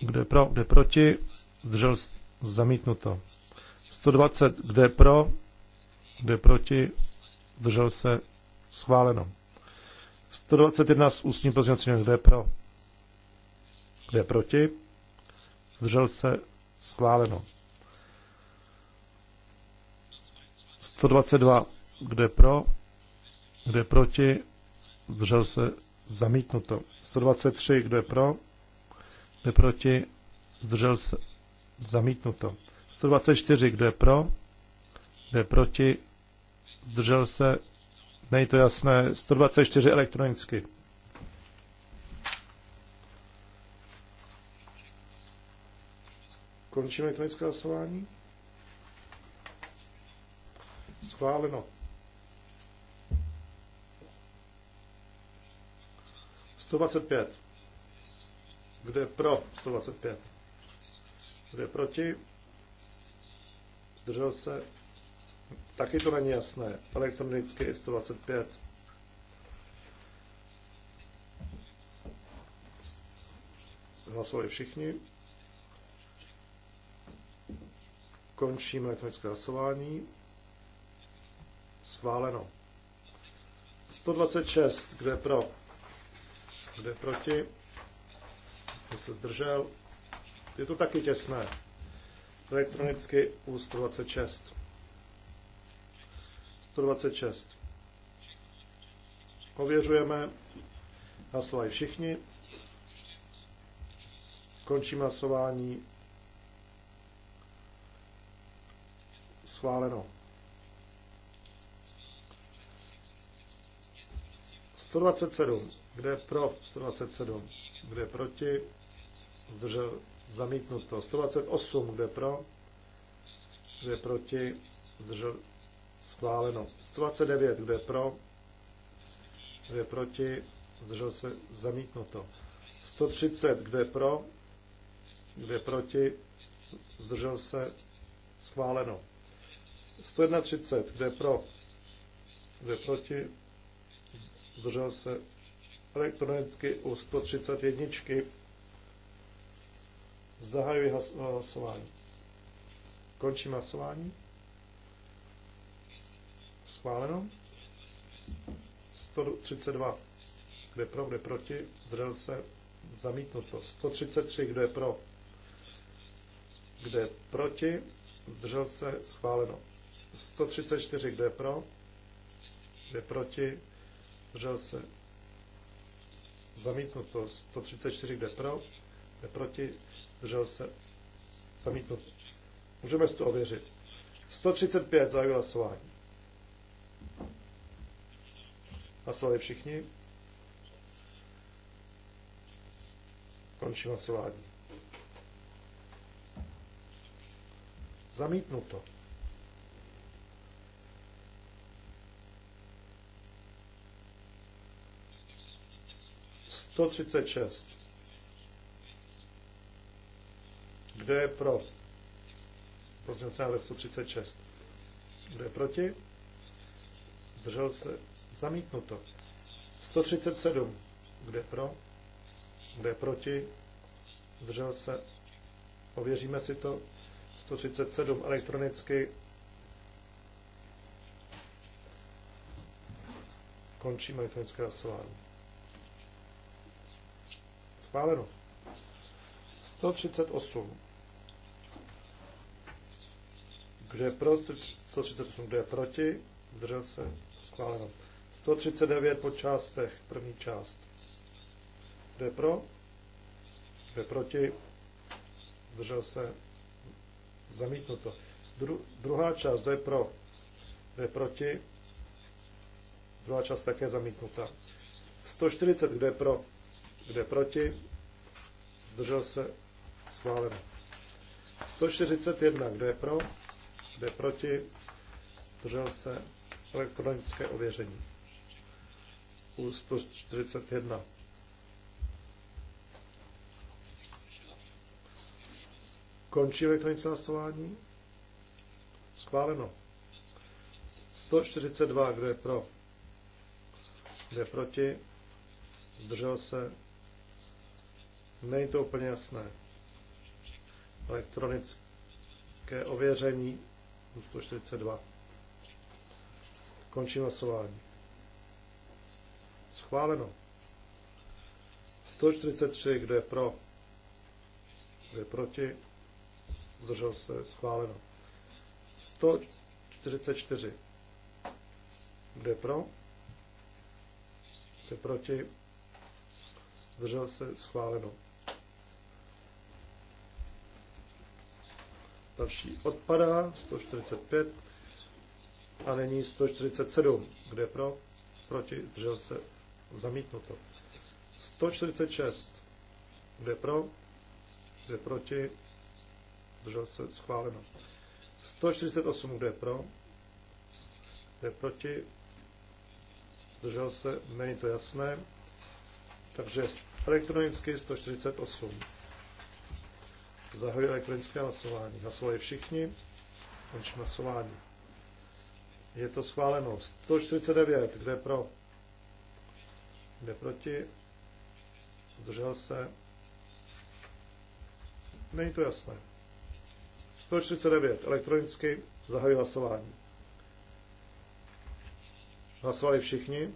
S2: Kdo je pro? Kdo je proti? Zdržel zamítnuto. 120. Kdo je pro? Kdo je proti? zdržel se, schváleno. 121 s ústním pozměňovacím kde je pro, kde je proti, zdržel se, schváleno. 122, kde je pro, kde je proti, zdržel se, zamítnuto. 123, kdo je pro, kdo je proti, zdržel se, zamítnuto. 124, kdo je pro, kdo je proti, zdržel se, nej to jasné, 124 elektronicky. Končíme elektronické hlasování. Schváleno. 125. Kdo je pro 125? Kdo je proti? Zdržel se? Taky to není jasné. Elektronicky 125. Hlasovali všichni. Končím elektronické hlasování. Schváleno. 126, kde pro? Kde proti? Kde se zdržel? Je to taky těsné. Elektronicky u 126. 126. Ověřujeme. hlasovají všichni. Končím hlasování. Schváleno. 127. Kde je pro? 127. Kde je proti? Zdržel zamítnuto. 128. Kde je pro? Kde je proti? Zdržel Schváleno. 129, kdo je pro? Kdo je proti? Zdržel se zamítnuto. 130, kdo je pro? Kdo je proti? Zdržel se schváleno. 131, kdo je pro? Kdo je proti? Zdržel se elektronicky u 131. Zahajuji hlasování. Končím hlasování. Schváleno. 132. Kdo je pro, kdo je proti? Zdržel se. Zamítnuto. 133. Kdo je pro? Kdo je proti? Zdržel se. Schváleno. 134. Kdo je pro? Kdo je proti? Zdržel se. Zamítnuto. 134. Kdo je pro? Kdo je proti? Zdržel se. Zamítnuto. Můžeme si to ověřit. 135. Zajímavé hlasování. Hlasovali všichni? Končím hlasování. Zamítnuto. Sto třicet šest. Kdo je pro? Pozměnce návrh šest. Kdo je proti? Držel se Zamítnuto. 137. Kde pro? Kde proti? Zdržel se? Ověříme si to. 137 elektronicky. Končíme elektronické hlasování. Schváleno. 138. kde pro? 138. kde proti? Zdržel se? Schváleno. 139 po částech, první část. Kdo je pro? Kdo je proti? Zdržel se? Zamítnuto. Dru- druhá část, kdo je pro? Kdo je proti? Druhá část také zamítnuta. 140, kdo je pro? Kdo je proti? Zdržel se? Schváleno. 141, kdo je pro? Kdo je proti? Zdržel se? Elektronické ověření. 141. Končí elektronické hlasování. Schváleno. 142, kdo je pro? Kdo je proti? Zdržel se? Není to úplně jasné. Elektronické ověření 142. Končí hlasování. Schváleno. 143, kdo je pro? Kdo je proti? Zdržel se. Schváleno. 144. Kdo je pro? Kdo je proti? Zdržel se. Schváleno. Další odpadá. 145. A není 147. Kde pro? Proti? Zdržel se. Zamítnuto. 146. Kdo je pro? Kdo je proti? Držel se schváleno. 148. Kdo je pro? Kdo je proti? Držel se, není to jasné. Takže elektronicky 148. Zahajuji elektronické hlasování. Hlasovali všichni. Končím hlasování. Je to schváleno. 149. Kde pro? jde proti? Zdržel se? Není to jasné. 149. Elektronicky zahajuji hlasování. Hlasovali všichni?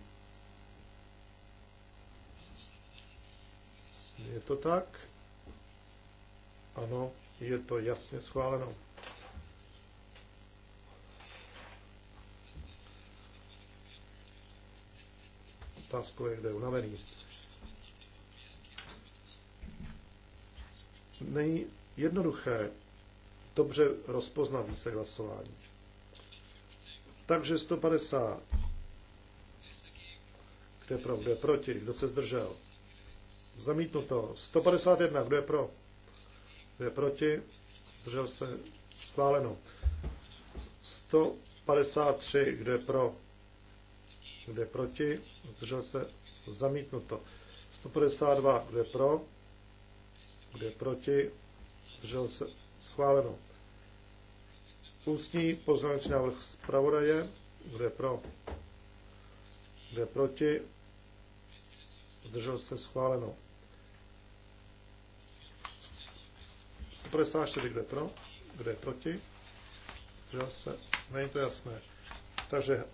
S2: Je to tak? Ano, je to jasně schváleno. je kde je unavený. Není jednoduché dobře rozpoznat výsledek hlasování. Takže 150. Kdo je pro, kdo je proti, kdo se zdržel? Zamítnuto. 151. Kdo je pro? Kdo je proti? Zdržel se? Schváleno. 153. Kdo je pro? kdo je proti, zdržel se, zamítnuto. 152, kdo je pro, kdo je proti, zdržel se, schváleno. Ústní poznávací návrh zpravodaje, kdo je pro, kdo je proti, zdržel se, schváleno. 154, kdo je pro, kdo je proti, zdržel se, není to jasné. Takže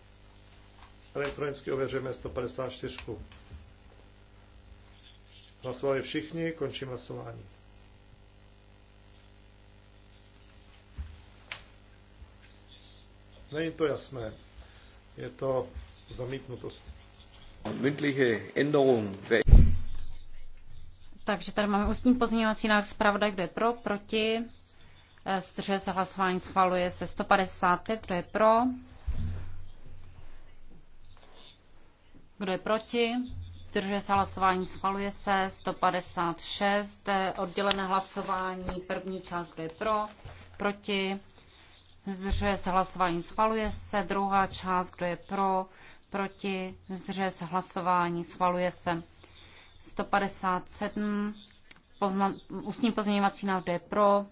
S2: Elektronicky ověřujeme 154. Hlasovali všichni, končím hlasování. Není to jasné. Je to zamítnutost.
S1: Takže tady máme ústní pozměňovací návrh zpravodaj, kdo je pro, proti. Eh, Zdržuje se hlasování, schvaluje se 155, kdo je pro, Kdo je proti? Zdržuje se hlasování, schvaluje se 156, eh, oddělené hlasování, první část, kdo je pro, proti, zdržuje se hlasování, schvaluje se, druhá část, kdo je pro, proti, zdržuje se hlasování, schvaluje se 157, poznam, ústní pozměňovací návrh, kdo je pro,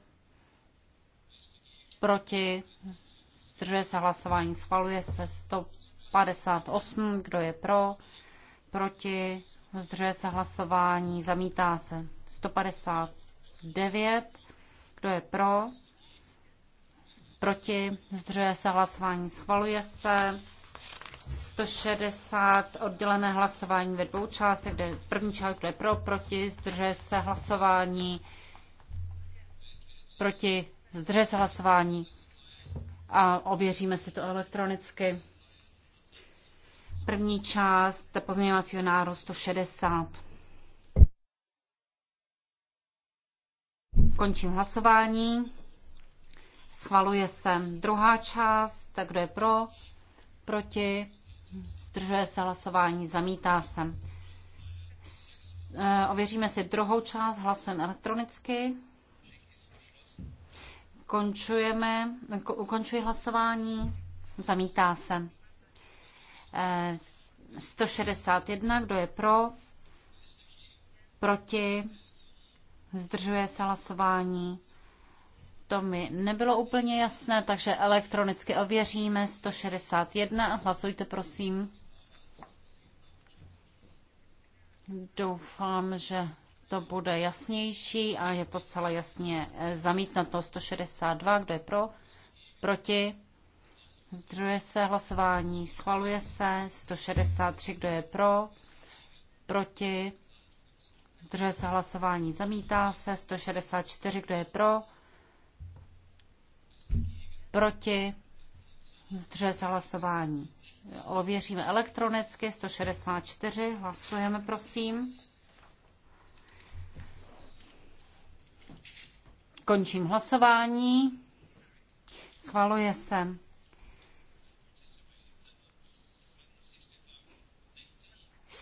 S1: proti, zdržuje se hlasování, schvaluje se 100. 58. Kdo je pro? Proti? Zdržuje se hlasování? Zamítá se. 159. Kdo je pro? Proti? Zdržuje se hlasování? Schvaluje se. 160 oddělené hlasování ve dvou částech, kde první část, kdo je pro, proti, zdržuje se hlasování, proti, zdržuje se hlasování a ověříme si to elektronicky. První část pozměňovacího návrhu 160. Končím hlasování. Schvaluje se druhá část. Tak kdo je pro? Proti? Zdržuje se hlasování? Zamítá se. Eh, ověříme si druhou část. Hlasujeme elektronicky. Končujeme, ukončuji hlasování. Zamítá se. 161, eh, kdo je pro, proti, zdržuje se hlasování. To mi nebylo úplně jasné, takže elektronicky ověříme 161. Hlasujte, prosím. Doufám, že to bude jasnější a je to zcela jasně eh, zamítnuto. 162, kdo je pro, proti, Zdržuje se hlasování. Schvaluje se 163, kdo je pro, proti. Zdržuje se hlasování. Zamítá se 164, kdo je pro, proti. Zdržuje se hlasování. Ověříme elektronicky 164. Hlasujeme, prosím. Končím hlasování. Schvaluje se.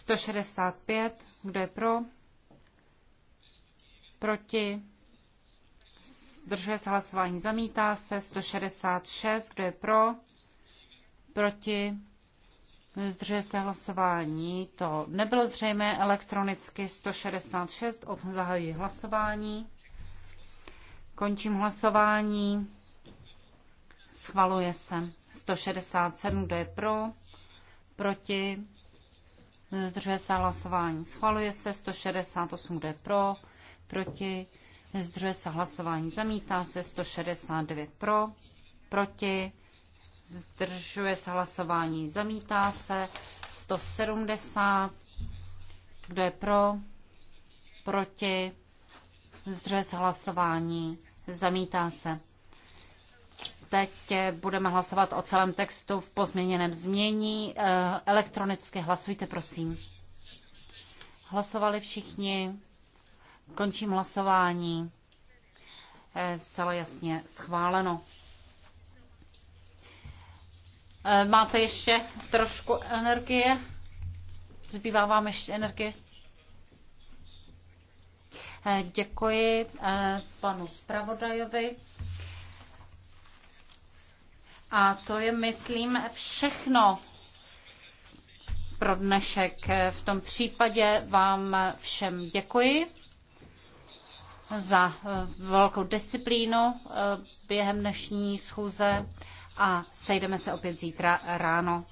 S1: 165, kdo je pro? Proti? Zdržuje se hlasování, zamítá se. 166, kdo je pro? Proti? Zdržuje se hlasování, to nebylo zřejmé elektronicky. 166, zahajuji hlasování. Končím hlasování. Schvaluje se. 167, kdo je pro? Proti? zdržuje se hlasování. Schvaluje se 168, kde pro, proti, zdržuje se hlasování. Zamítá se 169 pro, proti, zdržuje se hlasování. Zamítá se 170, kdo je pro, proti, zdržuje se hlasování. Zamítá se teď budeme hlasovat o celém textu v pozměněném změní. Eh, elektronicky hlasujte, prosím. Hlasovali všichni. Končím hlasování. Eh, Celé jasně schváleno. Eh, máte ještě trošku energie? Zbývá vám ještě energie? Děkuji panu zpravodajovi. A to je, myslím, všechno pro dnešek. V tom případě vám všem děkuji za velkou disciplínu eh, během dnešní schůze a sejdeme se opět zítra ráno.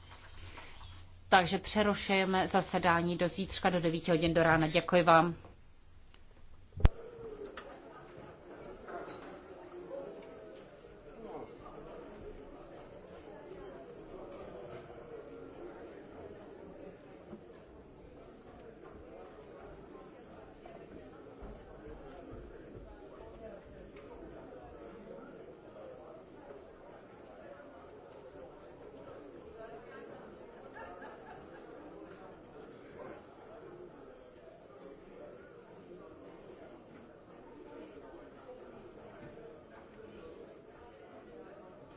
S1: Takže přerušujeme zasedání do zítřka do 9 hodin do rána. Děkuji vám.